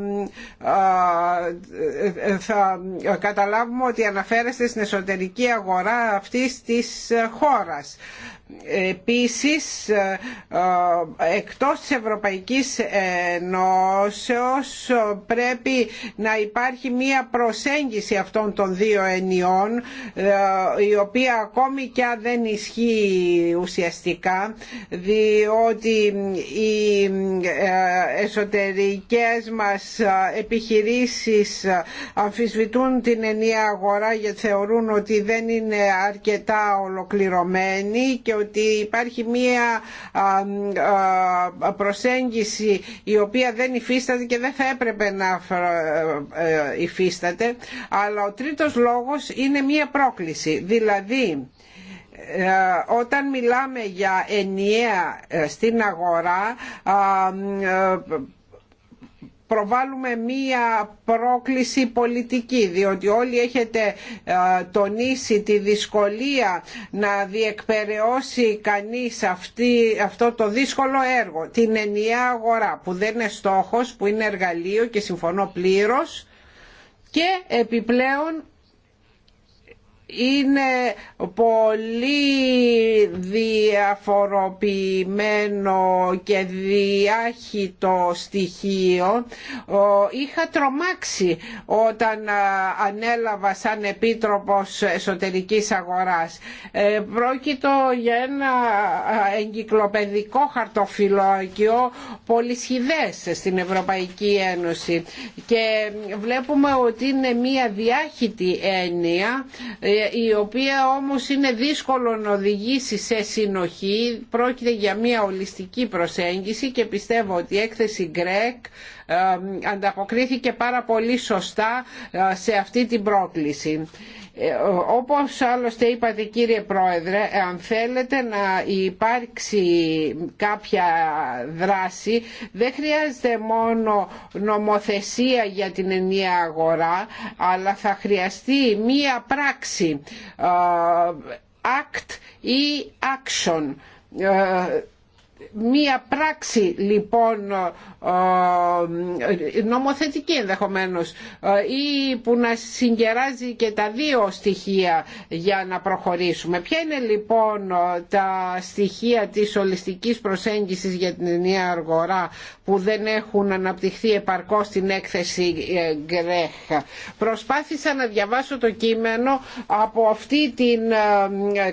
θα καταλάβουμε ότι αναφέρεστε στην εσωτερική αγορά αυτής της χώρας. Επίσης, ε, ε, εκτός της Ευρωπαϊκής Ενώσεως ε, πρέπει να υπάρχει μία προσέγγιση αυτών των δύο ενιών η οποία ακόμη και αν δεν ισχύει ουσιαστικά διότι οι εσωτερικές μας επιχειρήσεις αμφισβητούν την ενία αγορά γιατί θεωρούν ότι δεν είναι αρκετά ολοκληρωμένη και ότι υπάρχει μία προσέγγιση η οποία δεν υφίσταται και δεν θα έπρεπε να ε, ε, υφίσταται αλλά ο τρίτος λόγος είναι μία πρόκληση δηλαδή ε, όταν μιλάμε για ενιαία στην αγορά προβάλλουμε μία πρόκληση πολιτική διότι όλοι έχετε ε, τονίσει τη δυσκολία να διεκπαιρεώσει κανείς αυτή, αυτό το δύσκολο έργο την ενιαία αγορά που δεν είναι στόχος, που είναι εργαλείο και συμφωνώ πλήρως και επιπλέον είναι πολύ διαφοροποιημένο και διάχυτο στοιχείο είχα τρομάξει όταν ανέλαβα σαν Επίτροπος Εσωτερικής Αγοράς ε, πρόκειτο για ένα εγκυκλοπαιδικό χαρτοφυλάκιο πολυσχηδές στην Ευρωπαϊκή Ένωση και βλέπουμε ότι είναι μια διάχυτη έννοια ε, η οποία όμως είναι δύσκολο να οδηγήσει σε συνοχή. Πρόκειται για μια ολιστική προσέγγιση και πιστεύω ότι η έκθεση Γκρέκ ε, ανταποκρίθηκε πάρα πολύ σωστά ε, σε αυτή την πρόκληση. Ε, όπως άλλωστε είπατε κύριε Πρόεδρε, ε, αν θέλετε να υπάρξει κάποια δράση, δεν χρειάζεται μόνο νομοθεσία για την ενιαία αγορά, αλλά θα χρειαστεί μία πράξη, ε, act ή action Μία πράξη λοιπόν ε, ε, νομοθετική ενδεχομένως ε, ή που να συγκεράζει και τα δύο στοιχεία για να προχωρήσουμε. Ποια είναι λοιπόν τα στοιχεία της ολιστικής προσέγγισης για την ενιαία αργορά που δεν έχουν αναπτυχθεί επαρκώς στην έκθεση Γκρέχ. Προσπάθησα να διαβάσω το κείμενο από αυτή την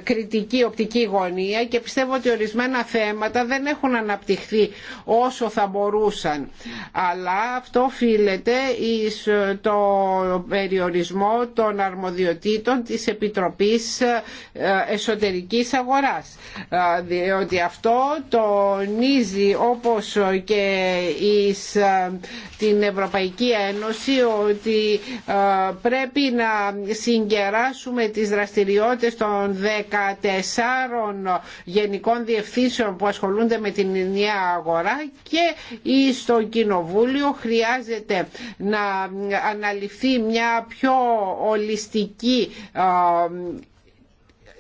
κριτική οπτική γωνία και πιστεύω ότι ορισμένα θέματα δεν έχουν αναπτυχθεί όσο θα μπορούσαν. Αλλά αυτό οφείλεται στο ε, το περιορισμό των αρμοδιοτήτων της Επιτροπής ε, Εσωτερικής Αγοράς. Ε, διότι αυτό τονίζει όπως και εις την Ευρωπαϊκή Ένωση ότι πρέπει να συγκεράσουμε τις δραστηριότητες των 14 γενικών διευθύνσεων που ασχολούν ασχολούνται με την ενιαία αγορά και στο Κοινοβούλιο χρειάζεται να αναλυθεί μια πιο ολιστική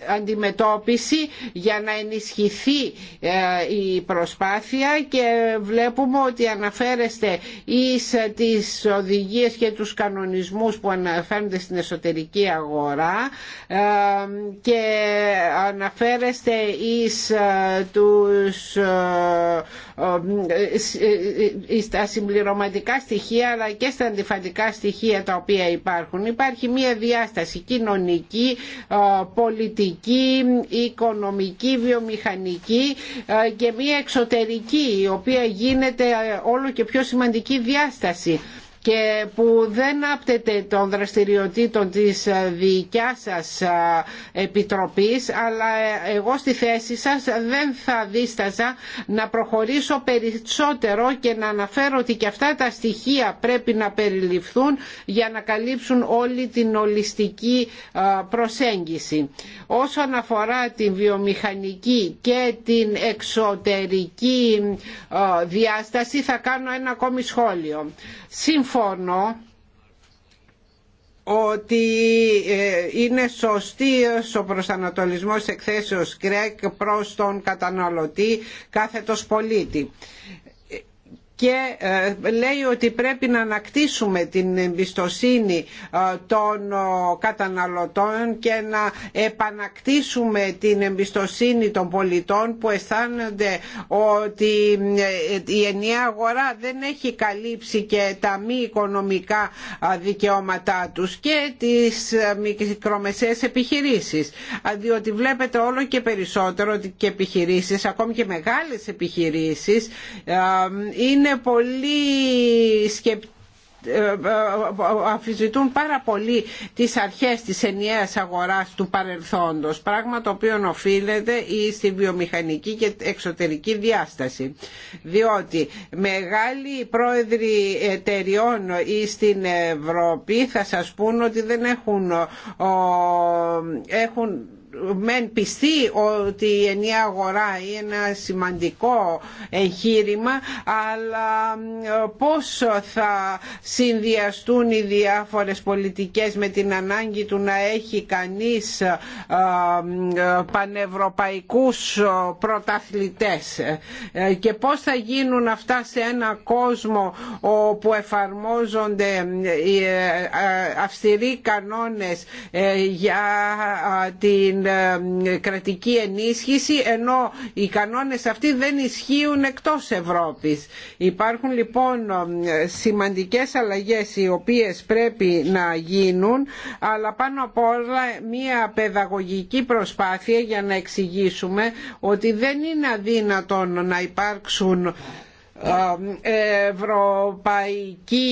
αντιμετώπιση για να ενισχυθεί ε, η προσπάθεια και βλέπουμε ότι αναφέρεστε εις ε, τις οδηγίες και τους κανονισμούς που αναφέρονται στην εσωτερική αγορά ε, και αναφέρεστε εις τους στα συμπληρωματικά στοιχεία αλλά και στα αντιφατικά στοιχεία τα οποία υπάρχουν. Υπάρχει μία διάσταση κοινωνική, ε, πολιτική, οικονομική, βιομηχανική ε, και μία εξωτερική η οποία γίνεται ε, όλο και πιο σημαντική διάσταση και που δεν άπτεται των δραστηριοτήτων της ε, δικιάς σας ε, επιτροπής αλλά ε, εγώ στη θέση σας δεν θα δίσταζα να προχωρήσω περισσότερο και να αναφέρω ότι και αυτά τα στοιχεία πρέπει να περιληφθούν για να καλύψουν όλη την ολιστική προσέγγιση. Όσον αφορά την βιομηχανική και την εξωτερική διάσταση θα κάνω ένα ακόμη σχόλιο συμφωνώ ότι ε, είναι σωστή ο προσανατολισμός εκθέσεως ΚΡΕΚ προς τον καταναλωτή κάθετος πολίτη και ε, λέει ότι πρέπει να ανακτήσουμε την εμπιστοσύνη ε, των ε, καταναλωτών και να επανακτήσουμε την εμπιστοσύνη των πολιτών που αισθάνονται ότι η ενιαία αγορά δεν έχει καλύψει και τα μη οικονομικά δικαιώματά τους και τις μικρομεσαίες επιχειρήσεις διότι βλέπετε όλο και περισσότερο ότι και επιχειρήσεις ακόμη και μεγάλες επιχειρήσεις είναι είναι πολύ σκεπτικοί ε, ε, αφιζητούν πάρα πολύ τις αρχές της ενιαίας αγοράς του παρελθόντος πράγμα το οποίο οφείλεται ή στη βιομηχανική και εξωτερική διάσταση διότι μεγάλοι πρόεδροι εταιριών ή στην Ευρώπη θα σας πούν ότι δεν έχουν, έχουν μεν πιστεί ότι η ενιαία αγορά είναι ένα σημαντικό εγχείρημα αλλά ε, πώς θα συνδυαστούν οι διάφορες πολιτικές με την ανάγκη του να έχει κανείς ε, ε, πανευρωπαϊκούς πρωταθλητές και πώς θα γίνουν αυτά σε ένα κόσμο όπου εφαρμόζονται αυστηροί κανόνες για την ε, ε, κρατική ενίσχυση ενώ οι κανόνες αυτοί δεν ισχύουν εκτός Ευρώπης. Υπάρχουν λοιπόν ε, σημαντικές αλλαγές οι οποίες πρέπει να γίνουν αλλά πάνω απ' όλα μία παιδαγωγική προσπάθεια για να εξηγήσουμε ότι δεν είναι αδύνατον να υπάρξουν ευρωπαϊκοί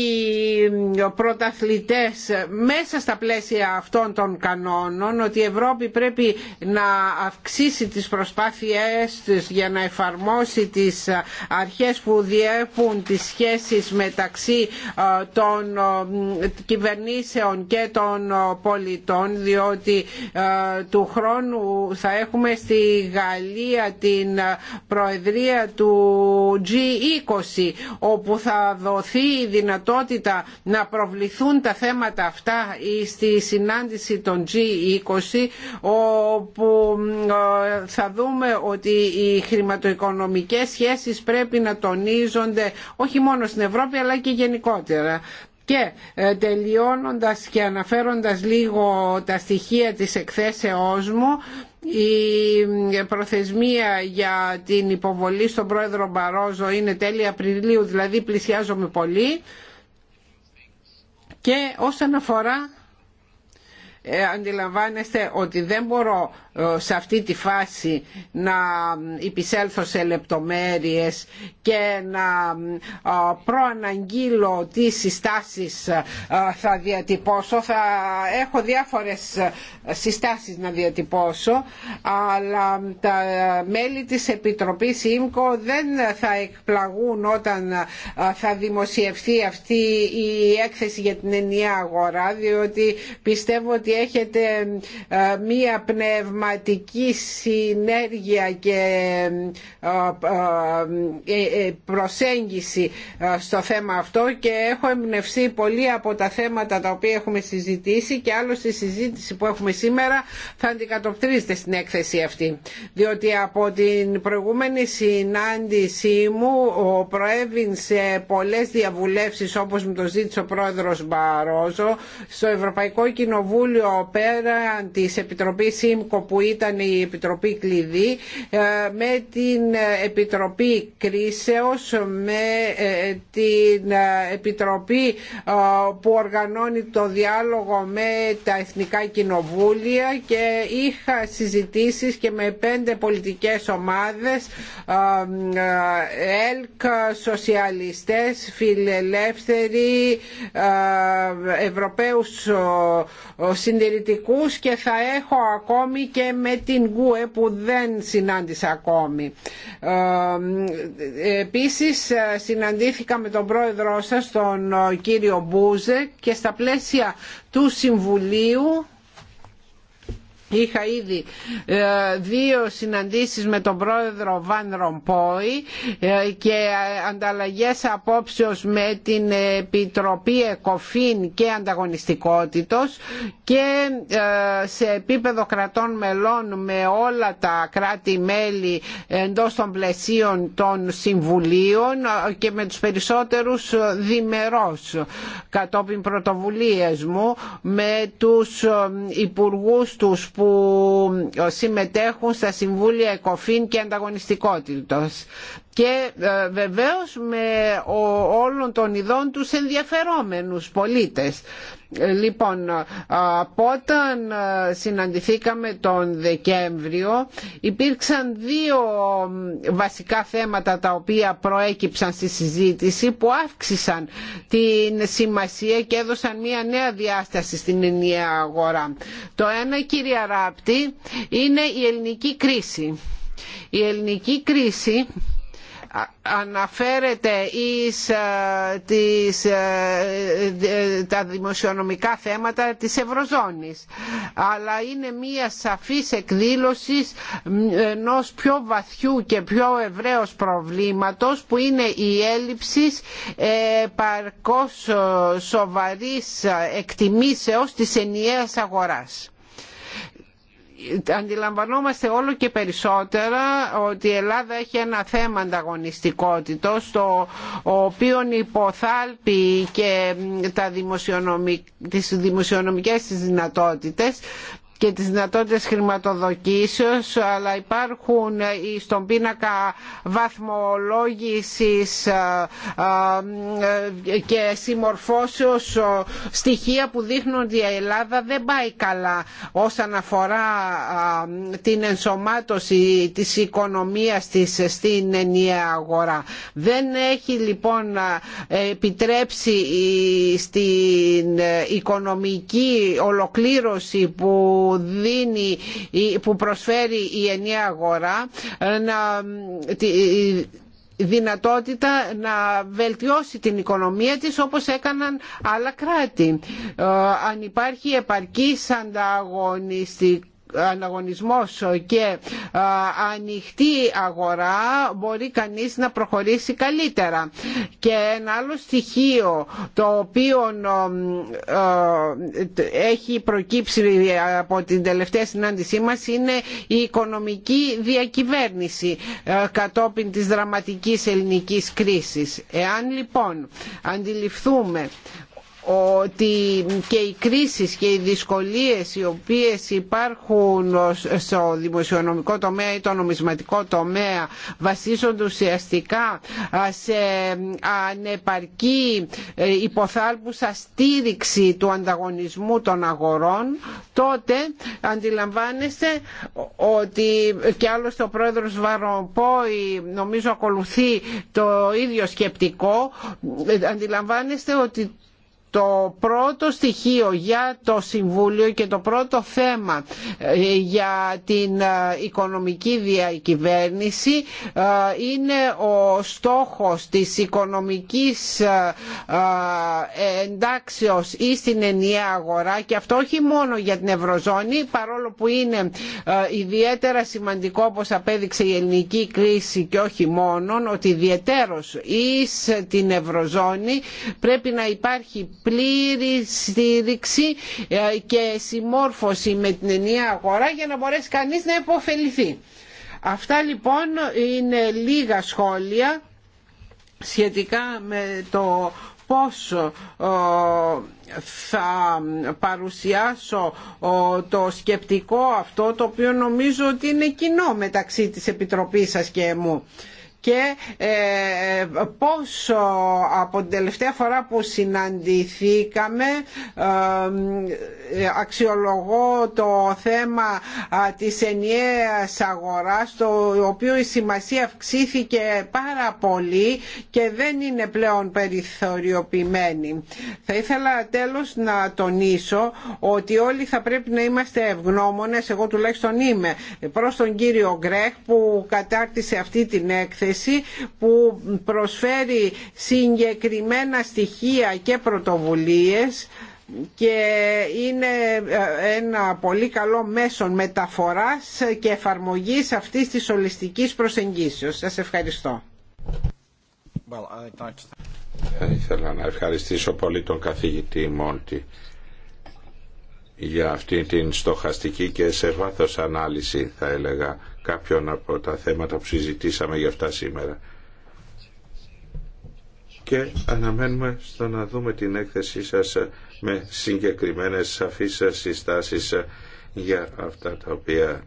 πρωταθλητές μέσα στα πλαίσια αυτών των κανόνων ότι η Ευρώπη πρέπει να αυξήσει τις προσπάθειές για να εφαρμόσει τις αρχές που διέπουν τις σχέσεις μεταξύ ε, των ε, κυβερνήσεων και των ε, πολιτών διότι του χρόνου θα έχουμε στη Γαλλία την προεδρία του GE όπου θα δοθεί η δυνατότητα να προβληθούν τα θέματα αυτά στη συνάντηση των G20 όπου ε, θα δούμε ότι οι χρηματοοικονομικές σχέσεις πρέπει να τονίζονται όχι μόνο στην Ευρώπη αλλά και γενικότερα. Και ε, τελειώνοντας και αναφέροντας λίγο τα στοιχεία της εκθέσεώς μου η προθεσμία για την υποβολή στον πρόεδρο Μπαρόζο είναι τέλη Απριλίου, δηλαδή πλησιάζομαι πολύ. Και όσον αφορά ε, αντιλαμβάνεστε ότι δεν μπορώ ε, σε αυτή τη φάση να υπησέλθω σε λεπτομέρειες και να ε, προαναγγείλω τι συστάσεις ε, θα διατυπώσω. Θα έχω διάφορες συστάσεις να διατυπώσω, αλλά τα μέλη της Επιτροπής ΙΜΚΟ δεν θα εκπλαγούν όταν θα δημοσιευθεί αυτή η έκθεση για την ενιαία αγορά, διότι πιστεύω ότι έχετε μία πνεύμα πραγματική συνέργεια και ε, ε, ε, προσέγγιση στο θέμα αυτό και έχω εμπνευστεί πολύ από τα θέματα τα οποία έχουμε συζητήσει και άλλωστε στη συζήτηση που έχουμε σήμερα θα αντικατοπτρίζεται στην έκθεση αυτή. Διότι από την προηγούμενη συνάντησή μου ο προέβην σε πολλές διαβουλεύσεις όπως μου το ζήτησε ο πρόεδρος Μπαρόζο στο Ευρωπαϊκό Κοινοβούλιο πέραν της Επιτροπής ΣΥΜΚΟ που ήταν η Επιτροπή Κλειδί ε, με την ε, Επιτροπή Κρίσεως με ε, την Επιτροπή που οργανώνει το διάλογο με τα Εθνικά Κοινοβούλια και είχα συζητήσεις και με πέντε πολιτικές ομάδες ΕΛΚ, Σοσιαλιστές, Φιλελεύθεροι, Ευρωπαίους Συντηρητικούς και θα έχω ακόμη και και με την ΚΟΕ που δεν συνάντησα ακόμη. Ε, επίσης συναντήθηκα με τον πρόεδρό σας, τον κύριο Μπούζε και στα πλαίσια του Συμβουλίου Είχα ήδη ε, δύο συναντήσεις με τον πρόεδρο Βαν Ρομπόη ε, και ε, ανταλλαγές απόψεως με την Επιτροπή Εκοφήν και Ανταγωνιστικότητος και σε επίπεδο κρατών μελών με όλα τα κράτη-μέλη εντός των πλαισίων των συμβουλίων και με τους περισσότερους διμερός κατόπιν πρωτοβουλίες μου με τους υπουργούς τους που ε, συμμετέχουν στα Συμβούλια Εκοφήν και Ανταγωνιστικότητας και ε, βεβαίως με όλων των ειδών τους ενδιαφερόμενους πολίτες. Ε, λοιπόν, ε, από όταν συναντηθήκαμε τον Δεκέμβριο υπήρξαν δύο βασικά θέματα τα οποία προέκυψαν στη συζήτηση που αύξησαν την σημασία και έδωσαν μια νέα διάσταση στην ενιαία αγορά. Το ένα, κύριε Ράπτη, είναι η ελληνική κρίση. Η ελληνική κρίση αναφέρεται εις ε, ε, τα δημοσιονομικά θέματα της Ευρωζώνης αλλά είναι μία σαφής εκδήλωση ενό πιο βαθιού και πιο ευρέως προβλήματος που είναι η έλλειψη ε, παρκώς σοβαρής εκτιμήσεως της ενιαίας αγοράς αντιλαμβανόμαστε όλο και περισσότερα ότι η Ελλάδα έχει ένα θέμα ανταγωνιστικότητος το οποίο υποθάλπει και τα δημοσιονομικ... τις δημοσιονομικές της δυνατότητες και τις δυνατότητες χρηματοδοτήσεως, αλλά υπάρχουν στον πίνακα βαθμολόγησης ε, ε, και συμμορφώσεως ε, στοιχεία που δείχνουν ότι η Ελλάδα δεν πάει καλά όσον αφορά την ενσωμάτωση της οικονομίας της στην ενιαία αγορά. Δεν έχει λοιπόν επιτρέψει στην οικονομική ολοκλήρωση που που, που προσφέρει η ενιαία αγορά ε, να δυνατότητα να βελτιώσει την οικονομία της όπως έκαναν άλλα κράτη. Ε, αν υπάρχει επαρκής ανταγωνιστικό αναγωνισμός και ανοιχτή αγορά μπορεί κανείς να προχωρήσει καλύτερα. Και ένα άλλο στοιχείο το οποίο έχει προκύψει από την τελευταία συνάντησή μας είναι η οικονομική διακυβέρνηση κατόπιν της δραματικής ελληνικής κρίσης. Εάν λοιπόν αντιληφθούμε ότι και οι κρίσεις και οι δυσκολίες οι οποίες υπάρχουν στο δημοσιονομικό τομέα ή το νομισματικό τομέα βασίζονται ουσιαστικά σε ανεπαρκή ε, υποθάλπουσα στήριξη του ανταγωνισμού των αγορών τότε αντιλαμβάνεστε ότι και άλλωστε ο πρόεδρος Βαροπόη νομίζω ακολουθεί το ίδιο σκεπτικό ε, αντιλαμβάνεστε ότι το πρώτο στοιχείο για το Συμβούλιο και το πρώτο θέμα ε, για την ε, οικονομική διακυβέρνηση ε, είναι ο στόχος της οικονομικής εντάξεως ή στην ενιαία αγορά και αυτό όχι μόνο για την Ευρωζώνη παρόλο που είναι ιδιαίτερα σημαντικό όπως απέδειξε η ελληνική κρίση και όχι μόνον ότι ιδιαίτερος ή την Ευρωζώνη πρέπει να υπάρχει πλήρη στήριξη ε, και συμμόρφωση με την ενιαία αγορά για να μπορέσει κανείς να υποφεληθεί. Αυτά λοιπόν είναι λίγα σχόλια σχετικά με το πώς ε, θα παρουσιάσω ε, το σκεπτικό αυτό το οποίο νομίζω ότι είναι κοινό μεταξύ της Επιτροπής σας και μου και ε, πόσο από την τελευταία φορά που συναντηθήκαμε ε, αξιολογώ το θέμα της ενιαίας αγοράς το οποίο η σημασία αυξήθηκε πάρα πολύ και δεν είναι πλέον περιθωριοποιημένη. Θα ήθελα τέλος να τονίσω ότι όλοι θα πρέπει να είμαστε ευγνώμονες, εγώ τουλάχιστον είμαι, προς τον κύριο Γκρέχ που κατάρτισε αυτή την έκθεση που προσφέρει συγκεκριμένα στοιχεία και πρωτοβουλίες και είναι ε, ένα πολύ καλό μέσο μεταφοράς και εφαρμογής αυτής της ολιστικής προσεγγίσεως. Σας ευχαριστώ. Θα ήθελα να ευχαριστήσω πολύ τον καθηγητή Μόντι για αυτή την στοχαστική και σε βάθος ανάλυση θα έλεγα κάποιον από τα θέματα που συζητήσαμε για αυτά σήμερα. Και αναμένουμε στο να δούμε την έκθεσή σας με συγκεκριμένες σαφείς συστάσεις για αυτά τα οποία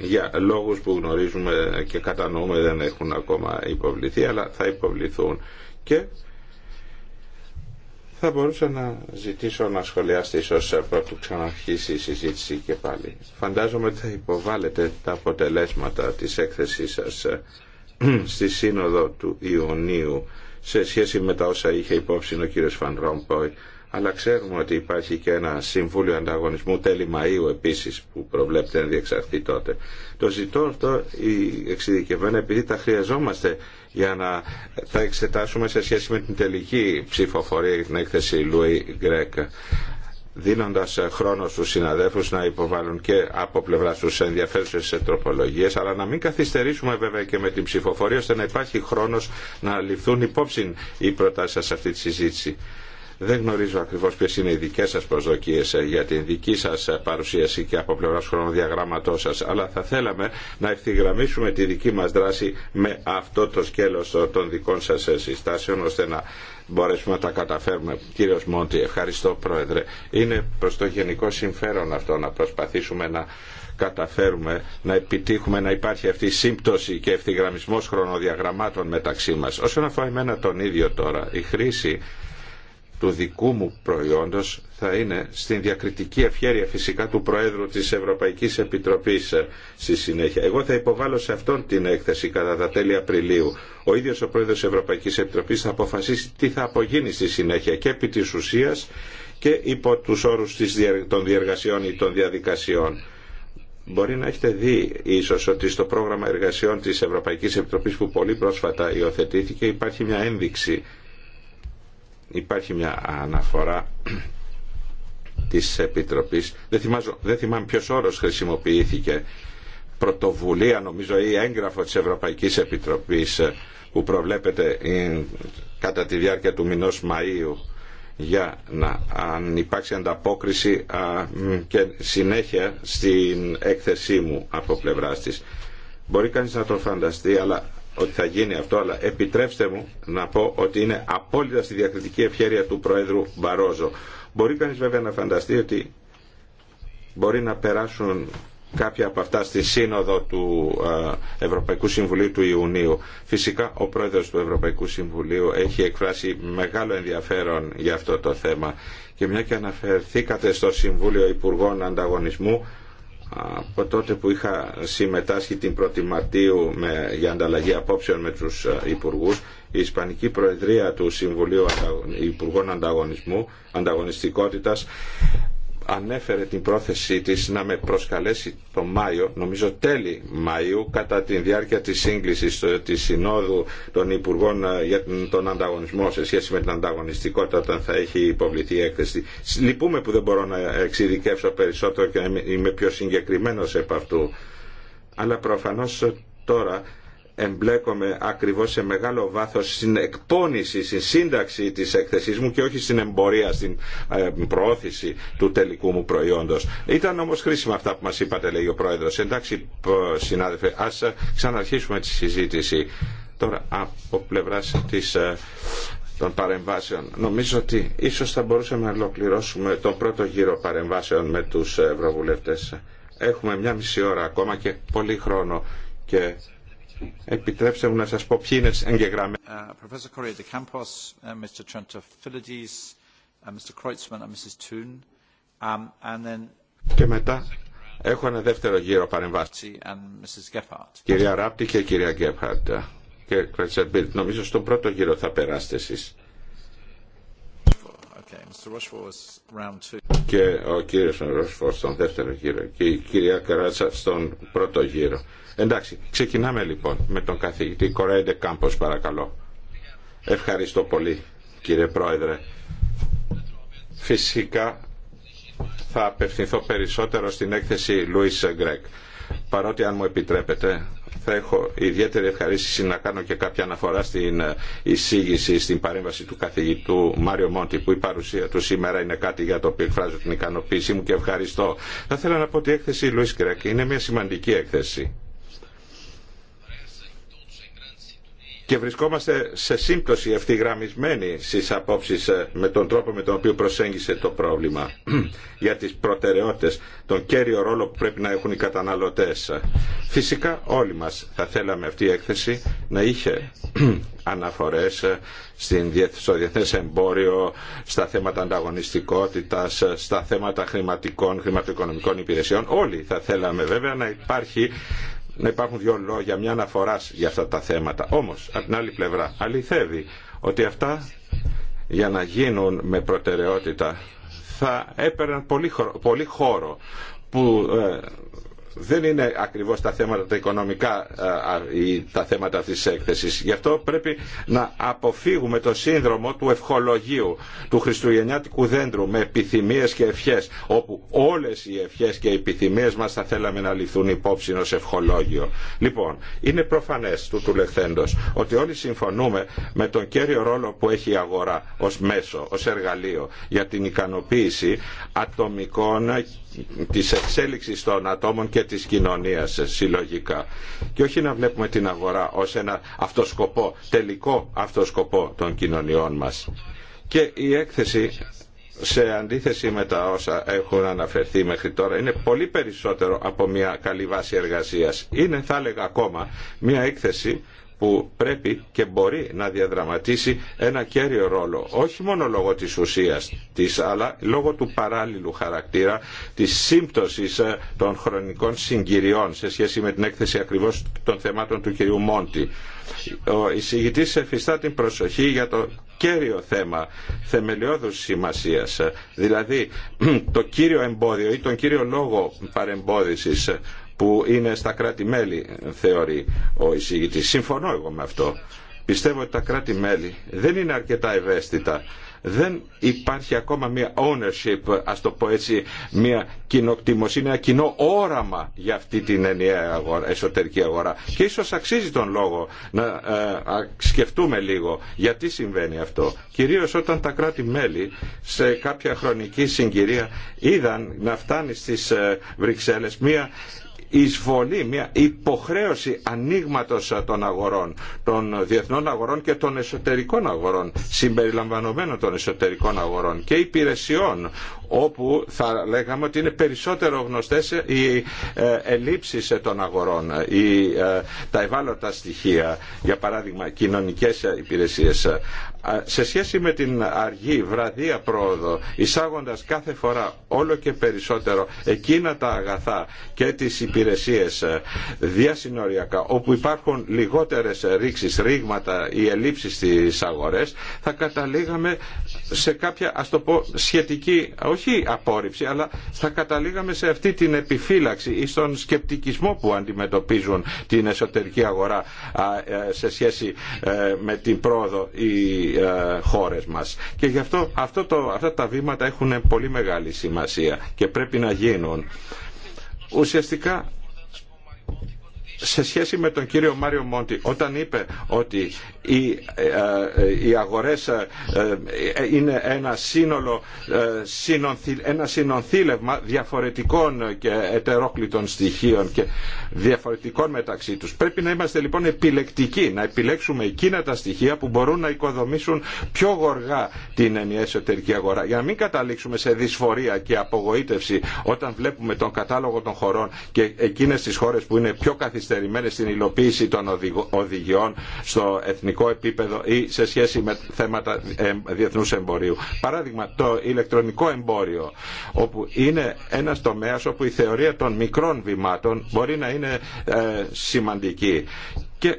για λόγους που γνωρίζουμε και κατανοούμε δεν έχουν ακόμα υποβληθεί αλλά θα υποβληθούν και θα μπορούσα να ζητήσω να σχολιάσετε ίσως πρώτου ξαναρχίσει η συζήτηση και πάλι. Φαντάζομαι ότι θα υποβάλλετε τα αποτελέσματα της έκθεσής σας [CLEARS THROAT] στη σύνοδο του Ιουνίου σε σχέση με τα όσα είχε υπόψη ο κύριος Φαν Αλλά ξέρουμε ότι υπάρχει και ένα Συμβούλιο Ανταγωνισμού τέλη Μαΐου επίσης που προβλέπεται να διεξαρθεί τότε. Το ζητώ αυτό εξειδικευμένα επειδή τα χρειαζόμαστε για να τα εξετάσουμε σε σχέση με την τελική ψηφοφορία για την έκθεση Λουί Γκρέκ δίνοντας χρόνο στους συναδέλφους να υποβάλουν και από πλευρά τους ενδιαφέρουσες τροπολογίες, αλλά να μην καθυστερήσουμε βέβαια και με την ψηφοφορία, ώστε να υπάρχει χρόνος να ληφθούν υπόψη οι προτάσεις σε αυτή τη συζήτηση. Δεν γνωρίζω ακριβώ ποιε είναι οι δικέ σα προσδοκίε ε, για την δική σα ε, παρουσίαση και από πλευρά χρονοδιαγράμματό σα, αλλά θα θέλαμε να ευθυγραμμίσουμε τη δική μα δράση με αυτό το σκέλο ε, των δικών σα συστάσεων, ώστε να μπορέσουμε να τα καταφέρουμε. Κύριο Μόντι, ευχαριστώ Πρόεδρε. Είναι προ το γενικό συμφέρον αυτό να προσπαθήσουμε να καταφέρουμε να επιτύχουμε να υπάρχει αυτή η σύμπτωση και ευθυγραμμισμός χρονοδιαγραμμάτων μεταξύ μας. Όσον αφορά εμένα τον ίδιο τώρα, η χρήση του δικού μου προϊόντος θα είναι στην διακριτική ευχέρεια φυσικά του Προέδρου της Ευρωπαϊκής Επιτροπής ε, στη συνέχεια. Εγώ θα υποβάλω σε αυτόν την έκθεση κατά τα τέλη Απριλίου. Ο ίδιος ο Πρόεδρος της Ευρωπαϊκής Επιτροπής θα αποφασίσει τι θα απογίνει στη συνέχεια και επί της ουσίας και υπό τους όρους των διεργασιών ή των διαδικασιών. Μπορεί να έχετε δει ίσως ότι στο πρόγραμμα εργασιών της Ευρωπαϊκής Επιτροπής που πολύ πρόσφατα υιοθετήθηκε υπάρχει μια ένδειξη υπάρχει μια αναφορά της Επιτροπής. Δεν, δεν θυμάμαι ποιος όρος χρησιμοποιήθηκε. Πρωτοβουλία νομίζω ή έγγραφο της Ευρωπαϊκής Επιτροπής ε, που προβλέπεται ε, κατά τη διάρκεια του μηνός Μαΐου για να αν υπάρξει ανταπόκριση και συνέχεια στην έκθεσή μου από πλευράς της. Μπορεί κανείς να το φανταστεί, αλλά ότι θα γίνει αυτό, αλλά επιτρέψτε μου να πω ότι είναι απόλυτα στη διακριτική ευχέρεια του Προέδρου Μπαρόζο. Μπορεί κανείς βέβαια να φανταστεί ότι μπορεί να περάσουν κάποια από αυτά στη σύνοδο του Ευρωπαϊκού Συμβουλίου του Ιουνίου. Φυσικά ο πρόεδρος του Ευρωπαϊκού Συμβουλίου έχει εκφράσει μεγάλο ενδιαφέρον για αυτό το θέμα και μια και αναφερθήκατε στο Συμβούλιο Υπουργών Ανταγωνισμού από τότε που είχα συμμετάσχει την 1η Μαρτίου με, για ανταλλαγή απόψεων με τους ε, υπουργούς η Ισπανική Προεδρία του Συμβουλίου Υπουργών Ανταγωνισμού, Ανταγωνιστικότητας ανέφερε την πρόθεσή της να με προσκαλέσει τον Μάιο, νομίζω τέλη Μαΐου, κατά τη διάρκεια της σύγκλησης της Συνόδου των Υπουργών ε, για τον ανταγωνισμό σε σχέση με την ανταγωνιστικότητα όταν θα έχει υποβληθεί η έκθεση. Λυπούμε που δεν μπορώ να εξειδικεύσω περισσότερο και να είμαι πιο συγκεκριμένος επ' αυτού. Αλλά προφανώς ε, τώρα εμπλέκομαι ακριβώς σε μεγάλο βάθος στην εκπόνηση, στην σύνταξη της έκθεσής μου και όχι στην εμπορία, στην ε, προώθηση του τελικού μου προϊόντος. Ήταν όμως χρήσιμα αυτά που μας είπατε, λέει ο Πρόεδρος. Εντάξει, συνάδελφε, ας ε, ξαναρχίσουμε τη συζήτηση. Τώρα από πλευρά ε, των παρεμβάσεων. Νομίζω ότι ίσως θα μπορούσαμε να ολοκληρώσουμε τον πρώτο γύρο παρεμβάσεων με τους ευρωβουλευτές. Έχουμε μια μισή ώρα ακόμα και πολύ χρόνο και Επιτρέψτε μου να σας πω ποιοι είναι εγγεγραμμένοι. Και μετά έχω ένα δεύτερο γύρο παρεμβάσει Κυρία Ράπτη και κυρία Γκέπχαρτ. Νομίζω στον πρώτο γύρο θα περάσετε εσείς και ο κύριος Ροσφόρ στον δεύτερο γύρο και η κυρία Καράτσα στον πρώτο γύρο. Εντάξει, ξεκινάμε λοιπόν με τον καθηγητή Κορέντε Κάμπος παρακαλώ. Ευχαριστώ πολύ κύριε Πρόεδρε. Φυσικά θα απευθυνθώ περισσότερο στην έκθεση Λουίς Γκρέκ παρότι αν μου επιτρέπετε θα έχω ιδιαίτερη ευχαρίστηση να κάνω και κάποια αναφορά στην ε, εισήγηση, στην παρέμβαση του καθηγητού Μάριο Μόντι, που η παρουσία του σήμερα είναι κάτι για το οποίο εκφράζω την ικανοποίησή μου και ευχαριστώ. Θα ήθελα να πω ότι η έκθεση Λουίς Κρέκ είναι μια σημαντική έκθεση και βρισκόμαστε σε σύμπτωση ευθυγραμμισμένη στις απόψεις ε, με τον τρόπο με τον οποίο προσέγγισε το πρόβλημα [CLEARS THROAT] για τις προτεραιότητες, τον κέριο ρόλο που πρέπει να έχουν οι καταναλωτές. Φυσικά όλοι μας θα θέλαμε αυτή η έκθεση να είχε [CLEARS THROAT] αναφορές ε, στο διεθνές εμπόριο, στα θέματα ανταγωνιστικότητας, ε, στα θέματα χρηματικών, χρηματοοικονομικών υπηρεσιών. Όλοι θα θέλαμε βέβαια να υπάρχει να υπάρχουν δύο λόγια, μια αναφορά για αυτά τα θέματα. Όμως, από την άλλη πλευρά, αληθεύει ότι αυτά για να γίνουν με προτεραιότητα θα έπαιρναν πολύ, πολύ χώρο που ε, δεν είναι ακριβώς τα θέματα τα οικονομικά ε, ή τα θέματα της έκθεσης. Γι' αυτό πρέπει να αποφύγουμε το σύνδρομο του ευχολογίου, του χριστουγεννιάτικου δέντρου με επιθυμίες και ευχές, όπου όλες οι ευχές και οι επιθυμίες μας θα θέλαμε να λυθούν υπόψη ως ευχολόγιο. Λοιπόν, είναι προφανές του λεχθέντος, ότι όλοι συμφωνούμε με τον κέριο ρόλο που έχει η αγορά ως μέσο, ως εργαλείο για την ικανοποίηση ατομικών της εξέλιξη των ατόμων και και της κοινωνίας συλλογικά. Και όχι να βλέπουμε την αγορά ως ένα αυτοσκοπό, τελικό αυτοσκοπό των κοινωνιών μας. Και η έκθεση σε αντίθεση με τα όσα έχουν αναφερθεί μέχρι τώρα, είναι πολύ περισσότερο από μια καλή βάση εργασίας. Είναι, θα έλεγα ακόμα, μια έκθεση που πρέπει και μπορεί να διαδραματίσει ένα κέριο ρόλο, όχι μόνο λόγω της ουσίας της, αλλά λόγω του παράλληλου χαρακτήρα της σύμπτωσης ε, των χρονικών συγκυριών σε σχέση με την έκθεση ακριβώς των θεμάτων του κυρίου Μόντι. Ο εισηγητής εφιστά την προσοχή για το κέριο θέμα θεμελιώδους σημασίας, ε, δηλαδή [CLEARS THROAT] το κύριο εμπόδιο ή τον κύριο λόγο παρεμπόδισης ε, που είναι στα κράτη-μέλη, θεωρεί ο εισηγητής. Συμφωνώ εγώ με αυτό. Πιστεύω ότι τα κράτη-μέλη δεν είναι αρκετά ευαίσθητα. Δεν υπάρχει ακόμα μια ownership, ας το πω έτσι, μια κοινοκτημοσύνη, ένα κοινό όραμα για αυτή την ενιαία εσωτερική αγορά. Και ίσως αξίζει τον λόγο να ε, σκεφτούμε λίγο γιατί συμβαίνει αυτό. Κυρίως όταν τα κράτη-μέλη σε κάποια χρονική συγκυρία είδαν να φτάνει στις ε, Βρυξέλλες μια εισβολή, μια υποχρέωση ανοίγματο των αγορών, των διεθνών αγορών και των εσωτερικών αγορών, συμπεριλαμβανομένων των εσωτερικών αγορών και υπηρεσιών, όπου θα λέγαμε ότι είναι περισσότερο γνωστές οι ε, ελλείψεις των αγορών, ε, τα ευάλωτα στοιχεία, για παράδειγμα κοινωνικές υπηρεσίες σε σχέση με την αργή βραδία πρόοδο εισάγοντας κάθε φορά όλο και περισσότερο εκείνα τα αγαθά και τις υπηρεσίες ε, διασυνοριακά όπου υπάρχουν λιγότερες ρήξεις, ρήγματα ή ελλείψεις στις αγορές θα καταλήγαμε σε κάποια ας το πω σχετική όχι απόρριψη αλλά θα καταλήγαμε σε αυτή την επιφύλαξη ή στον σκεπτικισμό που αντιμετωπίζουν την εσωτερική αγορά ε, σε σχέση ε, με την πρόοδο χώρε χώρες μας. Και γι' αυτό, αυτό το, αυτά τα βήματα έχουν πολύ μεγάλη σημασία και πρέπει να γίνουν. Ουσιαστικά σε σχέση με τον κύριο Μάριο Μόντι όταν είπε ότι οι, ε, ε, οι αγορές ε, είναι ένα σύνολο ένα συνονθήλευμα διαφορετικών και ετερόκλητων στοιχείων και διαφορετικών μεταξύ τους. Πρέπει να είμαστε λοιπόν επιλεκτικοί, να επιλέξουμε εκείνα τα στοιχεία που μπορούν να οικοδομήσουν πιο γοργά την ενιαία εσωτερική αγορά για να μην καταλήξουμε σε δυσφορία και απογοήτευση όταν βλέπουμε τον κατάλογο των χωρών και εκείνες τις χώρες που είναι πιο καθυστερικές καθυστερημένες στην υλοποίηση των οδηγιών στο εθνικό επίπεδο ή σε σχέση με θέματα ε, διεθνούς εμπορίου. Παράδειγμα, το ηλεκτρονικό εμπόριο, όπου είναι ένας τομέας όπου η θεωρία των μικρών βημάτων μπορεί να είναι ε, σημαντική. Και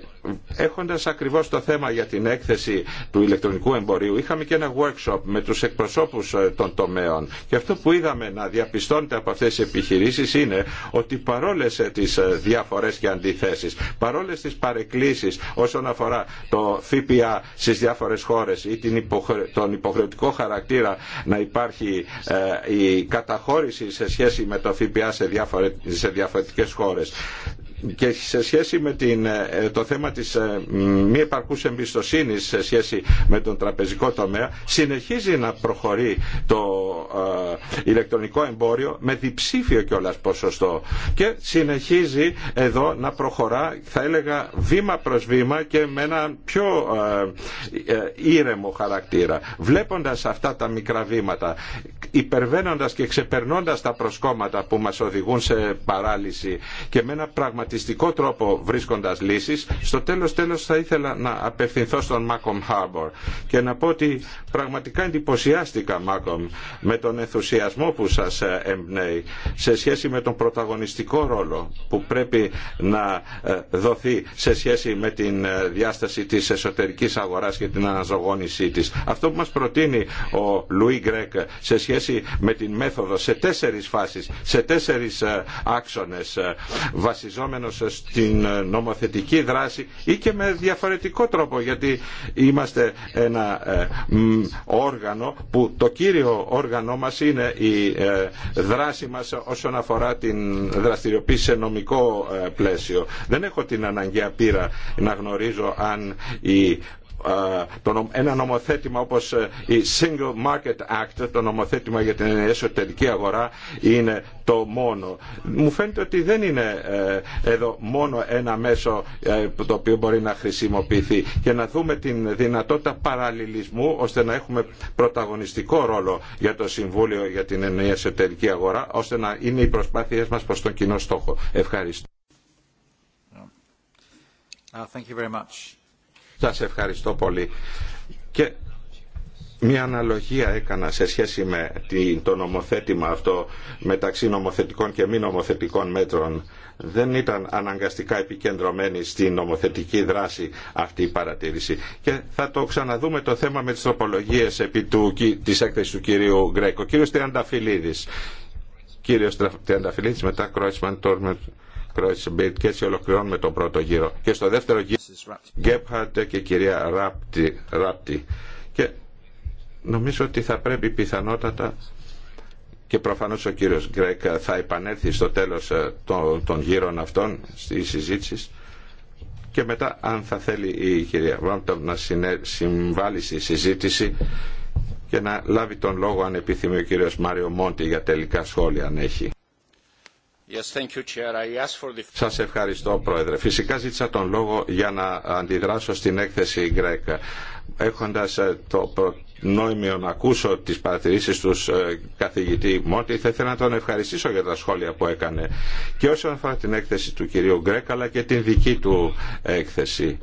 έχοντας ακριβώς το θέμα για την έκθεση του ηλεκτρονικού εμπορίου είχαμε και ένα workshop με τους εκπροσώπους ε, των τομέων και αυτό που είδαμε να διαπιστώνεται από αυτές τις επιχειρήσεις είναι ότι παρόλες ε, τις ε, διαφορές και αντιθέσεις παρόλες τις παρεκκλήσεις όσον αφορά το ΦΠΑ στις διάφορες χώρες ή την τον υποχρεωτικό χαρακτήρα να υπάρχει η καταχώρηση σε σχέση με το ΦΠΑ σε, διάφορε... σε διαφορετικές χώρες και σε σχέση με την, ε, το θέμα της ε, μη επαρκούς εμπιστοσύνη σε σχέση με τον τραπεζικό τομέα συνεχίζει να προχωρεί το ε, ηλεκτρονικό εμπόριο με διψήφιο κιόλας ποσοστό και συνεχίζει εδώ να προχωρά θα έλεγα βήμα προς βήμα και με ένα πιο ήρεμο χαρακτήρα βλέποντας αυτά τα μικρά βήματα υπερβαίνοντας και ξεπερνώντας τα προσκόμματα που μας οδηγούν σε παράλυση και με ένα πραγματικό πραγματιστικό τρόπο βρίσκοντας λύσεις. Στο τέλος τέλος θα ήθελα να απευθυνθώ στον Μάκομ Χάμπορ και να πω ότι πραγματικά εντυπωσιάστηκα Μάκομ με τον ενθουσιασμό που σας ε, εμπνέει σε σχέση με τον πρωταγωνιστικό ρόλο που πρέπει να ε, δοθεί σε σχέση με την ε, διάσταση της εσωτερικής αγοράς και την αναζωγόνησή της. Αυτό που μας προτείνει ο Λουί Γκρέκ σε σχέση με την μέθοδο σε τέσσερις φάσεις, σε τέσσερις άξονες βασιζόμενα ενδεχομένως στην ε, νομοθετική δράση ή και με διαφορετικό τρόπο γιατί είμαστε ένα ε, όργανο που το κύριο όργανο μας είναι η ε, δράση μας όσον αφορά την δραστηριοποίηση σε νομικό πλαίσιο. Δεν έχω την αναγκαία πείρα να γνωρίζω αν η ε, ένα νομοθέτημα όπως ε, η Single Market Act, το νομοθέτημα για την εσωτερική αγορά είναι το μόνο. Μου φαίνεται ότι δεν είναι ε, εδώ μόνο ένα μέσο το οποίο μπορεί να χρησιμοποιηθεί και να δούμε την δυνατότητα παραλληλισμού ώστε να έχουμε πρωταγωνιστικό ρόλο για το Συμβούλιο για την Ενιαία Εσωτερική Αγορά ώστε να είναι οι προσπάθειές μας προς τον κοινό στόχο. Ευχαριστώ. Uh, σας ευχαριστώ πολύ. Και μια αναλογία έκανα σε σχέση με το νομοθέτημα αυτό μεταξύ νομοθετικών και μη νομοθετικών μέτρων. Δεν ήταν αναγκαστικά επικεντρωμένη στην νομοθετική δράση αυτή η παρατήρηση. Και θα το ξαναδούμε το θέμα με τις τροπολογίες επί του, της έκθεσης του κυρίου Γκρέκο. Κύριος Τριανταφυλλίδης. Κύριος Τριανταφυλλίδης μετά Κρόισμαν Τόρμερ και έτσι ολοκληρώνουμε τον πρώτο γύρο. Και στο δεύτερο γύρο Γκέπχαρτ και κυρία Ράπτη, Και νομίζω ότι θα πρέπει πιθανότατα και προφανώς ο κύριος Γκρέκ θα επανέλθει στο τέλος ε, των, γύρων αυτών στη συζήτηση και μετά αν θα θέλει η κυρία Βάμπταμ να συμβάλλει στη συζήτηση και να λάβει τον λόγο αν επιθυμεί ο κύριος Μάριο Μόντι για τελικά σχόλια αν έχει. Σα ευχαριστώ Πρόεδρε. Φυσικά ζήτησα τον λόγο για να αντιδράσω στην έκθεση Γκρέκα, έχοντα ε, το νόημιο να ακούσω τι παρατηρήσει του ε, καθηγητή Μότι θα ήθελα να τον ευχαριστήσω για τα σχόλια που έκανε και όσον αφορά την έκθεση του κυρίου Γκρέκ αλλά και την δική του έκθεση.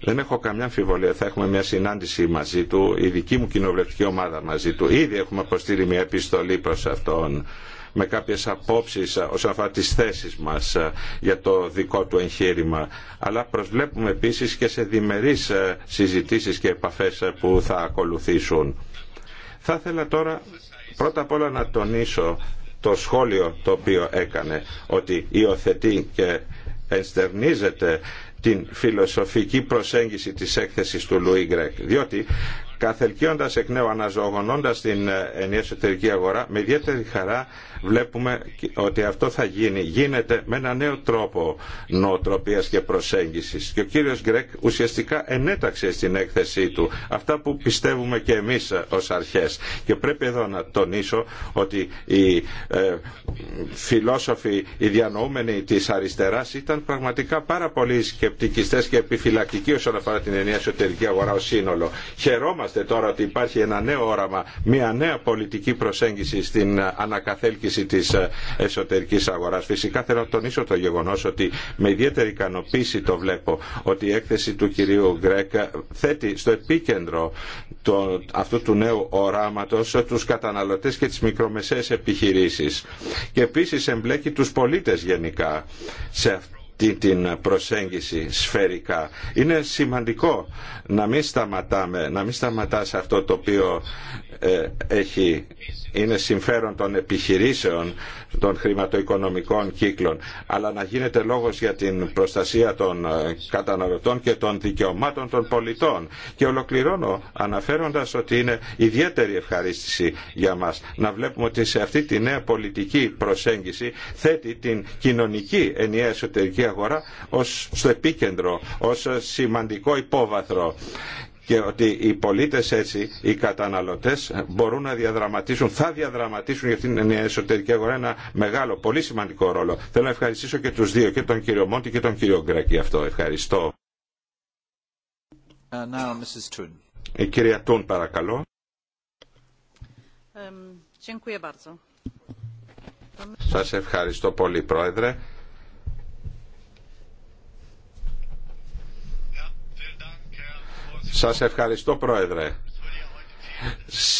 Δεν έχω καμιά αμφιβολία. Θα έχουμε μια συνάντηση μαζί του, η δική μου κοινοβουλευτική ομάδα μαζί του. Ήδη έχουμε αποστείλει μια επιστολή προ αυτόν με κάποιες απόψεις ε, όσον αφορά τις θέσεις μας ε, για το δικό του εγχείρημα. Αλλά προσβλέπουμε επίσης και σε διμερείς ε, συζητήσεις και επαφές που θα ακολουθήσουν. Θα ήθελα τώρα πρώτα απ' όλα να τονίσω το σχόλιο το οποίο έκανε ότι υιοθετεί και ενστερνίζεται την φιλοσοφική προσέγγιση της έκθεσης του Λουίγκρεκ διότι καθελκύοντα εκ νέου, αναζωογονώντα την ε, ενιαία εσωτερική αγορά, με ιδιαίτερη χαρά βλέπουμε ότι αυτό θα γίνει. Γίνεται με ένα νέο τρόπο νοοτροπία και προσέγγιση. Και ο κύριο Γκρέκ ουσιαστικά ενέταξε στην έκθεσή του αυτά που πιστεύουμε και εμεί ε, ω αρχέ. Και πρέπει εδώ να τονίσω ότι οι ε, φιλόσοφοι, οι διανοούμενοι τη αριστερά ήταν πραγματικά πάρα πολύ σκεπτικιστέ και επιφυλακτικοί όσον αφορά την ενιαία εσωτερική αγορά ω σύνολο. Χαιρόμαστε τώρα ότι υπάρχει ένα νέο όραμα, μια νέα πολιτική προσέγγιση στην ανακαθέλκυση της εσωτερικής αγοράς. Φυσικά θέλω να τονίσω το γεγονός ότι με ιδιαίτερη ικανοποίηση το βλέπω ότι η έκθεση του κυρίου Γκρέκ θέτει στο επίκεντρο το, αυτού του νέου οράματο του καταναλωτές και τις μικρομεσαίες επιχειρήσει. Και επίση εμπλέκει του πολίτε γενικά σε αυτό την προσέγγιση σφαιρικά. Είναι σημαντικό να μην σταματάμε, να μην αυτό το οποίο ε, έχει, είναι συμφέρον των επιχειρήσεων, των χρηματοοικονομικών κύκλων, αλλά να γίνεται λόγος για την προστασία των ε, καταναλωτών και των δικαιωμάτων των πολιτών. Και ολοκληρώνω αναφέροντας ότι είναι ιδιαίτερη ευχαρίστηση για μας να βλέπουμε ότι σε αυτή τη νέα πολιτική προσέγγιση θέτει την κοινωνική ενιαία εσωτερική αγορά ως στο επίκεντρο, ως σημαντικό υπόβαθρο και ότι οι πολίτες έτσι, οι καταναλωτές μπορούν να διαδραματίσουν, θα διαδραματίσουν για την εσωτερική αγορά ένα μεγάλο, πολύ σημαντικό ρόλο. Θέλω να ευχαριστήσω και τους δύο, και τον κύριο Μόντι και τον κύριο Γκρακή αυτό. Ευχαριστώ. Uh, now, Mrs. Η κυρία Τούν παρακαλώ. Um, Σας ευχαριστώ πολύ Πρόεδρε. Σας ευχαριστώ Πρόεδρε.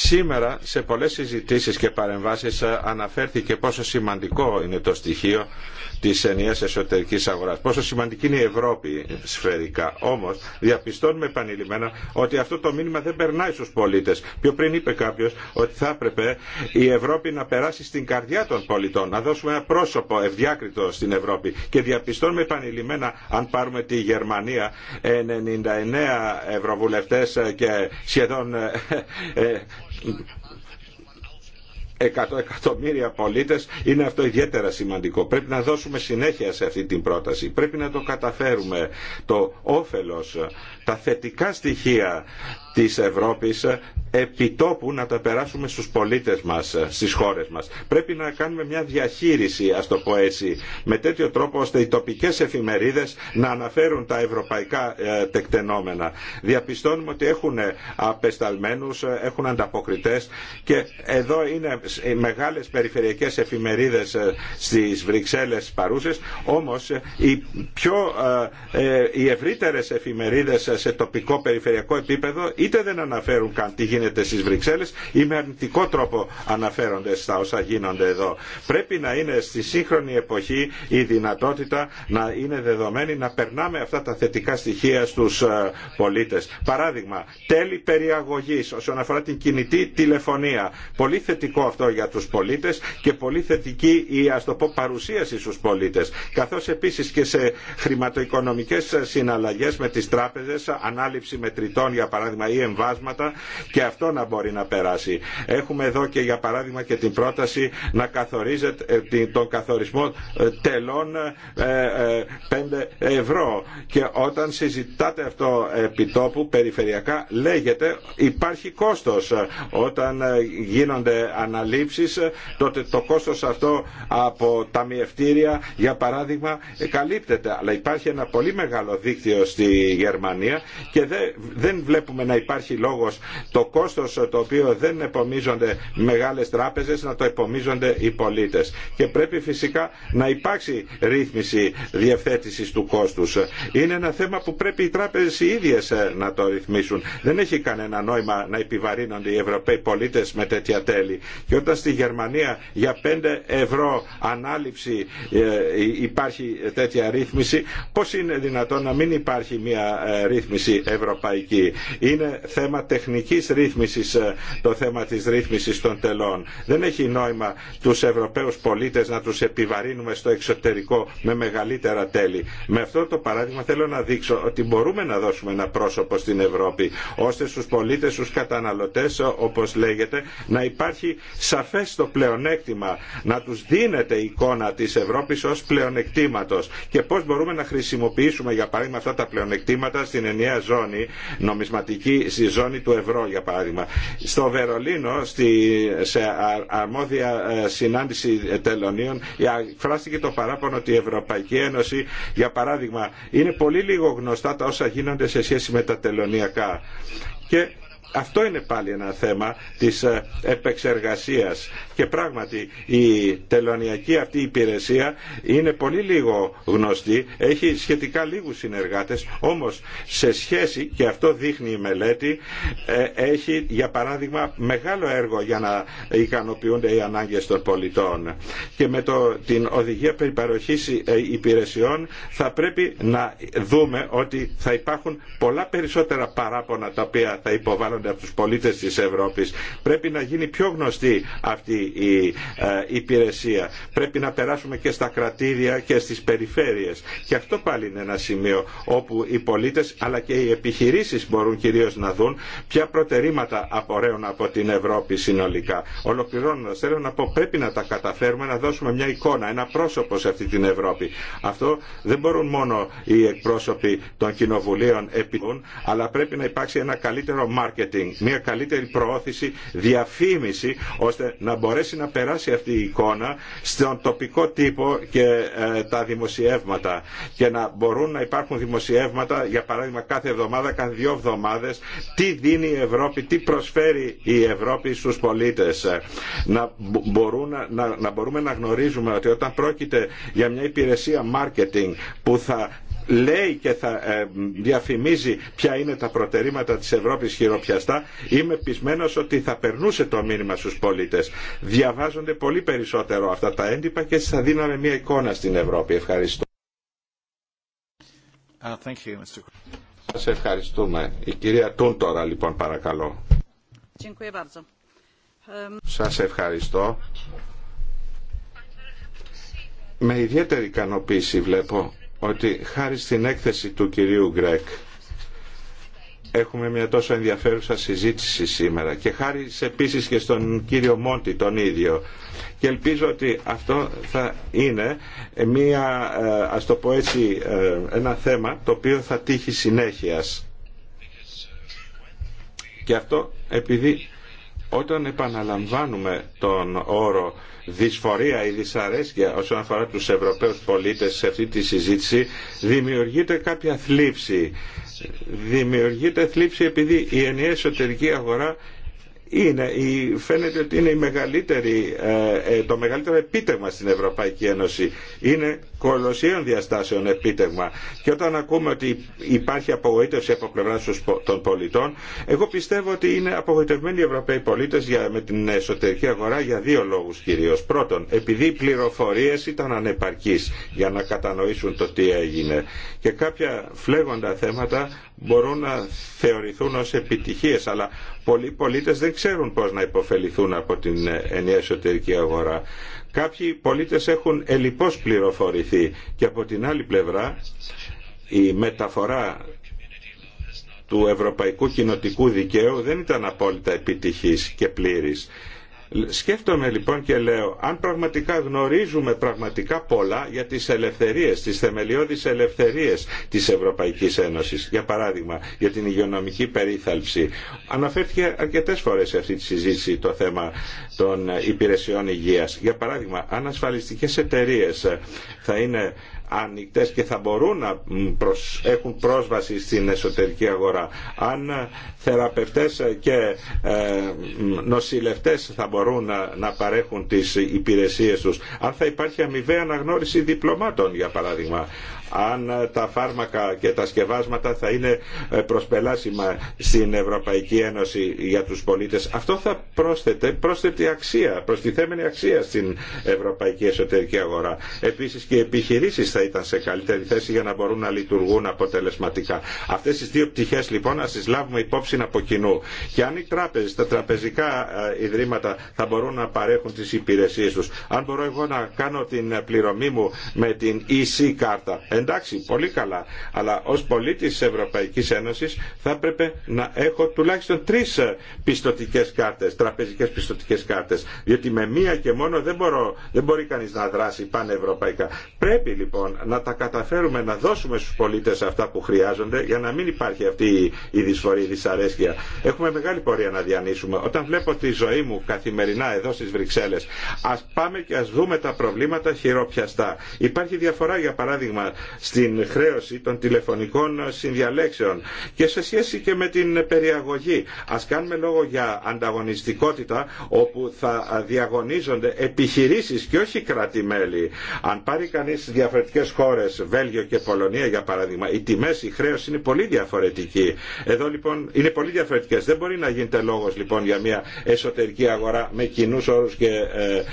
Σήμερα σε πολλές συζητήσεις και παρεμβάσεις ε, αναφέρθηκε πόσο σημαντικό είναι το στοιχείο Τη ενιαία εσωτερική αγορά. Πόσο σημαντική είναι η Ευρώπη σφαιρικά. Όμως διαπιστώνουμε επανειλημμένα ότι αυτό το μήνυμα δεν περνάει στου πολίτε, Πιο πριν είπε κάποιο ότι θα έπρεπε η Ευρώπη να περάσει στην καρδιά των πολιτών, να δώσουμε ένα πρόσωπο ευδιάκριτο στην Ευρώπη και διαπιστώνουμε επανειλημμένα αν πάρουμε τη Γερμανία 99 ευρωβουλευτέ και σχεδόν ε, ε, 100 εκατομμύρια πολίτε είναι αυτό ιδιαίτερα σημαντικό. Πρέπει να δώσουμε συνέχεια σε αυτή την πρόταση. Πρέπει να το καταφέρουμε το όφελος, τα θετικά στοιχεία της Ευρώπης, επιτόπου να τα περάσουμε στους πολίτες μας, ε, στις χώρες μας. Πρέπει να κάνουμε μια διαχείριση, ας το πω έτσι, με τέτοιο τρόπο ώστε οι τοπικές εφημερίδες να αναφέρουν τα ευρωπαϊκά ε, τεκτενόμενα. Διαπιστώνουμε ότι έχουν ε, απεσταλμένους, έχουν ανταποκριτές και εδώ είναι μεγάλες περιφερειακές εφημερίδες στις Βρυξέλλες παρούσες, όμως οι, πιο, οι ευρύτερες εφημερίδες σε τοπικό περιφερειακό επίπεδο είτε δεν αναφέρουν καν τι γίνεται γίνεται στις Βρυξέλλες ή με αρνητικό τρόπο αναφέρονται στα όσα γίνονται εδώ. Πρέπει να είναι στη σύγχρονη εποχή η δυνατότητα να είναι δεδομένη να περνάμε αυτά τα θετικά στοιχεία στους ε, πολίτες. Παράδειγμα, τέλη περιαγωγής όσον αφορά την κινητή τηλεφωνία. Πολύ θετικό αυτό για τους πολίτες και πολύ θετική η ας το πω, παρουσίαση στους πολίτες. Καθώς επίσης και σε χρηματοοικονομικές συναλλαγές με τις τράπεζες, ανάληψη μετρητών για παράδειγμα ή εμβάσματα και αυτό να μπορεί να περάσει. Έχουμε εδώ και για παράδειγμα και την πρόταση να καθορίζεται ε, τον καθορισμό ε, τελών 5 ε, ευρώ και όταν συζητάτε αυτό επί τόπου περιφερειακά λέγεται υπάρχει κόστος όταν γίνονται αναλήψεις τότε το κόστος αυτό από ταμιευτήρια για παράδειγμα καλύπτεται αλλά υπάρχει ένα πολύ μεγάλο δίκτυο στη Γερμανία και δεν βλέπουμε να υπάρχει λόγος το κόστος ε, το οποίο δεν επομίζονται μεγάλε τράπεζε, να το επομίζονται οι πολίτε. Και πρέπει φυσικά να υπάρξει ρύθμιση διευθέτηση του κόστου. Είναι ένα θέμα που πρέπει οι τράπεζε οι ίδιε ε, να το ρυθμίσουν. Δεν έχει κανένα νόημα να επιβαρύνονται οι Ευρωπαίοι πολίτε με τέτοια τέλη. Και όταν στη Γερμανία για 5 ευρώ ανάληψη ε, υπάρχει τέτοια ρύθμιση, πώ είναι δυνατόν να μην υπάρχει μια ρύθμιση ευρωπαϊκή. Είναι θέμα τεχνική ρύθμιση. Ε, το θέμα της ρύθμισης των τελών. Δεν έχει νόημα τους Ευρωπαίους πολίτες να τους επιβαρύνουμε στο εξωτερικό με μεγαλύτερα τέλη. Με αυτό το παράδειγμα θέλω να δείξω ότι μπορούμε να δώσουμε ένα πρόσωπο στην Ευρώπη, ώστε στους πολίτες, στους καταναλωτές, όπως λέγεται, να υπάρχει σαφές το πλεονέκτημα, να τους δίνεται η εικόνα της Ευρώπης ως πλεονεκτήματος και πώς μπορούμε να χρησιμοποιήσουμε για παράδειγμα αυτά τα πλεονεκτήματα στην ενιαία ζώνη, νομισματική στη ζώνη του ευρώ για παράδειγμα στο Βερολίνο, στη, σε αρμόδια ε, συνάντηση τελωνίων, εκφράστηκε το παράπονο ότι η Ευρωπαϊκή Ένωση, για παράδειγμα, είναι πολύ λίγο γνωστά τα όσα γίνονται σε σχέση με τα τελωνιακά. Και αυτό είναι πάλι ένα θέμα της ε, επεξεργασίας και πράγματι η τελωνιακή αυτή υπηρεσία είναι πολύ λίγο γνωστή, έχει σχετικά λίγους συνεργάτες, όμως σε σχέση, και αυτό δείχνει η μελέτη, ε, έχει για παράδειγμα μεγάλο έργο για να ικανοποιούνται οι ανάγκες των πολιτών. Και με το, την οδηγία περιπαροχής ε, υπηρεσιών θα πρέπει να δούμε ότι θα υπάρχουν πολλά περισσότερα παράπονα τα οποία θα υποβάλλουν ενδιαφέρονται από τους πολίτες της Ευρώπης. Πρέπει να γίνει πιο γνωστή αυτή η ε, υπηρεσία. Πρέπει να περάσουμε και στα κρατήρια και στις περιφέρειες. Και αυτό πάλι είναι ένα σημείο όπου οι πολίτες αλλά και οι επιχειρήσεις μπορούν κυρίως να δουν ποια προτερήματα απορρέουν από την Ευρώπη συνολικά. Ολοκληρώνοντας θέλω να πω πρέπει να τα καταφέρουμε να δώσουμε μια εικόνα, ένα πρόσωπο σε αυτή την Ευρώπη. Αυτό δεν μπορούν μόνο οι εκπρόσωποι των κοινοβουλίων επιτούν, αλλά πρέπει να υπάρξει ένα καλύτερο marketing μια καλύτερη προώθηση, διαφήμιση, ώστε να μπορέσει να περάσει αυτή η εικόνα στον τοπικό τύπο και ε, τα δημοσιεύματα και να μπορούν να υπάρχουν δημοσιεύματα, για παράδειγμα κάθε εβδομάδα, κάθε δύο εβδομάδες, τι δίνει η Ευρώπη, τι προσφέρει η Ευρώπη στους πολίτες. Να, μπορούν, να, να μπορούμε να γνωρίζουμε ότι όταν πρόκειται για μια υπηρεσία marketing που θα λέει και θα ε, διαφημίζει ποια είναι τα προτερήματα της Ευρώπης χειροπιαστά, είμαι πεισμένος ότι θα περνούσε το μήνυμα στους πολίτες. Διαβάζονται πολύ περισσότερο αυτά τα έντυπα και θα δίναμε μια εικόνα στην Ευρώπη. Ευχαριστώ. Uh, thank you, Σας ευχαριστούμε. Η κυρία Τούν τώρα λοιπόν παρακαλώ. Σας ευχαριστώ. Με ιδιαίτερη ικανοποίηση βλέπω ότι χάρη στην έκθεση του κυρίου Γκρέκ έχουμε μια τόσο ενδιαφέρουσα συζήτηση σήμερα και χάρη επίσης και στον κύριο Μόντι τον ίδιο και ελπίζω ότι αυτό θα είναι μια, ε, ας ε, ένα θέμα το οποίο θα τύχει συνέχειας και αυτό επειδή όταν επαναλαμβάνουμε τον όρο δυσφορία ή δυσαρέσκεια όσον αφορά τους Ευρωπαίους πολίτες σε αυτή τη συζήτηση δημιουργείται κάποια θλίψη. Δημιουργείται θλίψη επειδή η ενιαία εσωτερική αγορά είναι, φαίνεται ότι είναι η μεγαλύτερη, ε, ε, το μεγαλύτερο επίτευγμα στην Ευρωπαϊκή Ένωση. Είναι κολοσσίων διαστάσεων επίτευγμα. Και όταν ακούμε ότι υπάρχει απογοήτευση από πλευρά των πολιτών, εγώ πιστεύω ότι είναι απογοητευμένοι οι Ευρωπαίοι πολίτε με την εσωτερική αγορά για δύο λόγου κυρίω. Πρώτον, επειδή οι πληροφορίε ήταν ανεπαρκεί για να κατανοήσουν το τι έγινε. Και κάποια φλέγοντα θέματα μπορούν να θεωρηθούν ως επιτυχίες, αλλά πολλοί πολίτες δεν ξέρουν πώς να υποφεληθούν από την ενιαία εσωτερική αγορά. Κάποιοι πολίτες έχουν ελιπός πληροφορηθεί και από την άλλη πλευρά η μεταφορά του ευρωπαϊκού κοινοτικού δικαίου δεν ήταν απόλυτα επιτυχής και πλήρης Σκέφτομαι λοιπόν και λέω, αν πραγματικά γνωρίζουμε πραγματικά πολλά για τις ελευθερίες, τις θεμελιώδεις ελευθερίες της Ευρωπαϊκής Ένωσης, για παράδειγμα για την υγειονομική περίθαλψη, αναφέρθηκε αρκετές φορές σε αυτή τη συζήτηση το θέμα των υπηρεσιών υγείας. Για παράδειγμα, αν ασφαλιστικές εταιρείε θα είναι ανοιχτές και θα μπορούν να έχουν πρόσβαση στην εσωτερική αγορά. Αν θεραπευτές και ε, νοσηλευτές θα μπορούν να παρέχουν τις υπηρεσίες τους. Αν θα υπάρχει αμοιβαία αναγνώριση διπλωμάτων για παράδειγμα αν τα φάρμακα και τα σκευάσματα θα είναι ε, προσπελάσιμα στην Ευρωπαϊκή Ένωση για τους πολίτες. Αυτό θα πρόσθεται πρόσθετη αξία, προστιθέμενη αξία στην Ευρωπαϊκή Εσωτερική Αγορά. Επίσης και οι επιχειρήσεις θα ήταν σε καλύτερη θέση για να μπορούν να λειτουργούν αποτελεσματικά. Αυτές τις δύο πτυχές λοιπόν να τις λάβουμε υπόψη από κοινού. Και αν οι τράπεζες, τα τραπεζικά ε, ιδρύματα θα μπορούν να παρέχουν τις υπηρεσίες τους. Αν μπορώ εγώ να κάνω την πληρωμή μου με την EC κάρτα, Εντάξει, πολύ καλά. Αλλά ως πολίτης της Ευρωπαϊκής Ένωσης θα έπρεπε να έχω τουλάχιστον τρεις ε, πιστοτικές κάρτες, τραπεζικές πιστοτικές κάρτες. Διότι με μία και μόνο δεν, μπορώ, δεν μπορεί κανείς να δράσει πανευρωπαϊκά. Πρέπει λοιπόν να τα καταφέρουμε να δώσουμε στους πολίτες αυτά που χρειάζονται για να μην υπάρχει αυτή η δυσφορή, η δυσαρέσκεια. Έχουμε μεγάλη πορεία να διανύσουμε. Όταν βλέπω τη ζωή μου καθημερινά εδώ στις Βρυξέλλες, ας πάμε και ας δούμε τα προβλήματα χειροπιαστά. Υπάρχει διαφορά για παράδειγμα στην χρέωση των τηλεφωνικών συνδιαλέξεων και σε σχέση και με την περιαγωγή. Ας κάνουμε λόγο για ανταγωνιστικότητα όπου θα διαγωνίζονται επιχειρήσεις και όχι κράτη-μέλη. Αν πάρει κανείς διαφορετικές χώρες, Βέλγιο και Πολωνία για παράδειγμα, οι τιμές, η χρέωση είναι πολύ διαφορετική. Εδώ λοιπόν είναι πολύ διαφορετικές. Δεν μπορεί να γίνεται λόγος λοιπόν για μια εσωτερική αγορά με κοινού όρου και ε,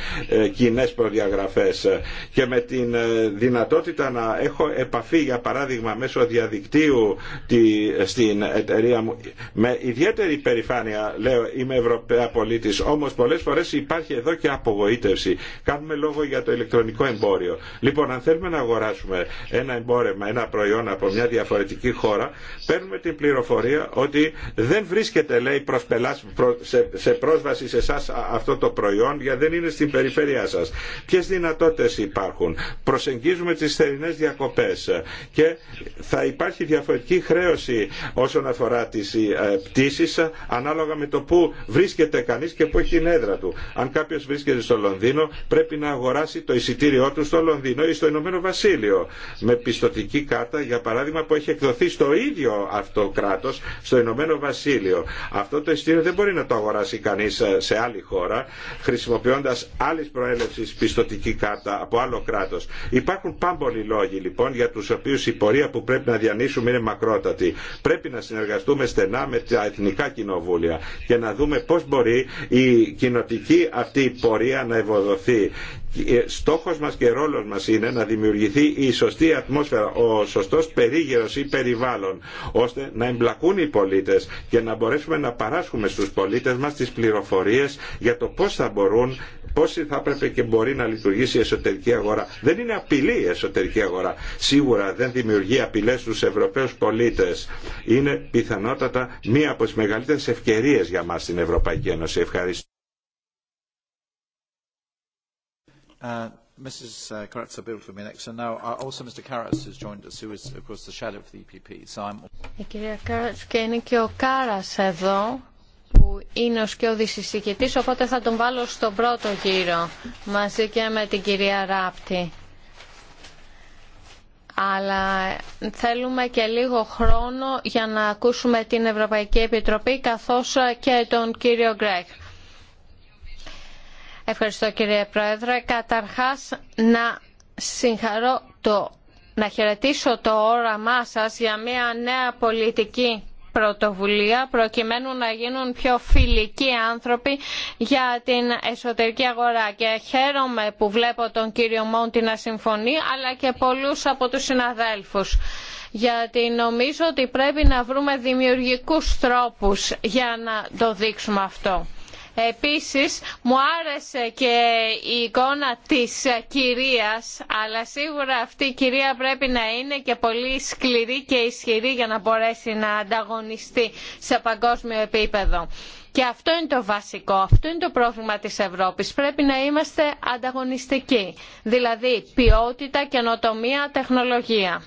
ε κοινέ προδιαγραφές και με την ε, δυνατότητα να έχω επαφή για παράδειγμα μέσω διαδικτύου τη, στην εταιρεία μου με ιδιαίτερη περηφάνεια λέω είμαι Ευρωπαία πολίτης όμως πολλές φορές υπάρχει εδώ και απογοήτευση κάνουμε λόγο για το ηλεκτρονικό εμπόριο λοιπόν αν θέλουμε να αγοράσουμε ένα εμπόρευμα, ένα προϊόν από μια διαφορετική χώρα παίρνουμε την πληροφορία ότι δεν βρίσκεται λέει προ, σε, σε πρόσβαση σε εσά αυτό το προϊόν γιατί δεν είναι στην περιφέρειά σας ποιες δυνατότητες υπάρχουν προσεγγίζουμε τις θερινές διακοπές και θα υπάρχει διαφορετική χρέωση όσον αφορά τις ε, πτήσεις ανάλογα με το που βρίσκεται κανείς και που έχει την έδρα του. Αν κάποιος βρίσκεται στο Λονδίνο πρέπει να αγοράσει το εισιτήριό του στο Λονδίνο ή στο Ηνωμένο Βασίλειο με πιστοτική κάρτα για παράδειγμα που έχει εκδοθεί στο ίδιο αυτό κράτος στο Ηνωμένο Βασίλειο. Αυτό το εισιτήριο δεν μπορεί να το αγοράσει κανείς ε, σε άλλη χώρα χρησιμοποιώντας άλλη προέλευση πιστοτική κάρτα από άλλο κράτο Υπάρχουν πάμπολοι λόγοι λοιπόν Λοιπόν, για τους οποίους η πορεία που πρέπει να διανύσουμε είναι μακρότατη. Πρέπει να συνεργαστούμε στενά με τα εθνικά κοινοβούλια και να δούμε πώς μπορεί η κοινοτική αυτή πορεία να ευοδοθεί. Ε, στόχος μας και ρόλος μας είναι να δημιουργηθεί η σωστή ατμόσφαιρα, ο σωστός περίγερος ή περιβάλλον, ώστε να εμπλακούν οι πολίτες και να μπορέσουμε να παράσχουμε στους πολίτες μας τις πληροφορίες για το πώς θα μπορούν Πόσοι θα έπρεπε και μπορεί να λειτουργήσει η εσωτερική αγορά. Δεν είναι απειλή η εσωτερική αγορά. Σίγουρα δεν δημιουργεί απειλέ στου Ευρωπαίου πολίτε. Είναι πιθανότατα μία από τι μεγαλύτερε ευκαιρίε για μα στην Ευρωπαϊκή Ένωση. Ευχαριστώ. Η κυρία και είναι και ο Κάρας εδώ είναι ο σκιώδης εισηγητής, οπότε θα τον βάλω στον πρώτο γύρο, μαζί και με την κυρία Ράπτη. Αλλά θέλουμε και λίγο χρόνο για να ακούσουμε την Ευρωπαϊκή Επιτροπή, καθώς και τον κύριο Γκρέκ. Ευχαριστώ κύριε Πρόεδρε. Καταρχάς να συγχαρώ το, να χαιρετήσω το όραμά σας για μια νέα πολιτική πρωτοβουλία προκειμένου να γίνουν πιο φιλικοί άνθρωποι για την εσωτερική αγορά. Και χαίρομαι που βλέπω τον κύριο Μόντι να συμφωνεί, αλλά και πολλούς από τους συναδέλφους γιατί νομίζω ότι πρέπει να βρούμε δημιουργικούς τρόπους για να το δείξουμε αυτό. Επίσης μου άρεσε και η εικόνα της κυρίας, αλλά σίγουρα αυτή η κυρία πρέπει να είναι και πολύ σκληρή και ισχυρή για να μπορέσει να ανταγωνιστεί σε παγκόσμιο επίπεδο. Και αυτό είναι το βασικό, αυτό είναι το πρόβλημα της Ευρώπης. Πρέπει να είμαστε ανταγωνιστικοί, δηλαδή ποιότητα, καινοτομία, τεχνολογία.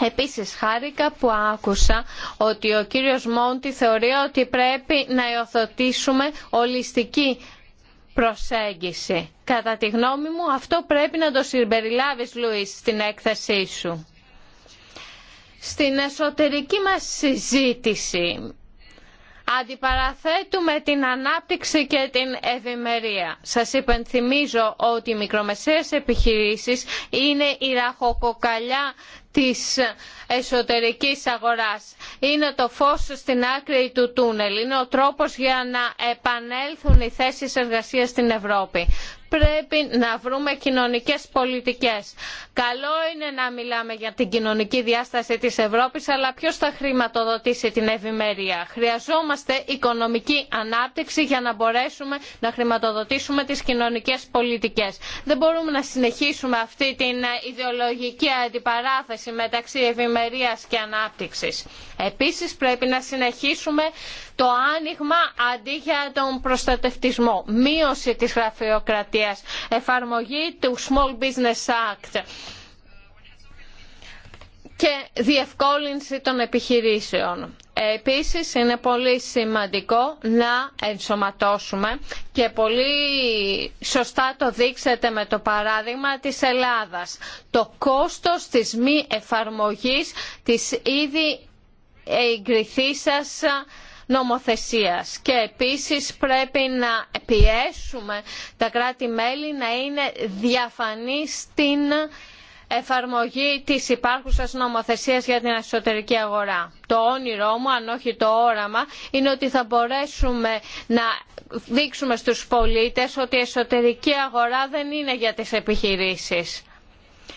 Επίσης χάρηκα που άκουσα ότι ο κύριος Μόντι θεωρεί ότι πρέπει να υιοθετήσουμε ολιστική προσέγγιση. Κατά τη γνώμη μου αυτό πρέπει να το συμπεριλάβεις Λουίς στην έκθεσή σου. Στην εσωτερική μας συζήτηση αντιπαραθέτουμε την ανάπτυξη και την ευημερία. Σας υπενθυμίζω ότι οι μικρομεσαίες επιχειρήσεις είναι η ραχοκοκαλιά της εσωτερικής αγοράς. Είναι το φως στην άκρη του τούνελ. Είναι ο τρόπος για να επανέλθουν οι θέσεις εργασίας στην Ευρώπη πρέπει να βρούμε κοινωνικές πολιτικές. Καλό είναι να μιλάμε για την κοινωνική διάσταση της Ευρώπης, αλλά ποιος θα χρηματοδοτήσει την ευημερία. Χρειαζόμαστε οικονομική ανάπτυξη για να μπορέσουμε να χρηματοδοτήσουμε τις κοινωνικές πολιτικές. Δεν μπορούμε να συνεχίσουμε αυτή την ιδεολογική αντιπαράθεση μεταξύ ευημερία και ανάπτυξης. Επίσης πρέπει να συνεχίσουμε το άνοιγμα αντί για τον προστατευτισμό, μείωση της γραφειοκρατίας, εφαρμογή του Small Business Act και διευκόλυνση των επιχειρήσεων. Επίσης είναι πολύ σημαντικό να ενσωματώσουμε και πολύ σωστά το δείξετε με το παράδειγμα της Ελλάδας. Το κόστος της μη εφαρμογής της ήδη εγκριθήσας νομοθεσίας και επίσης πρέπει να πιέσουμε τα κράτη-μέλη να είναι διαφανή στην εφαρμογή της υπάρχουσας νομοθεσίας για την εσωτερική αγορά. Το όνειρό μου, αν όχι το όραμα, είναι ότι θα μπορέσουμε να δείξουμε στους πολίτες ότι η εσωτερική αγορά δεν είναι για τις επιχειρήσεις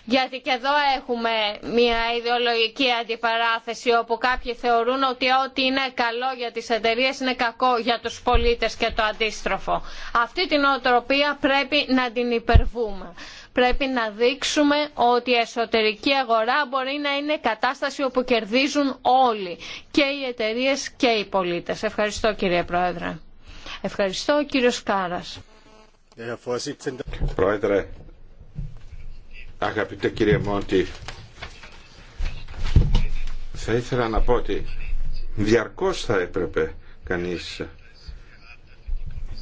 γιατί και εδώ έχουμε μια ιδεολογική αντιπαράθεση όπου κάποιοι θεωρούν ότι ό,τι είναι καλό για τις εταιρείες είναι κακό για τους πολίτες και το αντίστροφο. Αυτή την οτροπία πρέπει να την υπερβούμε. Πρέπει να δείξουμε ότι η εσωτερική αγορά μπορεί να είναι κατάσταση όπου κερδίζουν όλοι και οι εταιρείε και οι πολίτες. Ευχαριστώ κύριε Πρόεδρε. Ευχαριστώ κύριο Κάρας. Πρόεδρε, Αγαπητέ κύριε Μόντι, θα ήθελα να πω ότι διαρκώς θα έπρεπε κανείς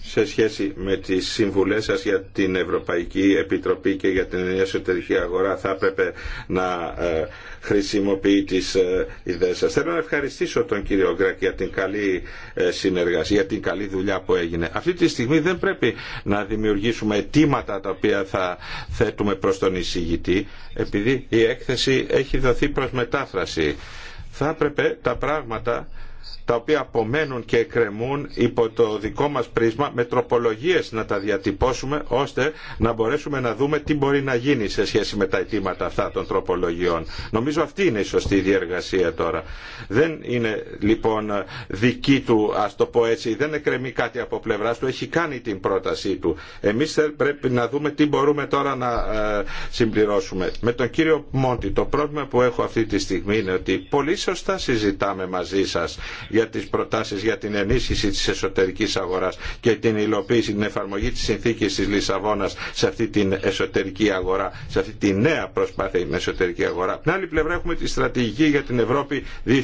σε σχέση με τις συμβουλές σας για την Ευρωπαϊκή Επιτροπή και για την εσωτερική αγορά θα έπρεπε να ε, χρησιμοποιεί τις ε, ιδέες σας. Θέλω να ευχαριστήσω τον κύριο Γκρακ για την καλή ε, συνεργασία, για την καλή δουλειά που έγινε. Αυτή τη στιγμή δεν πρέπει να δημιουργήσουμε αιτήματα τα οποία θα θέτουμε προς τον εισηγητή, επειδή η έκθεση έχει δοθεί προς μετάφραση. Θα έπρεπε τα πράγματα τα οποία απομένουν και εκκρεμούν υπό το δικό μας πρίσμα με τροπολογίες να τα διατυπώσουμε ώστε να μπορέσουμε να δούμε τι μπορεί να γίνει σε σχέση με τα αιτήματα αυτά των τροπολογιών. Νομίζω αυτή είναι η σωστή διεργασία τώρα. Δεν είναι λοιπόν δική του, ας το πω έτσι, δεν εκκρεμεί κάτι από πλευρά του, έχει κάνει την πρότασή του. Εμείς πρέπει να δούμε τι μπορούμε τώρα να ε, συμπληρώσουμε. Με τον κύριο Μόντι, το πρόβλημα που έχω αυτή τη στιγμή είναι ότι πολύ σωστά συζητάμε μαζί σας για τις προτάσεις για την ενίσχυση της εσωτερικής αγοράς και την υλοποίηση, την εφαρμογή της συνθήκης της Λισαβόνας σε αυτή την εσωτερική αγορά, σε αυτή τη νέα προσπάθεια για την εσωτερική αγορά. Από την άλλη πλευρά έχουμε τη στρατηγική για την Ευρώπη 2020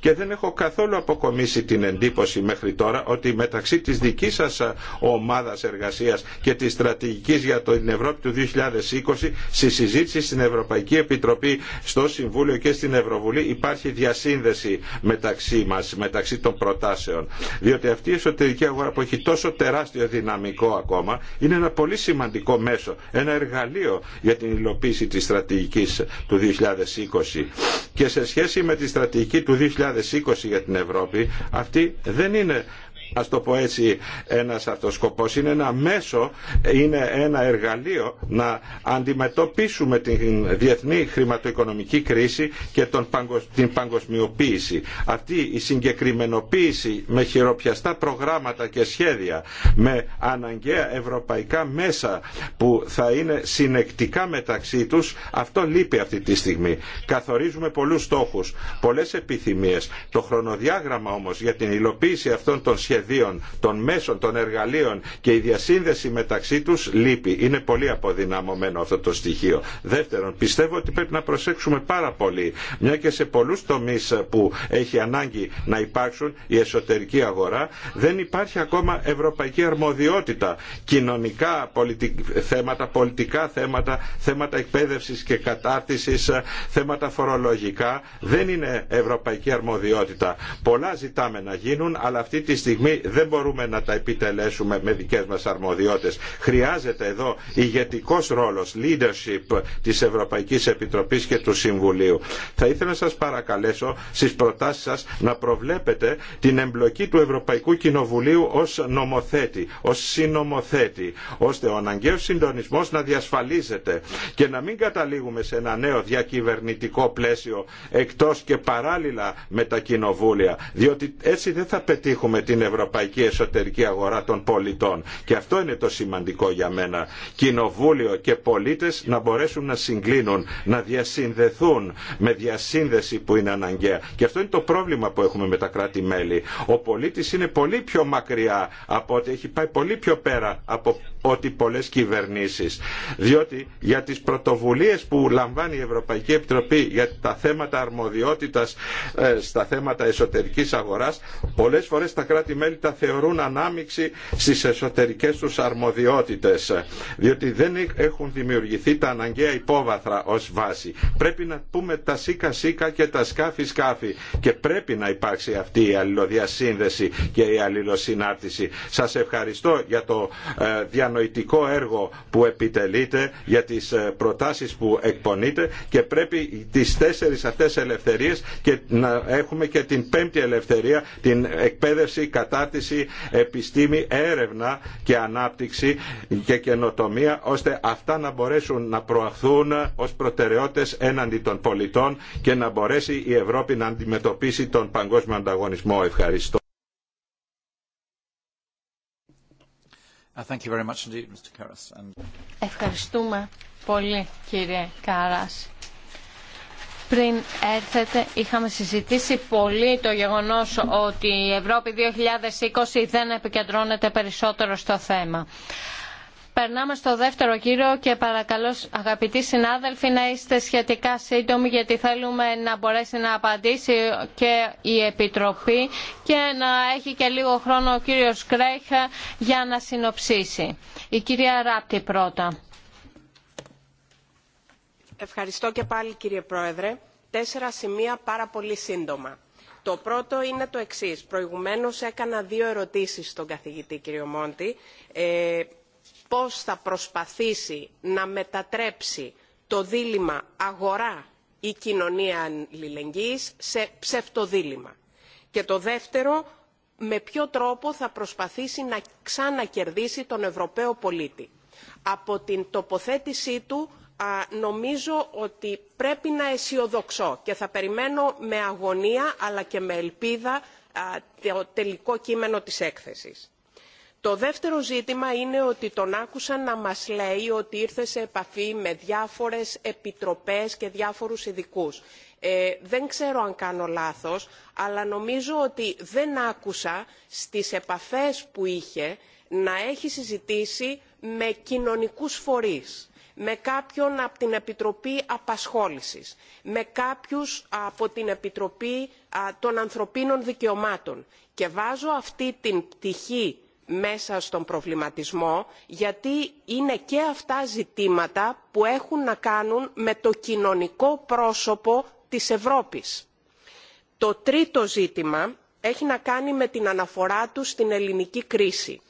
και δεν έχω καθόλου αποκομίσει την εντύπωση μέχρι τώρα ότι μεταξύ της δικής σας ομάδας εργασίας και της στρατηγικής για την Ευρώπη του 2020 στη συζήτηση στην Ευρωπαϊκή Επιτροπή, στο Συμβούλιο και στην Ευρωβουλή υπάρχει διασύνδεση μεταξύ μας, μεταξύ των προτάσεων. Διότι αυτή η εσωτερική αγορά που έχει τόσο τεράστιο δυναμικό ακόμα είναι ένα πολύ σημαντικό μέσο, ένα εργαλείο για την υλοποίηση της στρατηγικής του 2020. Και σε σχέση με τη στρατηγική του 2020 για την Ευρώπη, αυτή δεν είναι ας το πω έτσι, ένας αυτός Είναι ένα μέσο, είναι ένα εργαλείο να αντιμετωπίσουμε την διεθνή χρηματοοικονομική κρίση και τον, την παγκοσμιοποίηση. Αυτή η συγκεκριμενοποίηση με χειροπιαστά προγράμματα και σχέδια, με αναγκαία ευρωπαϊκά μέσα που θα είναι συνεκτικά μεταξύ τους, αυτό λείπει αυτή τη στιγμή. Καθορίζουμε πολλούς στόχους, πολλές επιθυμίες. Το χρονοδιάγραμμα όμως για την υλοποίηση αυτών των σχεδίων πεδίων, των μέσων, των εργαλείων και η διασύνδεση μεταξύ τους λείπει. Είναι πολύ αποδυναμωμένο αυτό το στοιχείο. Δεύτερον, πιστεύω ότι πρέπει να προσέξουμε πάρα πολύ, μια και σε πολλούς τομείς που έχει ανάγκη να υπάρξουν η εσωτερική αγορά, δεν υπάρχει ακόμα ευρωπαϊκή αρμοδιότητα. Κοινωνικά θέματα, πολιτικά θέματα, θέματα εκπαίδευσης και κατάρτισης, θέματα φορολογικά, δεν είναι ευρωπαϊκή αρμοδιότητα. Πολλά ζητάμε να γίνουν, αλλά αυτή τη στιγμή δεν μπορούμε να τα επιτελέσουμε με δικές μας αρμοδιότητες. Χρειάζεται εδώ ηγετικός ρόλος, leadership της Ευρωπαϊκής Επιτροπής και του Συμβουλίου. Θα ήθελα να σας παρακαλέσω στις προτάσεις σας να προβλέπετε την εμπλοκή του Ευρωπαϊκού Κοινοβουλίου ως νομοθέτη, ως συνομοθέτη, ώστε ο αναγκαίος συντονισμός να διασφαλίζεται και να μην καταλήγουμε σε ένα νέο διακυβερνητικό πλαίσιο εκτός και παράλληλα με τα κοινοβούλια, διότι έτσι δεν θα πετύχουμε την Ευρωπαϊκή ευρωπαϊκή εσωτερική αγορά των πολιτών. Και αυτό είναι το σημαντικό για μένα. Κοινοβούλιο και πολίτες να μπορέσουν να συγκλίνουν, να διασυνδεθούν με διασύνδεση που είναι αναγκαία. Και αυτό είναι το πρόβλημα που έχουμε με τα κράτη-μέλη. Ο πολίτης είναι πολύ πιο μακριά από ότι έχει πάει πολύ πιο πέρα από ότι πολλές κυβερνήσεις. Διότι για τις πρωτοβουλίες που λαμβάνει η Ευρωπαϊκή Επιτροπή για τα θέματα αρμοδιότητας ε, στα θέματα εσωτερικής αγοράς, πολλές φορές τα κράτη τα θεωρούν ανάμειξη στις εσωτερικές τους αρμοδιότητες, διότι δεν έχουν δημιουργηθεί τα αναγκαία υπόβαθρα ως βάση. Πρέπει να πούμε τα σίκα σίκα και τα σκάφη σκάφη και πρέπει να υπάρξει αυτή η αλληλοδιασύνδεση και η αλληλοσυνάρτηση. Σας ευχαριστώ για το ε, διανοητικό έργο που επιτελείτε, για τις ε, προτάσεις που εκπονείτε και πρέπει τις τέσσερις αυτές ελευθερίες και να έχουμε και την πέμπτη ελευθερία, την εκπαίδευση κατά κατάρτιση, επιστήμη, έρευνα και ανάπτυξη και καινοτομία ώστε αυτά να μπορέσουν να προαχθούν ως προτεραιότητες έναντι των πολιτών και να μπορέσει η Ευρώπη να αντιμετωπίσει τον παγκόσμιο ανταγωνισμό. Ευχαριστώ. Uh, Ευχαριστούμε πολύ κύριε Κάρας πριν έρθετε είχαμε συζητήσει πολύ το γεγονός ότι η Ευρώπη 2020 δεν επικεντρώνεται περισσότερο στο θέμα. Περνάμε στο δεύτερο κύριο και παρακαλώ αγαπητοί συνάδελφοι να είστε σχετικά σύντομοι γιατί θέλουμε να μπορέσει να απαντήσει και η Επιτροπή και να έχει και λίγο χρόνο ο κύριος Κρέχα για να συνοψίσει. Η κυρία Ράπτη πρώτα. Ευχαριστώ και πάλι κύριε Πρόεδρε. Τέσσερα σημεία πάρα πολύ σύντομα. Το πρώτο είναι το εξής. Προηγουμένως έκανα δύο ερωτήσεις στον καθηγητή κύριο Μόντι. Ε, πώς θα προσπαθήσει να μετατρέψει το δίλημα αγορά ή κοινωνία αλληλεγγύης σε ψευτοδίλημα. Και το δεύτερο, με ποιο τρόπο θα προσπαθήσει να ξανακερδίσει τον Ευρωπαίο πολίτη. Από την τοποθέτησή του νομίζω ότι πρέπει να αισιοδοξώ και θα περιμένω με αγωνία αλλά και με ελπίδα το τελικό κείμενο της έκθεσης. Το δεύτερο ζήτημα είναι ότι τον άκουσα να μας λέει ότι ήρθε σε επαφή με διάφορες επιτροπές και διάφορους ειδικού. Ε, δεν ξέρω αν κάνω λάθος, αλλά νομίζω ότι δεν άκουσα στις επαφές που είχε να έχει συζητήσει με κοινωνικούς φορείς με κάποιον από την επιτροπή απασχόλησης με κάποιους από την επιτροπή των ανθρωπίνων δικαιωμάτων και βάζω αυτή την πτυχή μέσα στον προβληματισμό γιατί είναι και αυτά ζητήματα που έχουν να κάνουν με το κοινωνικό πρόσωπο της ευρώπης. το τρίτο ζήτημα έχει να κάνει με την αναφορά του στην ελληνική κρίση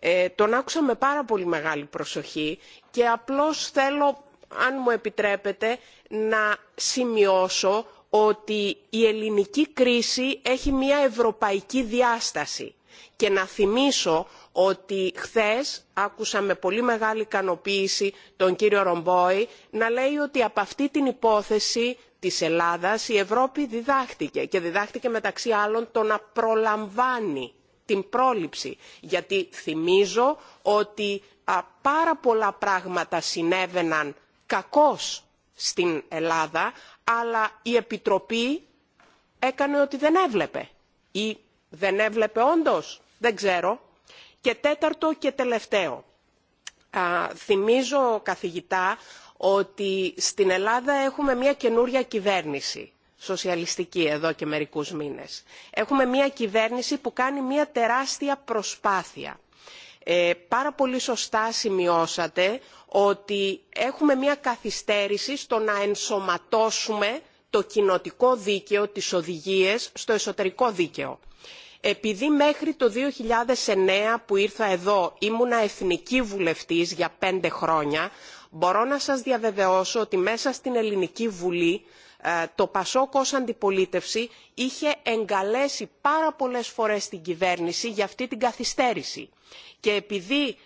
ε, τον άκουσα με πάρα πολύ μεγάλη προσοχή και απλώς θέλω, αν μου επιτρέπετε, να σημειώσω ότι η ελληνική κρίση έχει μια ευρωπαϊκή διάσταση και να θυμίσω ότι χθες άκουσα με πολύ μεγάλη ικανοποίηση τον κύριο ρομπόι να λέει ότι από αυτή την υπόθεση της ελλάδας η ευρώπη διδάχτηκε και διδάχτηκε μεταξύ άλλων το να προλαμβάνει την πρόληψη. Γιατί θυμίζω ότι πάρα πολλά πράγματα συνέβαιναν κακώς στην Ελλάδα, αλλά η Επιτροπή έκανε ότι δεν έβλεπε. Ή δεν έβλεπε όντως, δεν ξέρω. Και τέταρτο και τελευταίο. θυμίζω καθηγητά ότι στην Ελλάδα έχουμε μια καινούρια κυβέρνηση σοσιαλιστική εδώ και μερικούς μήνες. Έχουμε μια κυβέρνηση που κάνει μια τεράστια προσπάθεια. Ε, πάρα πολύ σωστά σημειώσατε ότι έχουμε μια καθυστέρηση στο να ενσωματώσουμε το κοινοτικό δίκαιο, τις οδηγίες, στο εσωτερικό δίκαιο. Επειδή μέχρι το 2009 που ήρθα εδώ ήμουνα εθνική βουλευτής για πέντε χρόνια, μπορώ να σας διαβεβαιώσω ότι μέσα στην Ελληνική Βουλή ε, το πασόκ ως αντιπολίτευση είχε εγκαλέσει πάρα πολλές φορές την κυβέρνηση για αυτή την καθυστέρηση και επειδή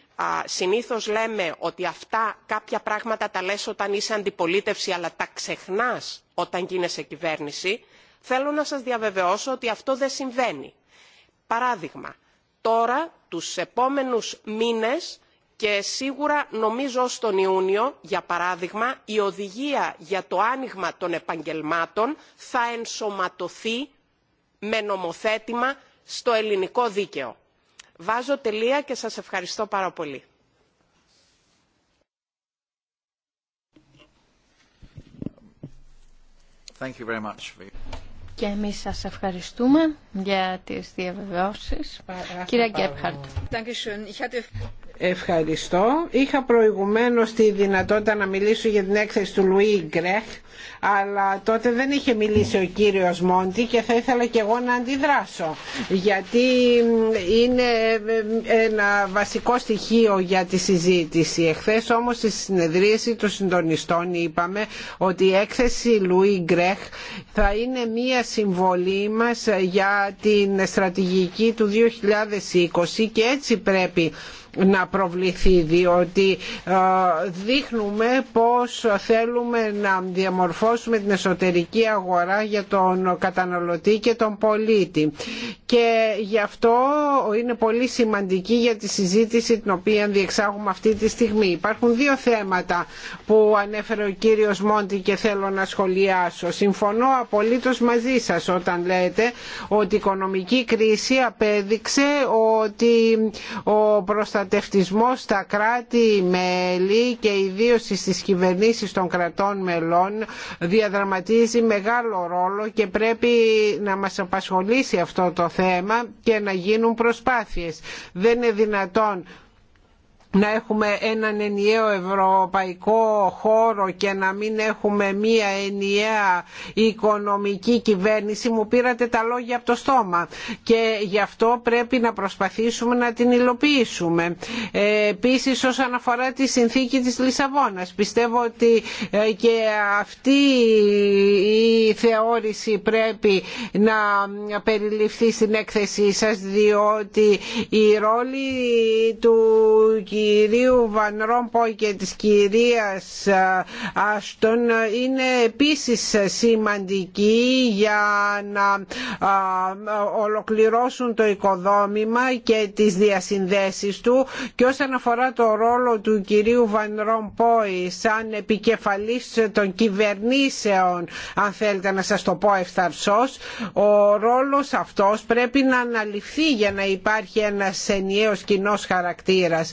συνήθως λέμε ότι αυτά κάποια πράγματα τα λες όταν είσαι αντιπολίτευση αλλά τα ξεχνάς όταν γίνεσαι κυβέρνηση θέλω να σας διαβεβαιώσω ότι αυτό δεν συμβαίνει. παράδειγμα τώρα τους επόμενους μήνες και σίγουρα νομίζω στον τον Ιούνιο, για παράδειγμα, η οδηγία για το άνοιγμα των επαγγελμάτων θα ενσωματωθεί με νομοθέτημα στο ελληνικό δίκαιο. Βάζω τελεία και σας ευχαριστώ πάρα πολύ. Thank you very much. Και εμείς σας ευχαριστούμε για τις διαβεβαιώσεις. Κυρία Γκέπχαρτ. Ευχαριστώ. Είχα προηγουμένως τη δυνατότητα να μιλήσω για την έκθεση του Λουί Γκρέχ, αλλά τότε δεν είχε μιλήσει ο κύριος Μόντι και θα ήθελα και εγώ να αντιδράσω, γιατί είναι ε, ε, ένα βασικό στοιχείο για τη συζήτηση. Εχθές όμως στη συνεδρίαση των συντονιστών είπαμε ότι η έκθεση Λουί Γκρέχ θα είναι μία συμβολή μας για την στρατηγική του 2020 και έτσι πρέπει να προβληθεί διότι ε, δείχνουμε πως θέλουμε να διαμορφώσουμε την εσωτερική αγορά για τον καταναλωτή και τον πολίτη και γι' αυτό είναι πολύ σημαντική για τη συζήτηση την οποία διεξάγουμε αυτή τη στιγμή. Υπάρχουν δύο θέματα που ανέφερε ο κύριος Μόντι και θέλω να σχολιάσω. Συμφωνώ απολύτως μαζί σας όταν λέτε ότι η οικονομική κρίση απέδειξε ότι ο προστατευτής προστατευτισμό στα κράτη-μέλη και ιδίως στις κυβερνήσεις των κρατών μελών διαδραματίζει μεγάλο ρόλο και πρέπει να μας απασχολήσει αυτό το θέμα και να γίνουν προσπάθειες. Δεν είναι δυνατόν να έχουμε έναν ενιαίο ευρωπαϊκό χώρο και να μην έχουμε μία ενιαία οικονομική κυβέρνηση μου πήρατε τα λόγια από το στόμα και γι' αυτό πρέπει να προσπαθήσουμε να την υλοποιήσουμε. Ε, επίσης όσον αφορά τη συνθήκη της Λισαβόνας πιστεύω ότι ε, και αυτή η θεώρηση πρέπει να περιληφθεί στην έκθεσή σας διότι η ρόλη του κυρίου Βαν και της κυρίας ε, Άστον είναι επίσης σημαντική για να ε, ολοκληρώσουν το οικοδόμημα και τις διασυνδέσεις του και όσον αφορά το ρόλο του κυρίου Βαν Ρομπόη σαν επικεφαλής των κυβερνήσεων αν θέλετε να σας το πω ευθαρσός ο ρόλος αυτός πρέπει να αναλυθεί για να υπάρχει ένας ενιαίος κοινός χαρακτήρας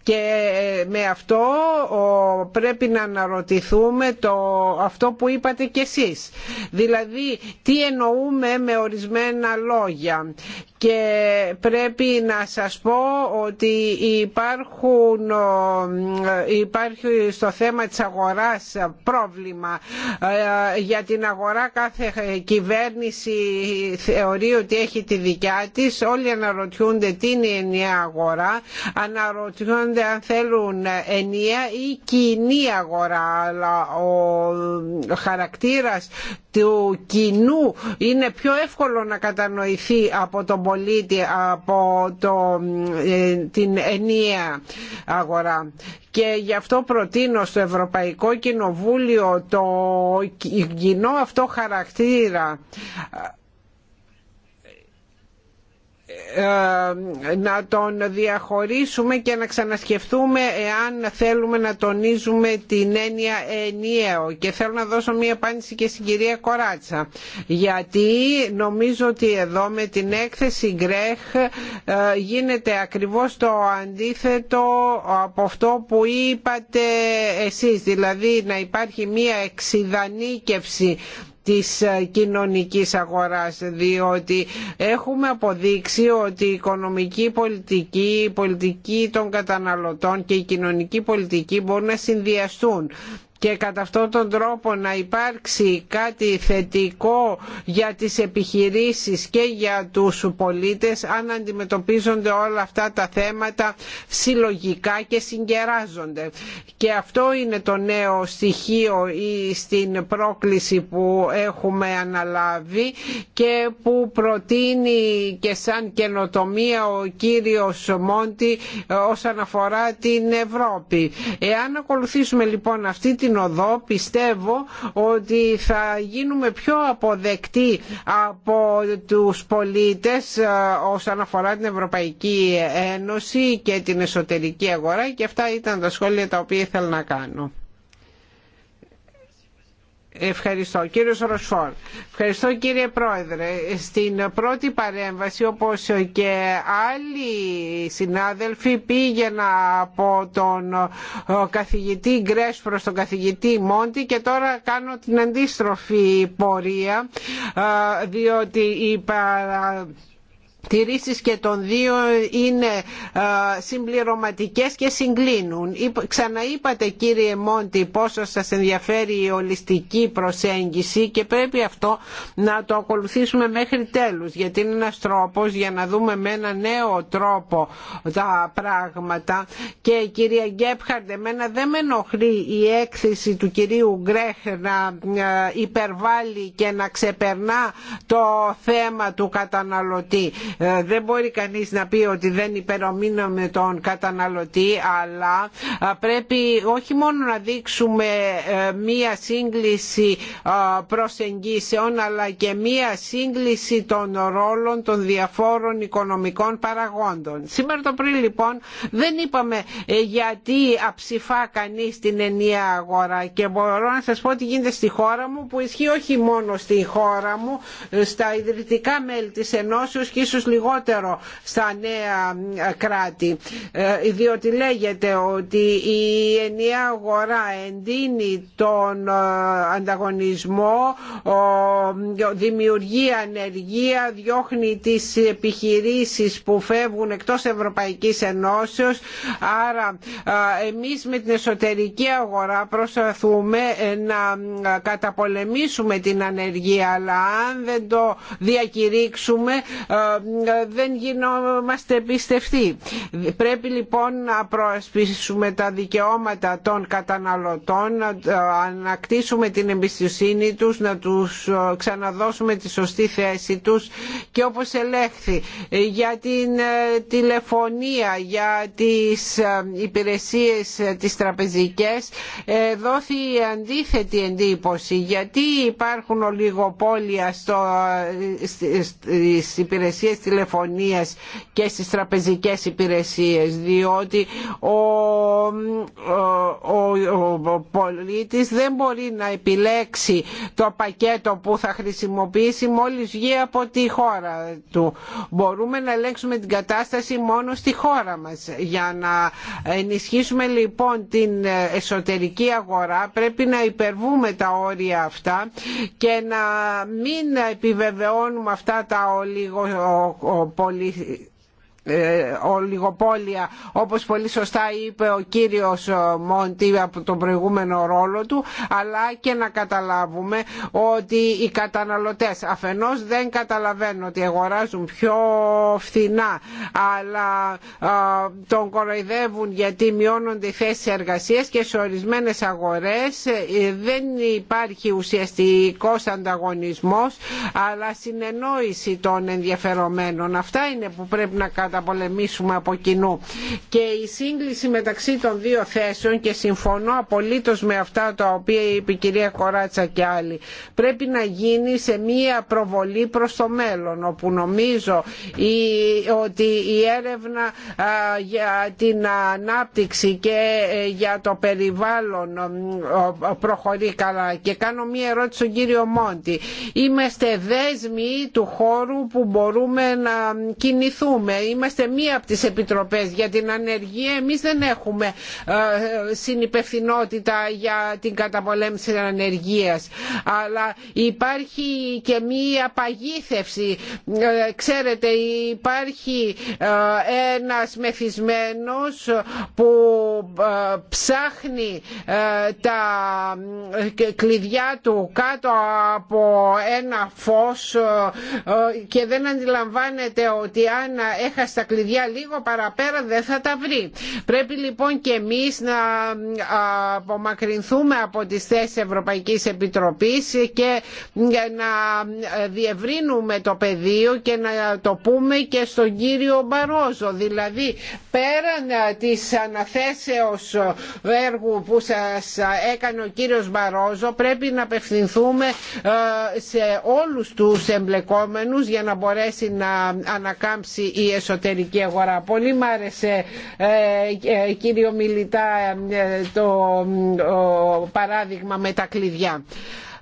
και με αυτό πρέπει να αναρωτηθούμε το, αυτό που είπατε κι εσείς. Δηλαδή τι εννοούμε με ορισμένα λόγια και πρέπει να σας πω ότι υπάρχουν, υπάρχει στο θέμα της αγοράς πρόβλημα. Ε, για την αγορά κάθε κυβέρνηση θεωρεί ότι έχει τη δικιά της. Όλοι αναρωτιούνται τι είναι η αγορά, αναρωτιούνται αν θέλουν ενία ή κοινή αγορά αλλά ο χαρακτήρας του κοινού είναι πιο εύκολο να κατανοηθεί από τον πολίτη από το, ε, την ενία αγορά και γι' αυτό προτείνω στο Ευρωπαϊκό Κοινοβούλιο το κοινό αυτό χαρακτήρα ε, να τον διαχωρίσουμε και να ξανασκεφτούμε εάν θέλουμε να τονίζουμε την έννοια ενιαίο και θέλω να δώσω μια απάντηση και στην κυρία Κοράτσα γιατί νομίζω ότι εδώ με την έκθεση Γκρέχ ε, γίνεται ακριβώς το αντίθετο από αυτό που είπατε εσείς δηλαδή να υπάρχει μια εξειδανίκευση της ε, κοινωνικής αγοράς διότι έχουμε αποδείξει ότι η οικονομική πολιτική, η πολιτική των καταναλωτών και η κοινωνική πολιτική μπορούν να συνδυαστούν και κατά αυτόν τον τρόπο να υπάρξει κάτι θετικό για τις επιχειρήσεις και για τους πολίτες αν αντιμετωπίζονται όλα αυτά τα θέματα συλλογικά και συγκεράζονται. Και αυτό είναι το νέο στοιχείο στην πρόκληση που έχουμε αναλάβει και που προτείνει και σαν καινοτομία ο κύριος Μόντι ε, όσον αφορά την Ευρώπη. Εάν ακολουθήσουμε λοιπόν αυτή την σύνοδο πιστεύω ότι θα γίνουμε πιο αποδεκτοί από τους πολίτες ε, όσον αφορά την Ευρωπαϊκή Ένωση και την εσωτερική αγορά και αυτά ήταν τα σχόλια τα οποία ήθελα να κάνω. Ευχαριστώ. Κύριος Ροσφόρ. Ευχαριστώ κύριε Πρόεδρε. Στην πρώτη παρέμβαση όπως και άλλοι συνάδελφοι πήγαινα από τον ε, καθηγητή Γκρέσ προς τον καθηγητή Μόντι και τώρα κάνω την αντίστροφη πορεία ε, διότι η παρα τηρήσεις και των δύο είναι συμπληρωματικές και συγκλίνουν. Ξαναείπατε κύριε Μόντι πόσο σας ενδιαφέρει η ολιστική προσέγγιση και πρέπει αυτό να το ακολουθήσουμε μέχρι τέλους γιατί είναι ένας τρόπος για να δούμε με ένα νέο τρόπο τα πράγματα και κυρία Γκέπχαρντ εμένα δεν με ενοχλεί η έκθεση του κυρίου Γκρέχ να υπερβάλλει και να ξεπερνά το θέμα του καταναλωτή ε, δεν μπορεί κανείς να πει ότι δεν υπερομείνουμε τον καταναλωτή αλλά ε, πρέπει όχι μόνο να δείξουμε ε, μία σύγκληση προσεγγίσεων αλλά και μία σύγκληση των ρόλων των διαφόρων οικονομικών παραγόντων. Σήμερα το πριν λοιπόν δεν είπαμε γιατί αψηφά κανείς την ενία αγορά και μπορώ να σας πω ότι γίνεται στη χώρα μου που ισχύει όχι μόνο στη χώρα μου στα ιδρυτικά μέλη της ενώσεως και ίσως λιγότερο στα νέα ε, κράτη ε, διότι λέγεται ότι η ενιαία αγορά εντείνει τον ε, ανταγωνισμό δημιουργεί ανεργία διώχνει τις επιχειρήσεις που φεύγουν εκτός Ευρωπαϊκής Ενώσεως άρα εμείς με την εσωτερική αγορά προσπαθούμε να καταπολεμήσουμε την ανεργία αλλά αν δεν το διακηρύξουμε δεν γινόμαστε εμπιστευτοί. Πρέπει λοιπόν να προασπίσουμε τα δικαιώματα των καταναλωτών, να ανακτήσουμε την εμπιστοσύνη τους, να τους ε, ξαναδώσουμε τη σωστή θέση τους και όπως ελέγχθη για την ε, τηλεφωνία, για τις ε, υπηρεσίες τις τραπεζικές δόθη αντίθετη εντύπωση γιατί υπάρχουν ολιγοπόλια στο, στις υπηρεσίες τηλεφωνίας και στις τραπεζικές υπηρεσίες διότι ο, ο, ο πολίτης δεν μπορεί να επιλέξει το πακέτο που θα χρησιμοποιήσει μόλις βγει από τη χώρα του. Μπορούμε να ελέγξουμε την κατάσταση μόνο στη χώρα μας. Για να ενισχύσουμε λοιπόν την εσωτερική αγορά πρέπει να υπερβούμε τα όρια αυτά και να μην επιβεβαιώνουμε αυτά τα πολι ε, ολιγοπόλια όπως πολύ σωστά είπε ο κύριος ε, Μόντι από τον προηγούμενο ρόλο του αλλά και να καταλάβουμε ότι οι καταναλωτές αφενός δεν καταλαβαίνουν ότι αγοράζουν πιο φθηνά αλλά ε, τον κοροϊδεύουν γιατί μειώνονται οι θέσεις εργασίας και σε ορισμένες αγορές δεν υπάρχει ουσιαστικός ανταγωνισμός αλλά συνεννόηση των ενδιαφερομένων. Αυτά είναι που πρέπει να καταλάβουμε καταπολεμήσουμε από κοινού. Και η σύγκληση μεταξύ των δύο θέσεων και συμφωνώ απολύτως με αυτά τα οποία είπε η κυρία Κοράτσα και άλλοι πρέπει να γίνει σε μία προβολή προς το μέλλον όπου νομίζω ότι η έρευνα για την ανάπτυξη και ε, για το περιβάλλον προχωρεί καλά και κάνω μία ερώτηση στον κύριο Μόντι είμαστε δέσμοι του χώρου που μπορούμε να κινηθούμε είμαστε μία από τις επιτροπές για την ανεργία εμείς δεν έχουμε ε, συνυπευθυνότητα για την καταπολέμηση της ανεργίας αλλά υπάρχει και μία παγίθευση ε, ξέρετε υπάρχει ε, ένας μεθυσμένος που ψάχνει τα κλειδιά του κάτω από ένα φως και δεν αντιλαμβάνεται ότι αν έχασε στα κλειδιά λίγο παραπέρα δεν θα τα βρει. Πρέπει λοιπόν και εμείς να απομακρυνθούμε από τις θέσεις Ευρωπαϊκής Επιτροπής και να ε, διευρύνουμε το πεδίο και να το πούμε και στον κύριο Μπαρόζο. Δηλαδή πέραν ε, της αναθέσεως έργου που σας έκανε ο κύριος Μπαρόζο πρέπει να απευθυνθούμε ε, σε όλους τους εμπλεκόμενους για να μπορέσει να ανακάμψει η εσωτερική εσωτερική Πολύ μ' άρεσε ε, ε, κύριο Μιλητά ε, το παράδειγμα με τα κλειδιά.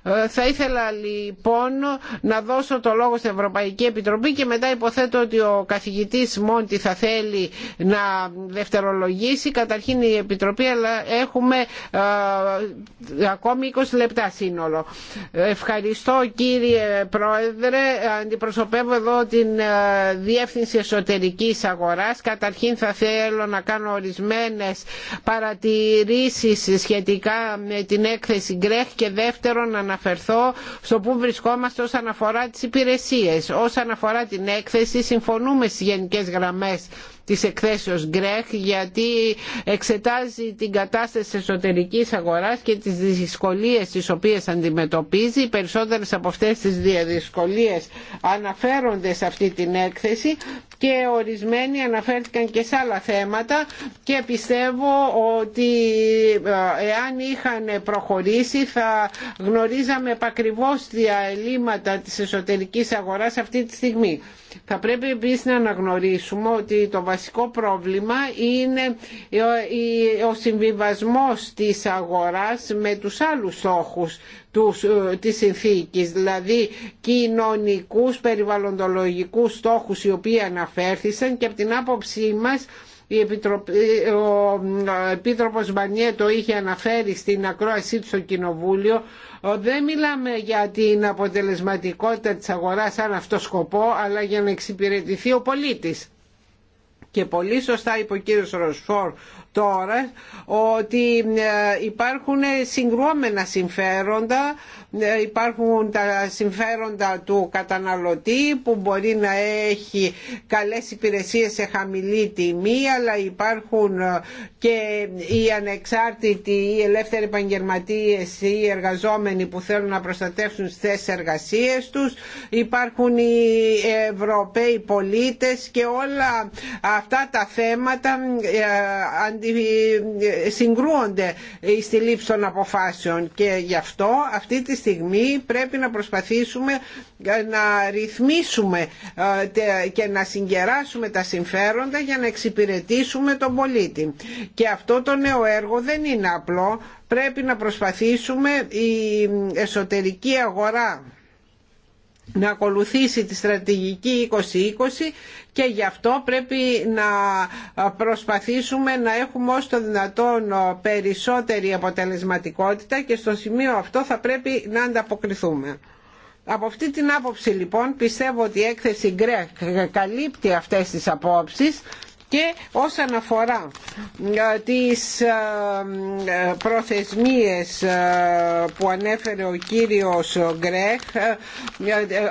Ε, θα ήθελα λοιπόν να δώσω το λόγο στην Ευρωπαϊκή Επιτροπή και μετά υποθέτω ότι ο καθηγητής Μόντι θα θέλει να δευτερολογήσει. Καταρχήν η Επιτροπή αλλά έχουμε ε, ακόμη 20 λεπτά σύνολο. Ευχαριστώ κύριε Πρόεδρε. Αντιπροσωπεύω εδώ την ε, Διεύθυνση Εσωτερικής Αγοράς. Καταρχήν θα θέλω να κάνω ορισμένες παρατηρήσεις σχετικά με την έκθεση Γκρέχ και δεύτερον αναφερθώ στο που βρισκόμαστε όσον αφορά τις υπηρεσίες. Όσον αφορά την έκθεση συμφωνούμε στις γενικές γραμμές της εκθέσεως Γκρέχ γιατί εξετάζει την κατάσταση εσωτερικής αγοράς και τις δυσκολίες τις οποίες αντιμετωπίζει. Οι περισσότερες από αυτές τις δυσκολίες αναφέρονται σε αυτή την έκθεση και ορισμένοι αναφέρθηκαν και σε άλλα θέματα και πιστεύω ότι ε, εάν είχαν προχωρήσει θα γνωρίζαμε επακριβώς τα της εσωτερικής αγοράς αυτή τη στιγμή. Θα πρέπει επίσης να αναγνωρίσουμε ότι το βασικό πρόβλημα είναι ο συμβιβασμός της αγοράς με τους άλλους στόχους ε, της συνθήκης, δηλαδή κοινωνικούς, περιβαλλοντολογικούς στόχους οι οποίοι αναφέρθησαν και από την άποψή μας ο Επίτροπος Μπανιέ το είχε αναφέρει στην ακρόασή του στο Κοινοβούλιο. Δεν μιλάμε για την αποτελεσματικότητα της αγοράς σαν αυτό σκοπό, αλλά για να εξυπηρετηθεί ο πολίτης. Και πολύ σωστά είπε ο κύριος Ροσφόρ τώρα ότι ε, υπάρχουν συγκρούμενα συμφέροντα ε, υπάρχουν τα συμφέροντα του καταναλωτή που μπορεί να έχει καλές υπηρεσίες σε χαμηλή τιμή αλλά υπάρχουν ε, και οι ανεξάρτητοι οι ελεύθεροι επαγγελματίε οι εργαζόμενοι που θέλουν να προστατεύσουν τις θέσεις εργασίες τους υπάρχουν οι Ευρωπαίοι πολίτες και όλα αυτά τα θέματα ε, συγκρούονται στη λήψη των αποφάσεων και γι' αυτό αυτή τη στιγμή πρέπει να προσπαθήσουμε ε, να ρυθμίσουμε ε, και να συγκεράσουμε τα συμφέροντα για να εξυπηρετήσουμε τον πολίτη. Και αυτό το νέο έργο δεν είναι απλό. Πρέπει να προσπαθήσουμε η εσωτερική αγορά να ακολουθήσει τη στρατηγική 2020 και γι' αυτό πρέπει να προσπαθήσουμε να έχουμε όσο το δυνατόν περισσότερη αποτελεσματικότητα και στο σημείο αυτό θα πρέπει να ανταποκριθούμε. Από αυτή την άποψη λοιπόν πιστεύω ότι η έκθεση Γκρέκ καλύπτει αυτές τις απόψεις και όσον αφορά ε, τις ε, ε, προθεσμίες που ανέφερε ο κύριος Γκρέχ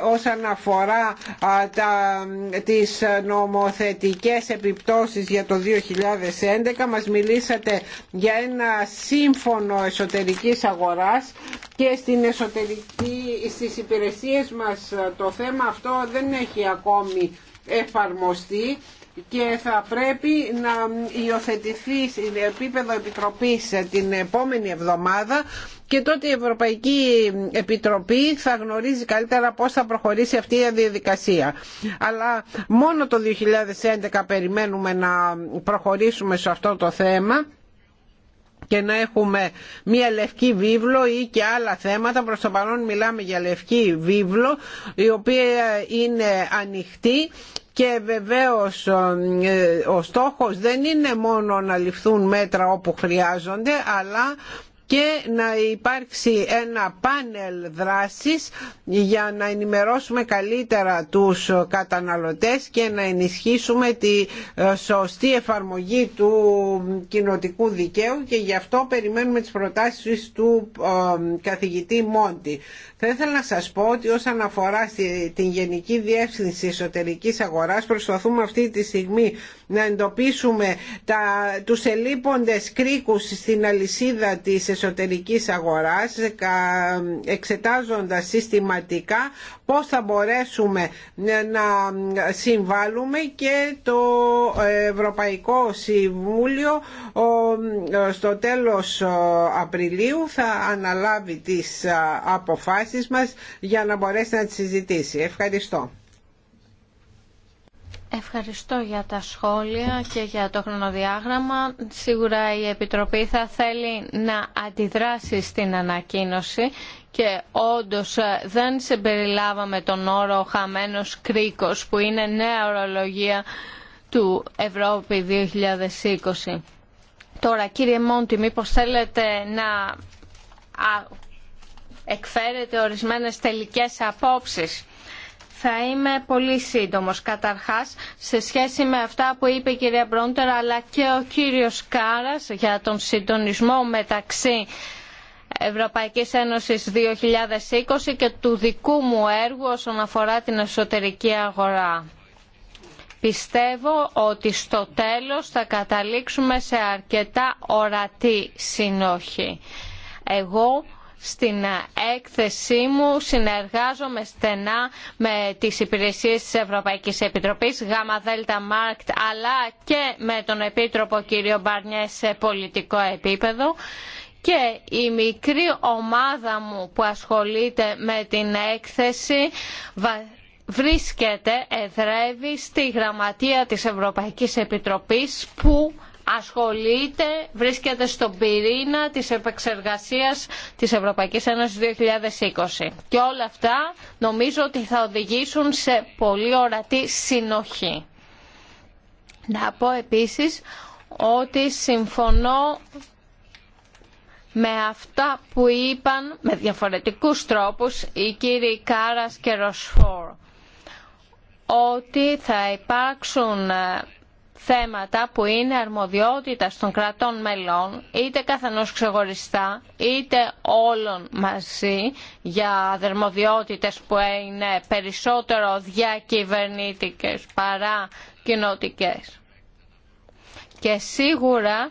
όσον αφορά τα, τις νομοθετικές επιπτώσεις για το 2011 μας μιλήσατε για ένα σύμφωνο εσωτερικής αγοράς και στην εσωτερική, στις υπηρεσίες μας το θέμα αυτό δεν έχει ακόμη εφαρμοστεί και θα πρέπει να υιοθετηθεί σε επίπεδο Επιτροπής την επόμενη εβδομάδα και τότε η Ευρωπαϊκή Επιτροπή θα γνωρίζει καλύτερα πώς θα προχωρήσει αυτή η διαδικασία. Αλλά μόνο το 2011 περιμένουμε να προχωρήσουμε σε αυτό το θέμα και να έχουμε μία λευκή βίβλο ή και άλλα θέματα. Προς το παρόν μιλάμε για λευκή βίβλο η οποία είναι ανοιχτή και βεβαίως ε, ο στόχος δεν είναι μόνο να ληφθούν μέτρα όπου χρειάζονται αλλά και να υπάρξει ένα πάνελ δράσης για να ενημερώσουμε καλύτερα τους καταναλωτές και να ενισχύσουμε τη ε, σωστή εφαρμογή του κοινοτικού δικαίου και γι' αυτό περιμένουμε τις προτάσεις του ε, καθηγητή Μόντι. Θα ήθελα να σας πω ότι όσον αφορά την Γενική Διεύθυνση Εσωτερικής Αγοράς προσπαθούμε αυτή τη στιγμή να εντοπίσουμε τα, τους ελείποντες κρίκους στην αλυσίδα της εσωτερικής αγοράς εξετάζοντας συστηματικά πώς θα μπορέσουμε να συμβάλλουμε και το Ευρωπαϊκό Συμβούλιο στο τέλος Απριλίου θα αναλάβει τις αποφάσεις μας για να μπορέσει να τις συζητήσει. Ευχαριστώ. Ευχαριστώ για τα σχόλια και για το χρονοδιάγραμμα. Σίγουρα η Επιτροπή θα θέλει να αντιδράσει στην ανακοίνωση και όντως δεν συμπεριλάβαμε τον όρο «χαμένος κρίκος» που είναι νέα ορολογία του Ευρώπη 2020. Τώρα κύριε Μόντι, μήπως θέλετε να εκφέρετε ορισμένες τελικές απόψεις. Θα είμαι πολύ σύντομος. Καταρχάς, σε σχέση με αυτά που είπε η κυρία Μπρόντερ αλλά και ο κύριος Κάρας για τον συντονισμό μεταξύ Ευρωπαϊκής Ένωσης 2020 και του δικού μου έργου όσον αφορά την εσωτερική αγορά. Πιστεύω ότι στο τέλος θα καταλήξουμε σε αρκετά ορατή συνόχη. Εγώ στην έκθεσή μου συνεργάζομαι στενά με τις υπηρεσίες της Ευρωπαϊκής Επιτροπής ΓΑΜΑ ΔΕΛΤΑ ΜΑΡΚΤ αλλά και με τον Επίτροπο κύριο Μπαρνιέ σε πολιτικό επίπεδο και η μικρή ομάδα μου που ασχολείται με την έκθεση βρίσκεται, εδρεύει στη γραμματεία της Ευρωπαϊκής Επιτροπής που ασχολείται, βρίσκεται στον πυρήνα της επεξεργασίας της Ευρωπαϊκής Ένωσης 2020. Και όλα αυτά νομίζω ότι θα οδηγήσουν σε πολύ ορατή συνοχή. Να πω επίσης ότι συμφωνώ με αυτά που είπαν με διαφορετικούς τρόπους οι κύριοι Κάρας και Ροσφόρ ότι θα υπάρξουν ε, θέματα που είναι αρμοδιότητα των κρατών μελών, είτε καθενός ξεχωριστά, είτε όλων μαζί, για αρμοδιότητες που είναι περισσότερο διακυβερνήτικες παρά κοινοτικές. Και σίγουρα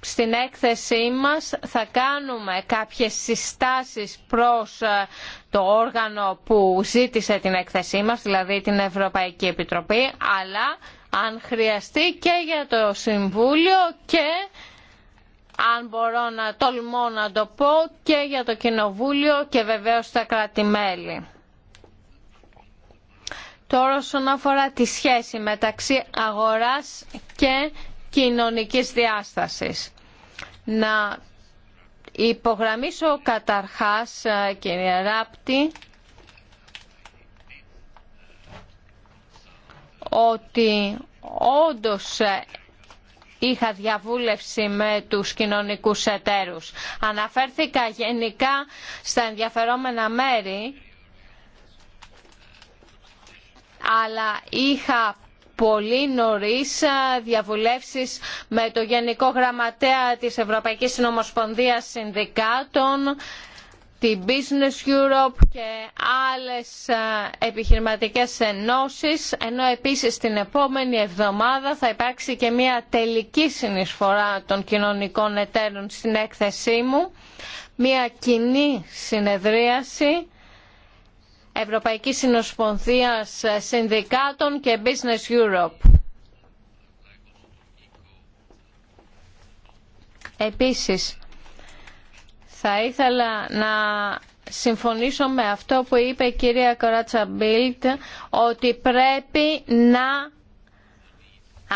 στην έκθεσή μας θα κάνουμε κάποιες συστάσεις προς ε, το όργανο που ζήτησε την έκθεσή μας, δηλαδή την Ευρωπαϊκή Επιτροπή, αλλά αν χρειαστεί και για το Συμβούλιο και αν μπορώ να τολμώ να το πω και για το Κοινοβούλιο και βεβαίως τα κράτη-μέλη. Τώρα όσον αφορά τη σχέση μεταξύ αγοράς και κοινωνικής διάστασης. Να υπογραμμίσω καταρχάς, ε, κύριε Ράπτη, ότι όντως είχα διαβούλευση με τους κοινωνικούς εταίρους. Αναφέρθηκα γενικά στα ενδιαφερόμενα μέρη, αλλά είχα πολύ νωρίς διαβουλεύσεις με το Γενικό Γραμματέα της Ευρωπαϊκής Συνομοσπονδίας Συνδικάτων, τη Business Europe και άλλες ε, επιχειρηματικές ενώσεις, ενώ επίσης την επόμενη εβδομάδα θα υπάρξει και μια τελική συνεισφορά των κοινωνικών εταίρων στην έκθεσή μου, μια κοινή συνεδρίαση Ευρωπαϊκής Συνοσπονδίας Συνδικάτων και Business Europe. Επίσης, θα ήθελα να συμφωνήσω με αυτό που είπε η κυρία Κοράτσα Μπίλτ ότι πρέπει να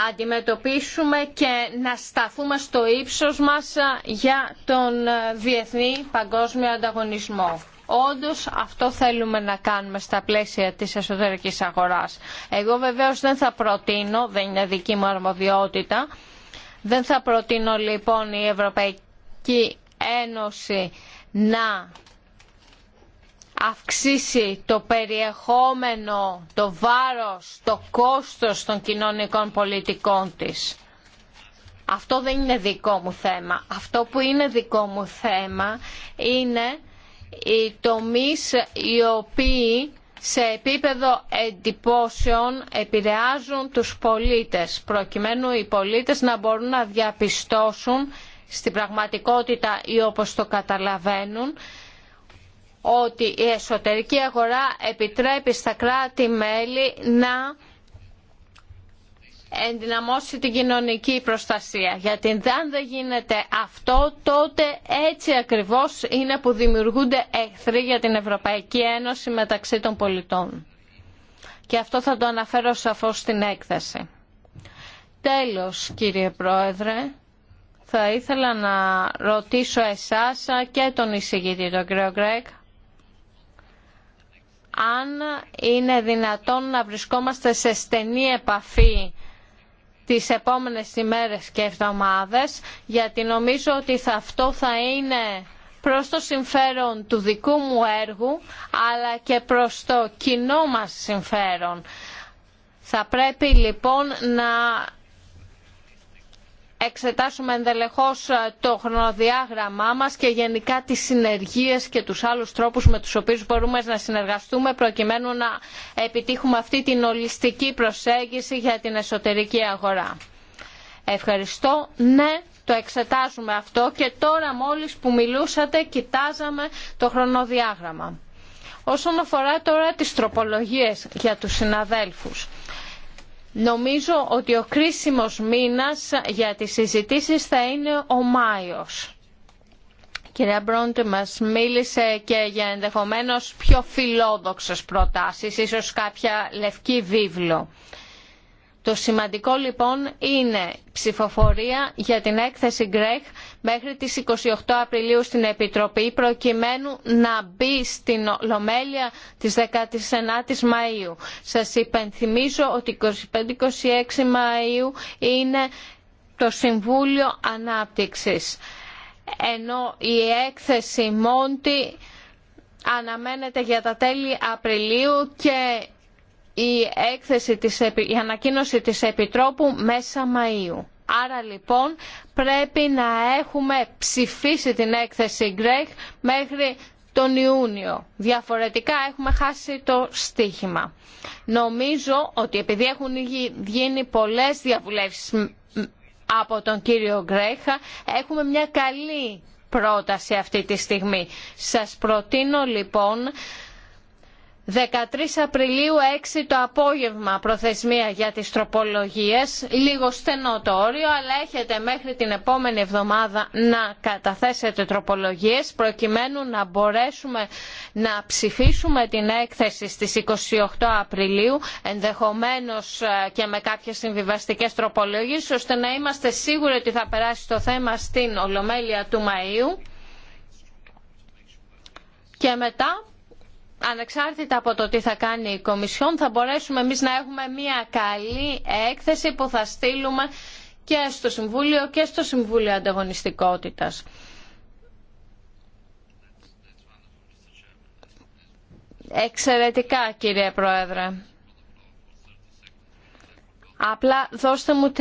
αντιμετωπίσουμε και να σταθούμε στο ύψος μας για τον διεθνή παγκόσμιο ανταγωνισμό. Όντως αυτό θέλουμε να κάνουμε στα πλαίσια της εσωτερικής αγοράς. Εγώ βεβαίως δεν θα προτείνω, δεν είναι δική μου αρμοδιότητα, δεν θα προτείνω λοιπόν η Ευρωπαϊκή Ένωση να αυξήσει το περιεχόμενο, το βάρος, το κόστος των κοινωνικών πολιτικών της. Αυτό δεν είναι δικό μου θέμα. Αυτό που είναι δικό μου θέμα είναι οι τομείς οι οποίοι σε επίπεδο εντυπώσεων επηρεάζουν τους πολίτες προκειμένου οι πολίτες να μπορούν να διαπιστώσουν στην πραγματικότητα ή όπως το καταλαβαίνουν ότι η εσωτερική αγορά επιτρέπει στα κράτη-μέλη να ενδυναμώσει την κοινωνική προστασία. Γιατί αν δεν γίνεται αυτό, τότε έτσι ακριβώς είναι που δημιουργούνται εχθροί για την Ευρωπαϊκή Ένωση μεταξύ των πολιτών. Και αυτό θα το αναφέρω σαφώς στην έκθεση. Τέλος, κύριε Πρόεδρε, θα ήθελα να ρωτήσω εσάς και τον εισηγητή, τον κύριο Γκρέκ, αν είναι δυνατόν να βρισκόμαστε σε στενή επαφή τις επόμενες ημέρες και εβδομάδες, γιατί νομίζω ότι θα αυτό θα είναι προς το συμφέρον του δικού μου έργου, αλλά και προς το κοινό μας συμφέρον. Θα πρέπει λοιπόν να εξετάσουμε ενδελεχώς ε, το χρονοδιάγραμμά μας και γενικά τις συνεργίες και τους άλλους τρόπους με τους οποίους μπορούμε να συνεργαστούμε προκειμένου να επιτύχουμε αυτή την ολιστική προσέγγιση για την εσωτερική αγορά. Ευχαριστώ. Ναι, το εξετάζουμε αυτό και τώρα μόλις που μιλούσατε κοιτάζαμε το χρονοδιάγραμμα. Όσον αφορά τώρα τις τροπολογίες για τους συναδέλφους Νομίζω ότι ο κρίσιμος μήνας για τις συζητήσεις θα είναι ο Μάιος. Η κυρία Μπρόντ μας μίλησε και για ενδεχομένως πιο φιλόδοξες προτάσεις, ίσως κάποια λευκή βίβλο. Το σημαντικό λοιπόν είναι ψηφοφορία για την έκθεση Γκρέχ μέχρι τις 28 Απριλίου στην Επιτροπή προκειμένου να μπει στην Ολομέλεια της 19ης Μαΐου. Σας υπενθυμίζω ότι 25-26 Μαΐου είναι το Συμβούλιο Ανάπτυξης ενώ η έκθεση Μόντι αναμένεται για τα τέλη Απριλίου και η, έκθεση της, η ανακοίνωση της Επιτρόπου μέσα Μαΐου. Άρα λοιπόν πρέπει να έχουμε ψηφίσει την έκθεση Γκρέχ μέχρι τον Ιούνιο. Διαφορετικά έχουμε χάσει το στίχημα. Νομίζω ότι επειδή έχουν γίνει πολλές διαβουλεύσεις από τον κύριο Γκρέχα, έχουμε μια καλή πρόταση αυτή τη στιγμή. Σας προτείνω λοιπόν 13 Απριλίου 6 το απόγευμα προθεσμία για τις τροπολογίες, λίγο στενό το όριο, αλλά έχετε μέχρι την επόμενη εβδομάδα να καταθέσετε τροπολογίες προκειμένου να μπορέσουμε να ψηφίσουμε την έκθεση στις 28 Απριλίου, ενδεχομένως ε, και με κάποιες συμβιβαστικές τροπολογίες, ώστε να είμαστε σίγουροι ότι θα περάσει το θέμα στην Ολομέλεια του Μαΐου. Και μετά ανεξάρτητα από το τι θα κάνει η Κομισιόν θα μπορέσουμε εμείς να έχουμε μια καλή έκθεση που θα στείλουμε και στο Συμβούλιο και στο Συμβούλιο Ανταγωνιστικότητας. Εξαιρετικά κύριε Πρόεδρε. Απλά δώστε μου 30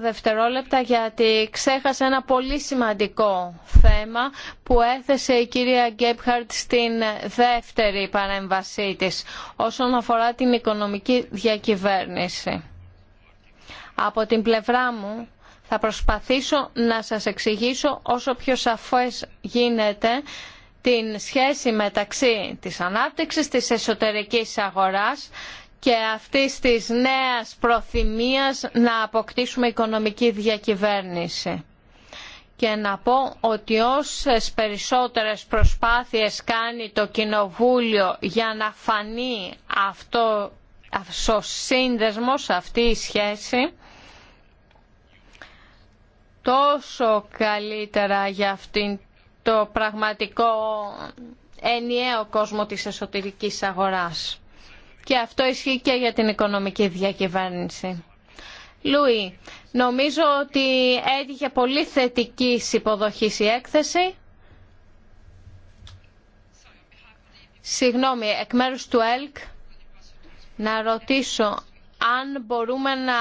δευτερόλεπτα γιατί ξέχασα ένα πολύ σημαντικό θέμα που έθεσε η κυρία Γκέπχαρτ στην δεύτερη παρέμβασή της όσον αφορά την οικονομική διακυβέρνηση. Από την πλευρά μου θα προσπαθήσω να σας εξηγήσω όσο πιο σαφές γίνεται την σχέση μεταξύ της ανάπτυξης της εσωτερικής αγοράς και αυτής της νέας προθυμίας να αποκτήσουμε οικονομική διακυβέρνηση. Και να πω ότι όσες περισσότερες προσπάθειες κάνει το Κοινοβούλιο για να φανεί αυτό, ο σύνδεσμος, αυτή η σχέση, τόσο καλύτερα για αυτήν το πραγματικό ενιαίο κόσμο της εσωτερικής αγοράς. Και αυτό ισχύει και για την οικονομική διακυβέρνηση. Λούι, νομίζω ότι έτυχε πολύ θετική υποδοχή η έκθεση. Συγγνώμη, εκ μέρους του ΕΛΚ να ρωτήσω αν μπορούμε να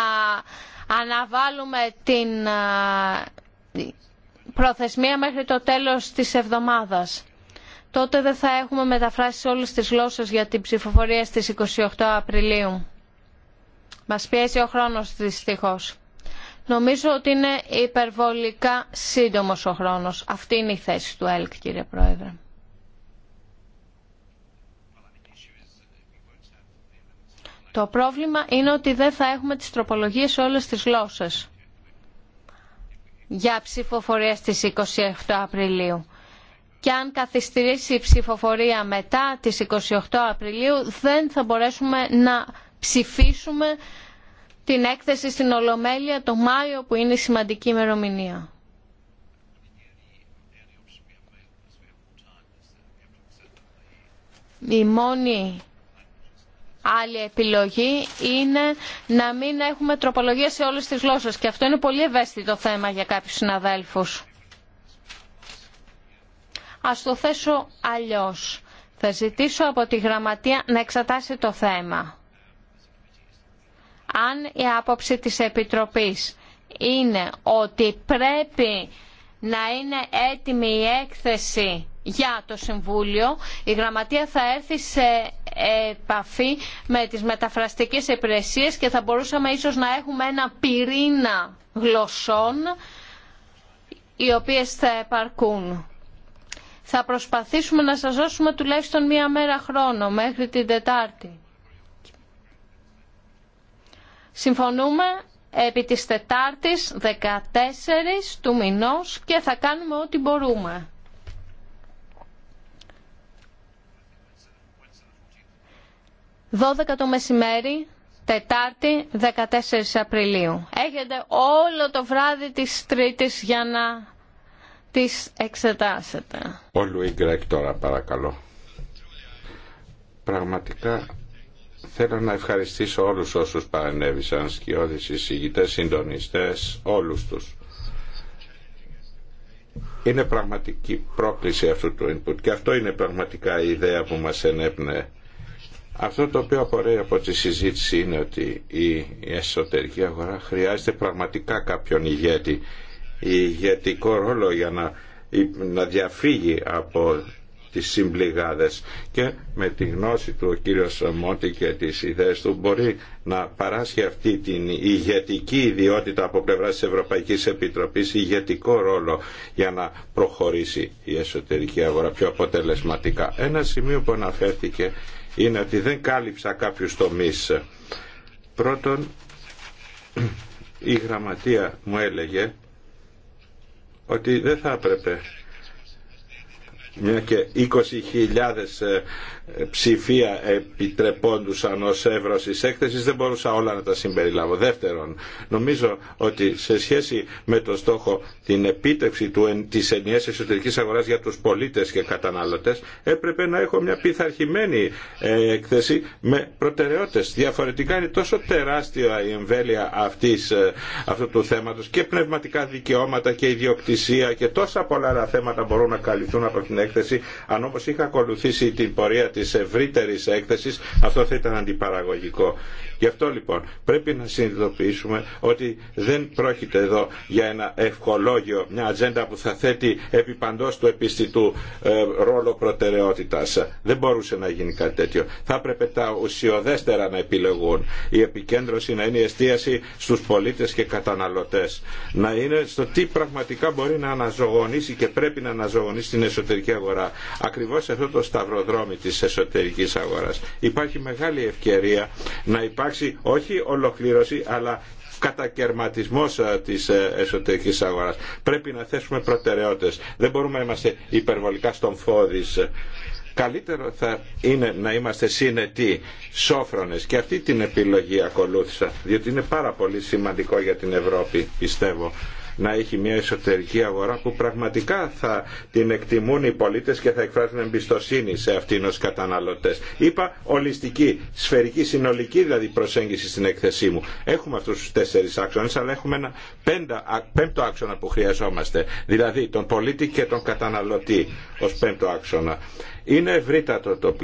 αναβάλουμε την ε, προθεσμία μέχρι το τέλος της εβδομάδας τότε δεν θα έχουμε μεταφράσει όλες τις γλώσσες για την ψηφοφορία στις 28 Απριλίου. Μας πιέζει ο χρόνος δυστυχώς. Νομίζω ότι είναι υπερβολικά σύντομος ο χρόνος. Αυτή είναι η θέση του ΕΛΚ, κύριε Πρόεδρε. Το πρόβλημα είναι ότι δεν θα έχουμε τις τροπολογίες σε όλες τις γλώσσες για ψηφοφορία στις 27 Απριλίου και αν καθυστερήσει η ψηφοφορία μετά τις 28 Απριλίου δεν θα μπορέσουμε να ψηφίσουμε την έκθεση στην Ολομέλεια το Μάιο που είναι η σημαντική ημερομηνία. Η μόνη άλλη επιλογή είναι να μην έχουμε τροπολογία σε όλες τις γλώσσες και αυτό είναι πολύ ευαίσθητο θέμα για κάποιους συναδέλφους. Ας το θέσω αλλιώς. Θα ζητήσω από τη Γραμματεία να εξετάσει το θέμα. Αν η άποψη της Επιτροπής είναι ότι πρέπει να είναι έτοιμη η έκθεση για το Συμβούλιο, η Γραμματεία θα έρθει σε επαφή με τις μεταφραστικές υπηρεσίες και θα μπορούσαμε ίσως να έχουμε ένα πυρήνα γλωσσών οι οποίες θα επαρκούν. Θα προσπαθήσουμε να σας δώσουμε τουλάχιστον μία μέρα χρόνο μέχρι την Τετάρτη. Συμφωνούμε επί της Τετάρτης 14 του μηνός και θα κάνουμε ό,τι μπορούμε. Δώδεκα το μεσημέρι, Τετάρτη 14 Απριλίου. Έχετε όλο το βράδυ της Τρίτης για να τις εξετάσετε. Ο Λουί Γκρέκ τώρα παρακαλώ. Πραγματικά θέλω να ευχαριστήσω όλους όσους παρενέβησαν, σκιώδεις, εισηγητές, συντονιστές, όλους τους. Είναι πραγματική πρόκληση αυτού του input και αυτό είναι πραγματικά η ιδέα που μας ενέπνεε. Αυτό το οποίο απορρέει από τη συζήτηση είναι ότι η εσωτερική αγορά χρειάζεται πραγματικά κάποιον ηγέτη ηγετικό ρόλο για να, να διαφύγει από τις συμπληγάδες και με τη γνώση του ο κύριος Μόντι και τις ιδέες του μπορεί να παράσχει αυτή την ηγετική ιδιότητα από πλευρά της Ευρωπαϊκής Επιτροπής ηγετικό ρόλο για να προχωρήσει η εσωτερική αγορά πιο αποτελεσματικά. Ένα σημείο που αναφέρθηκε είναι ότι δεν κάλυψα κάποιους τομείς. Πρώτον, η γραμματεία μου έλεγε ότι δεν θα έπρεπε μια και 20.000 ψηφία επιτρεπόντουσαν ως εύρος της έκθεσης δεν μπορούσα όλα να τα συμπεριλάβω. Δεύτερον, νομίζω ότι σε σχέση με το στόχο την επίτευξη του, της εσωτερική εσωτερικής αγοράς για τους πολίτες και καταναλωτές έπρεπε να έχω μια πειθαρχημένη ε, έκθεση με προτεραιότητες. Διαφορετικά είναι τόσο τεράστια η εμβέλεια αυτής, ε, αυτού του θέματος και πνευματικά δικαιώματα και ιδιοκτησία και τόσα πολλά άλλα θέματα μπορούν να καλυφθούν από την έκθεση αν όπως είχα ακολουθήσει την πορεία της ευρύτερης έκθεσης αυτό θα ήταν αντιπαραγωγικό. Γι' αυτό λοιπόν πρέπει να συνειδητοποιήσουμε ότι δεν πρόκειται εδώ για ένα ευχολόγιο, μια ατζέντα που θα θέτει επί παντός του επιστητού ε, ρόλο προτεραιότητας. Δεν μπορούσε να γίνει κάτι τέτοιο. Θα έπρεπε τα ουσιοδέστερα να επιλεγούν. Η επικέντρωση να είναι η εστίαση στους πολίτες και καταναλωτές. Να είναι στο τι πραγματικά μπορεί να αναζωογονήσει και πρέπει να αναζωογονήσει την εσωτερική αγορά. Ακριβώς αυτό το σταυροδρόμι της εσωτερικής αγοράς. Υπάρχει μεγάλη ευκαιρία να υπάρχει όχι ολοκλήρωση αλλά κατακαιρματισμός ε, της ε, εσωτερικής αγοράς. Πρέπει να θέσουμε προτεραιότητες. Δεν μπορούμε να είμαστε υπερβολικά στον φόδης. Καλύτερο θα είναι να είμαστε συνετοί, σόφρονες και αυτή την επιλογή ακολούθησα, διότι είναι πάρα πολύ σημαντικό για την Ευρώπη, πιστεύω να έχει μια εσωτερική αγορά που πραγματικά θα την εκτιμούν οι πολίτες και θα εκφράζουν εμπιστοσύνη σε αυτήν ως καταναλωτές. Είπα ολιστική, σφαιρική, συνολική δηλαδή προσέγγιση στην έκθεσή μου. Έχουμε αυτούς τους τέσσερις άξονες, αλλά έχουμε ένα πέντα, πέμπτο άξονα που χρειαζόμαστε. Δηλαδή τον πολίτη και τον καταναλωτή ως πέμπτο άξονα. Είναι ευρύτατο το,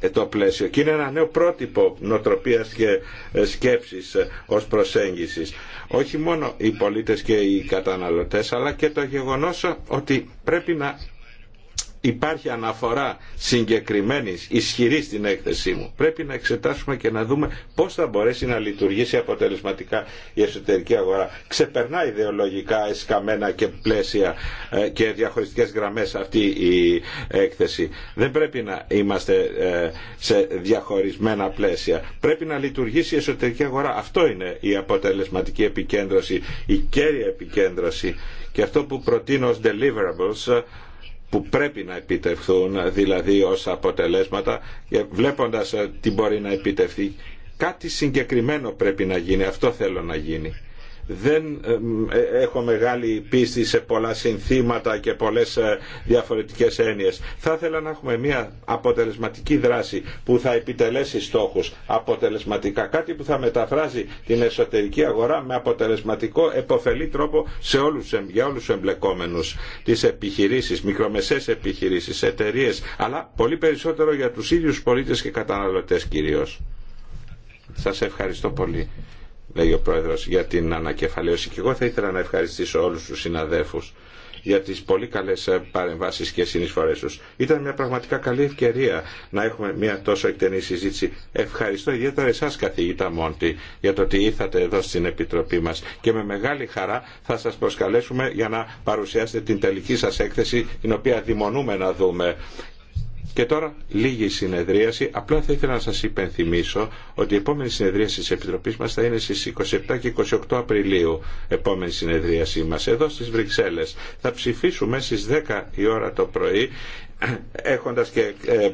ε, το πλαίσιο και είναι ένα νέο πρότυπο νοτροπίας και ε, σκέψης ε, ως προσέγγισης. Όχι μόνο οι πολίτες και οι καταναλωτές αλλά και το γεγονός ότι πρέπει να υπάρχει αναφορά συγκεκριμένη, ισχυρή στην έκθεσή μου. Πρέπει να εξετάσουμε και να δούμε πώς θα μπορέσει να λειτουργήσει αποτελεσματικά η εσωτερική αγορά. Ξεπερνά ιδεολογικά εσκαμμένα και πλαίσια ε, και διαχωριστικές γραμμές αυτή η έκθεση. Δεν πρέπει να είμαστε ε, σε διαχωρισμένα πλαίσια. Πρέπει να λειτουργήσει η εσωτερική αγορά. Αυτό είναι η αποτελεσματική επικέντρωση, η κέρια επικέντρωση. Και αυτό που προτείνω ως deliverables που πρέπει να επιτευχθούν δηλαδή ως αποτελέσματα ε, βλέποντας ε, τι μπορεί να επιτευχθεί. Κάτι συγκεκριμένο πρέπει να γίνει, αυτό θέλω να γίνει δεν ε, ε, έχω μεγάλη πίστη σε πολλά συνθήματα και πολλές ε, διαφορετικές έννοιες. Θα ήθελα να έχουμε μια αποτελεσματική δράση που θα επιτελέσει στόχους αποτελεσματικά. Κάτι που θα μεταφράζει την εσωτερική αγορά με αποτελεσματικό εποφελή τρόπο σε όλους, για όλους τους εμπλεκόμενους. Τις επιχειρήσεις, μικρομεσαίες επιχειρήσεις, εταιρείε, αλλά πολύ περισσότερο για τους ίδιους πολίτες και καταναλωτές κυρίως. Σας ευχαριστώ πολύ λέει ο Πρόεδρος, για την ανακεφαλαίωση. Και εγώ θα ήθελα να ευχαριστήσω όλους τους συναδέφους για τις πολύ καλές ε, παρεμβάσεις και συνεισφορές τους. Ήταν μια πραγματικά καλή ευκαιρία να έχουμε μια τόσο εκτενή συζήτηση. Ευχαριστώ ιδιαίτερα εσάς καθηγήτα Μόντι για το ότι ήρθατε εδώ στην Επιτροπή μας και με μεγάλη χαρά θα σας προσκαλέσουμε για να παρουσιάσετε την τελική σας έκθεση την οποία δημονούμε να δούμε και τώρα λίγη συνεδρίαση. Απλά θα ήθελα να σας υπενθυμίσω ότι η επόμενη συνεδρίαση της Επιτροπής μας θα είναι στις 27 και 28 Απριλίου. Επόμενη συνεδρίασή μας εδώ στις Βρυξέλλες. Θα ψηφίσουμε στις 10 η ώρα το πρωί έχοντας και ε,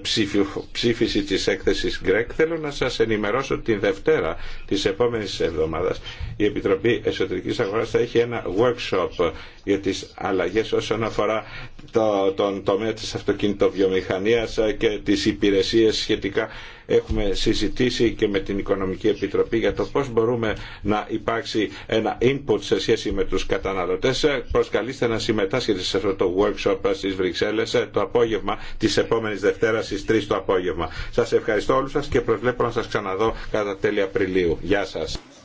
ψήφιση της έκθεσης GREC θέλω να σας ενημερώσω την Δευτέρα της επόμενης εβδομάδας η Επιτροπή Εσωτερικής Αγοράς θα έχει ένα workshop για τις αλλαγές όσον αφορά το, τον τομέα της αυτοκινητοβιομηχανίας και τις υπηρεσίες σχετικά έχουμε συζητήσει και με την Οικονομική Επιτροπή για το πώς μπορούμε να υπάρξει ένα input σε σχέση με τους καταναλωτές. Προσκαλείστε να συμμετάσχετε σε αυτό το workshop στις Βρυξέλλες το απόγευμα της επόμενης Δευτέρας στις 3 το απόγευμα. Σας ευχαριστώ όλους σας και προσβλέπω να σας ξαναδώ κατά τέλη Απριλίου. Γεια σας.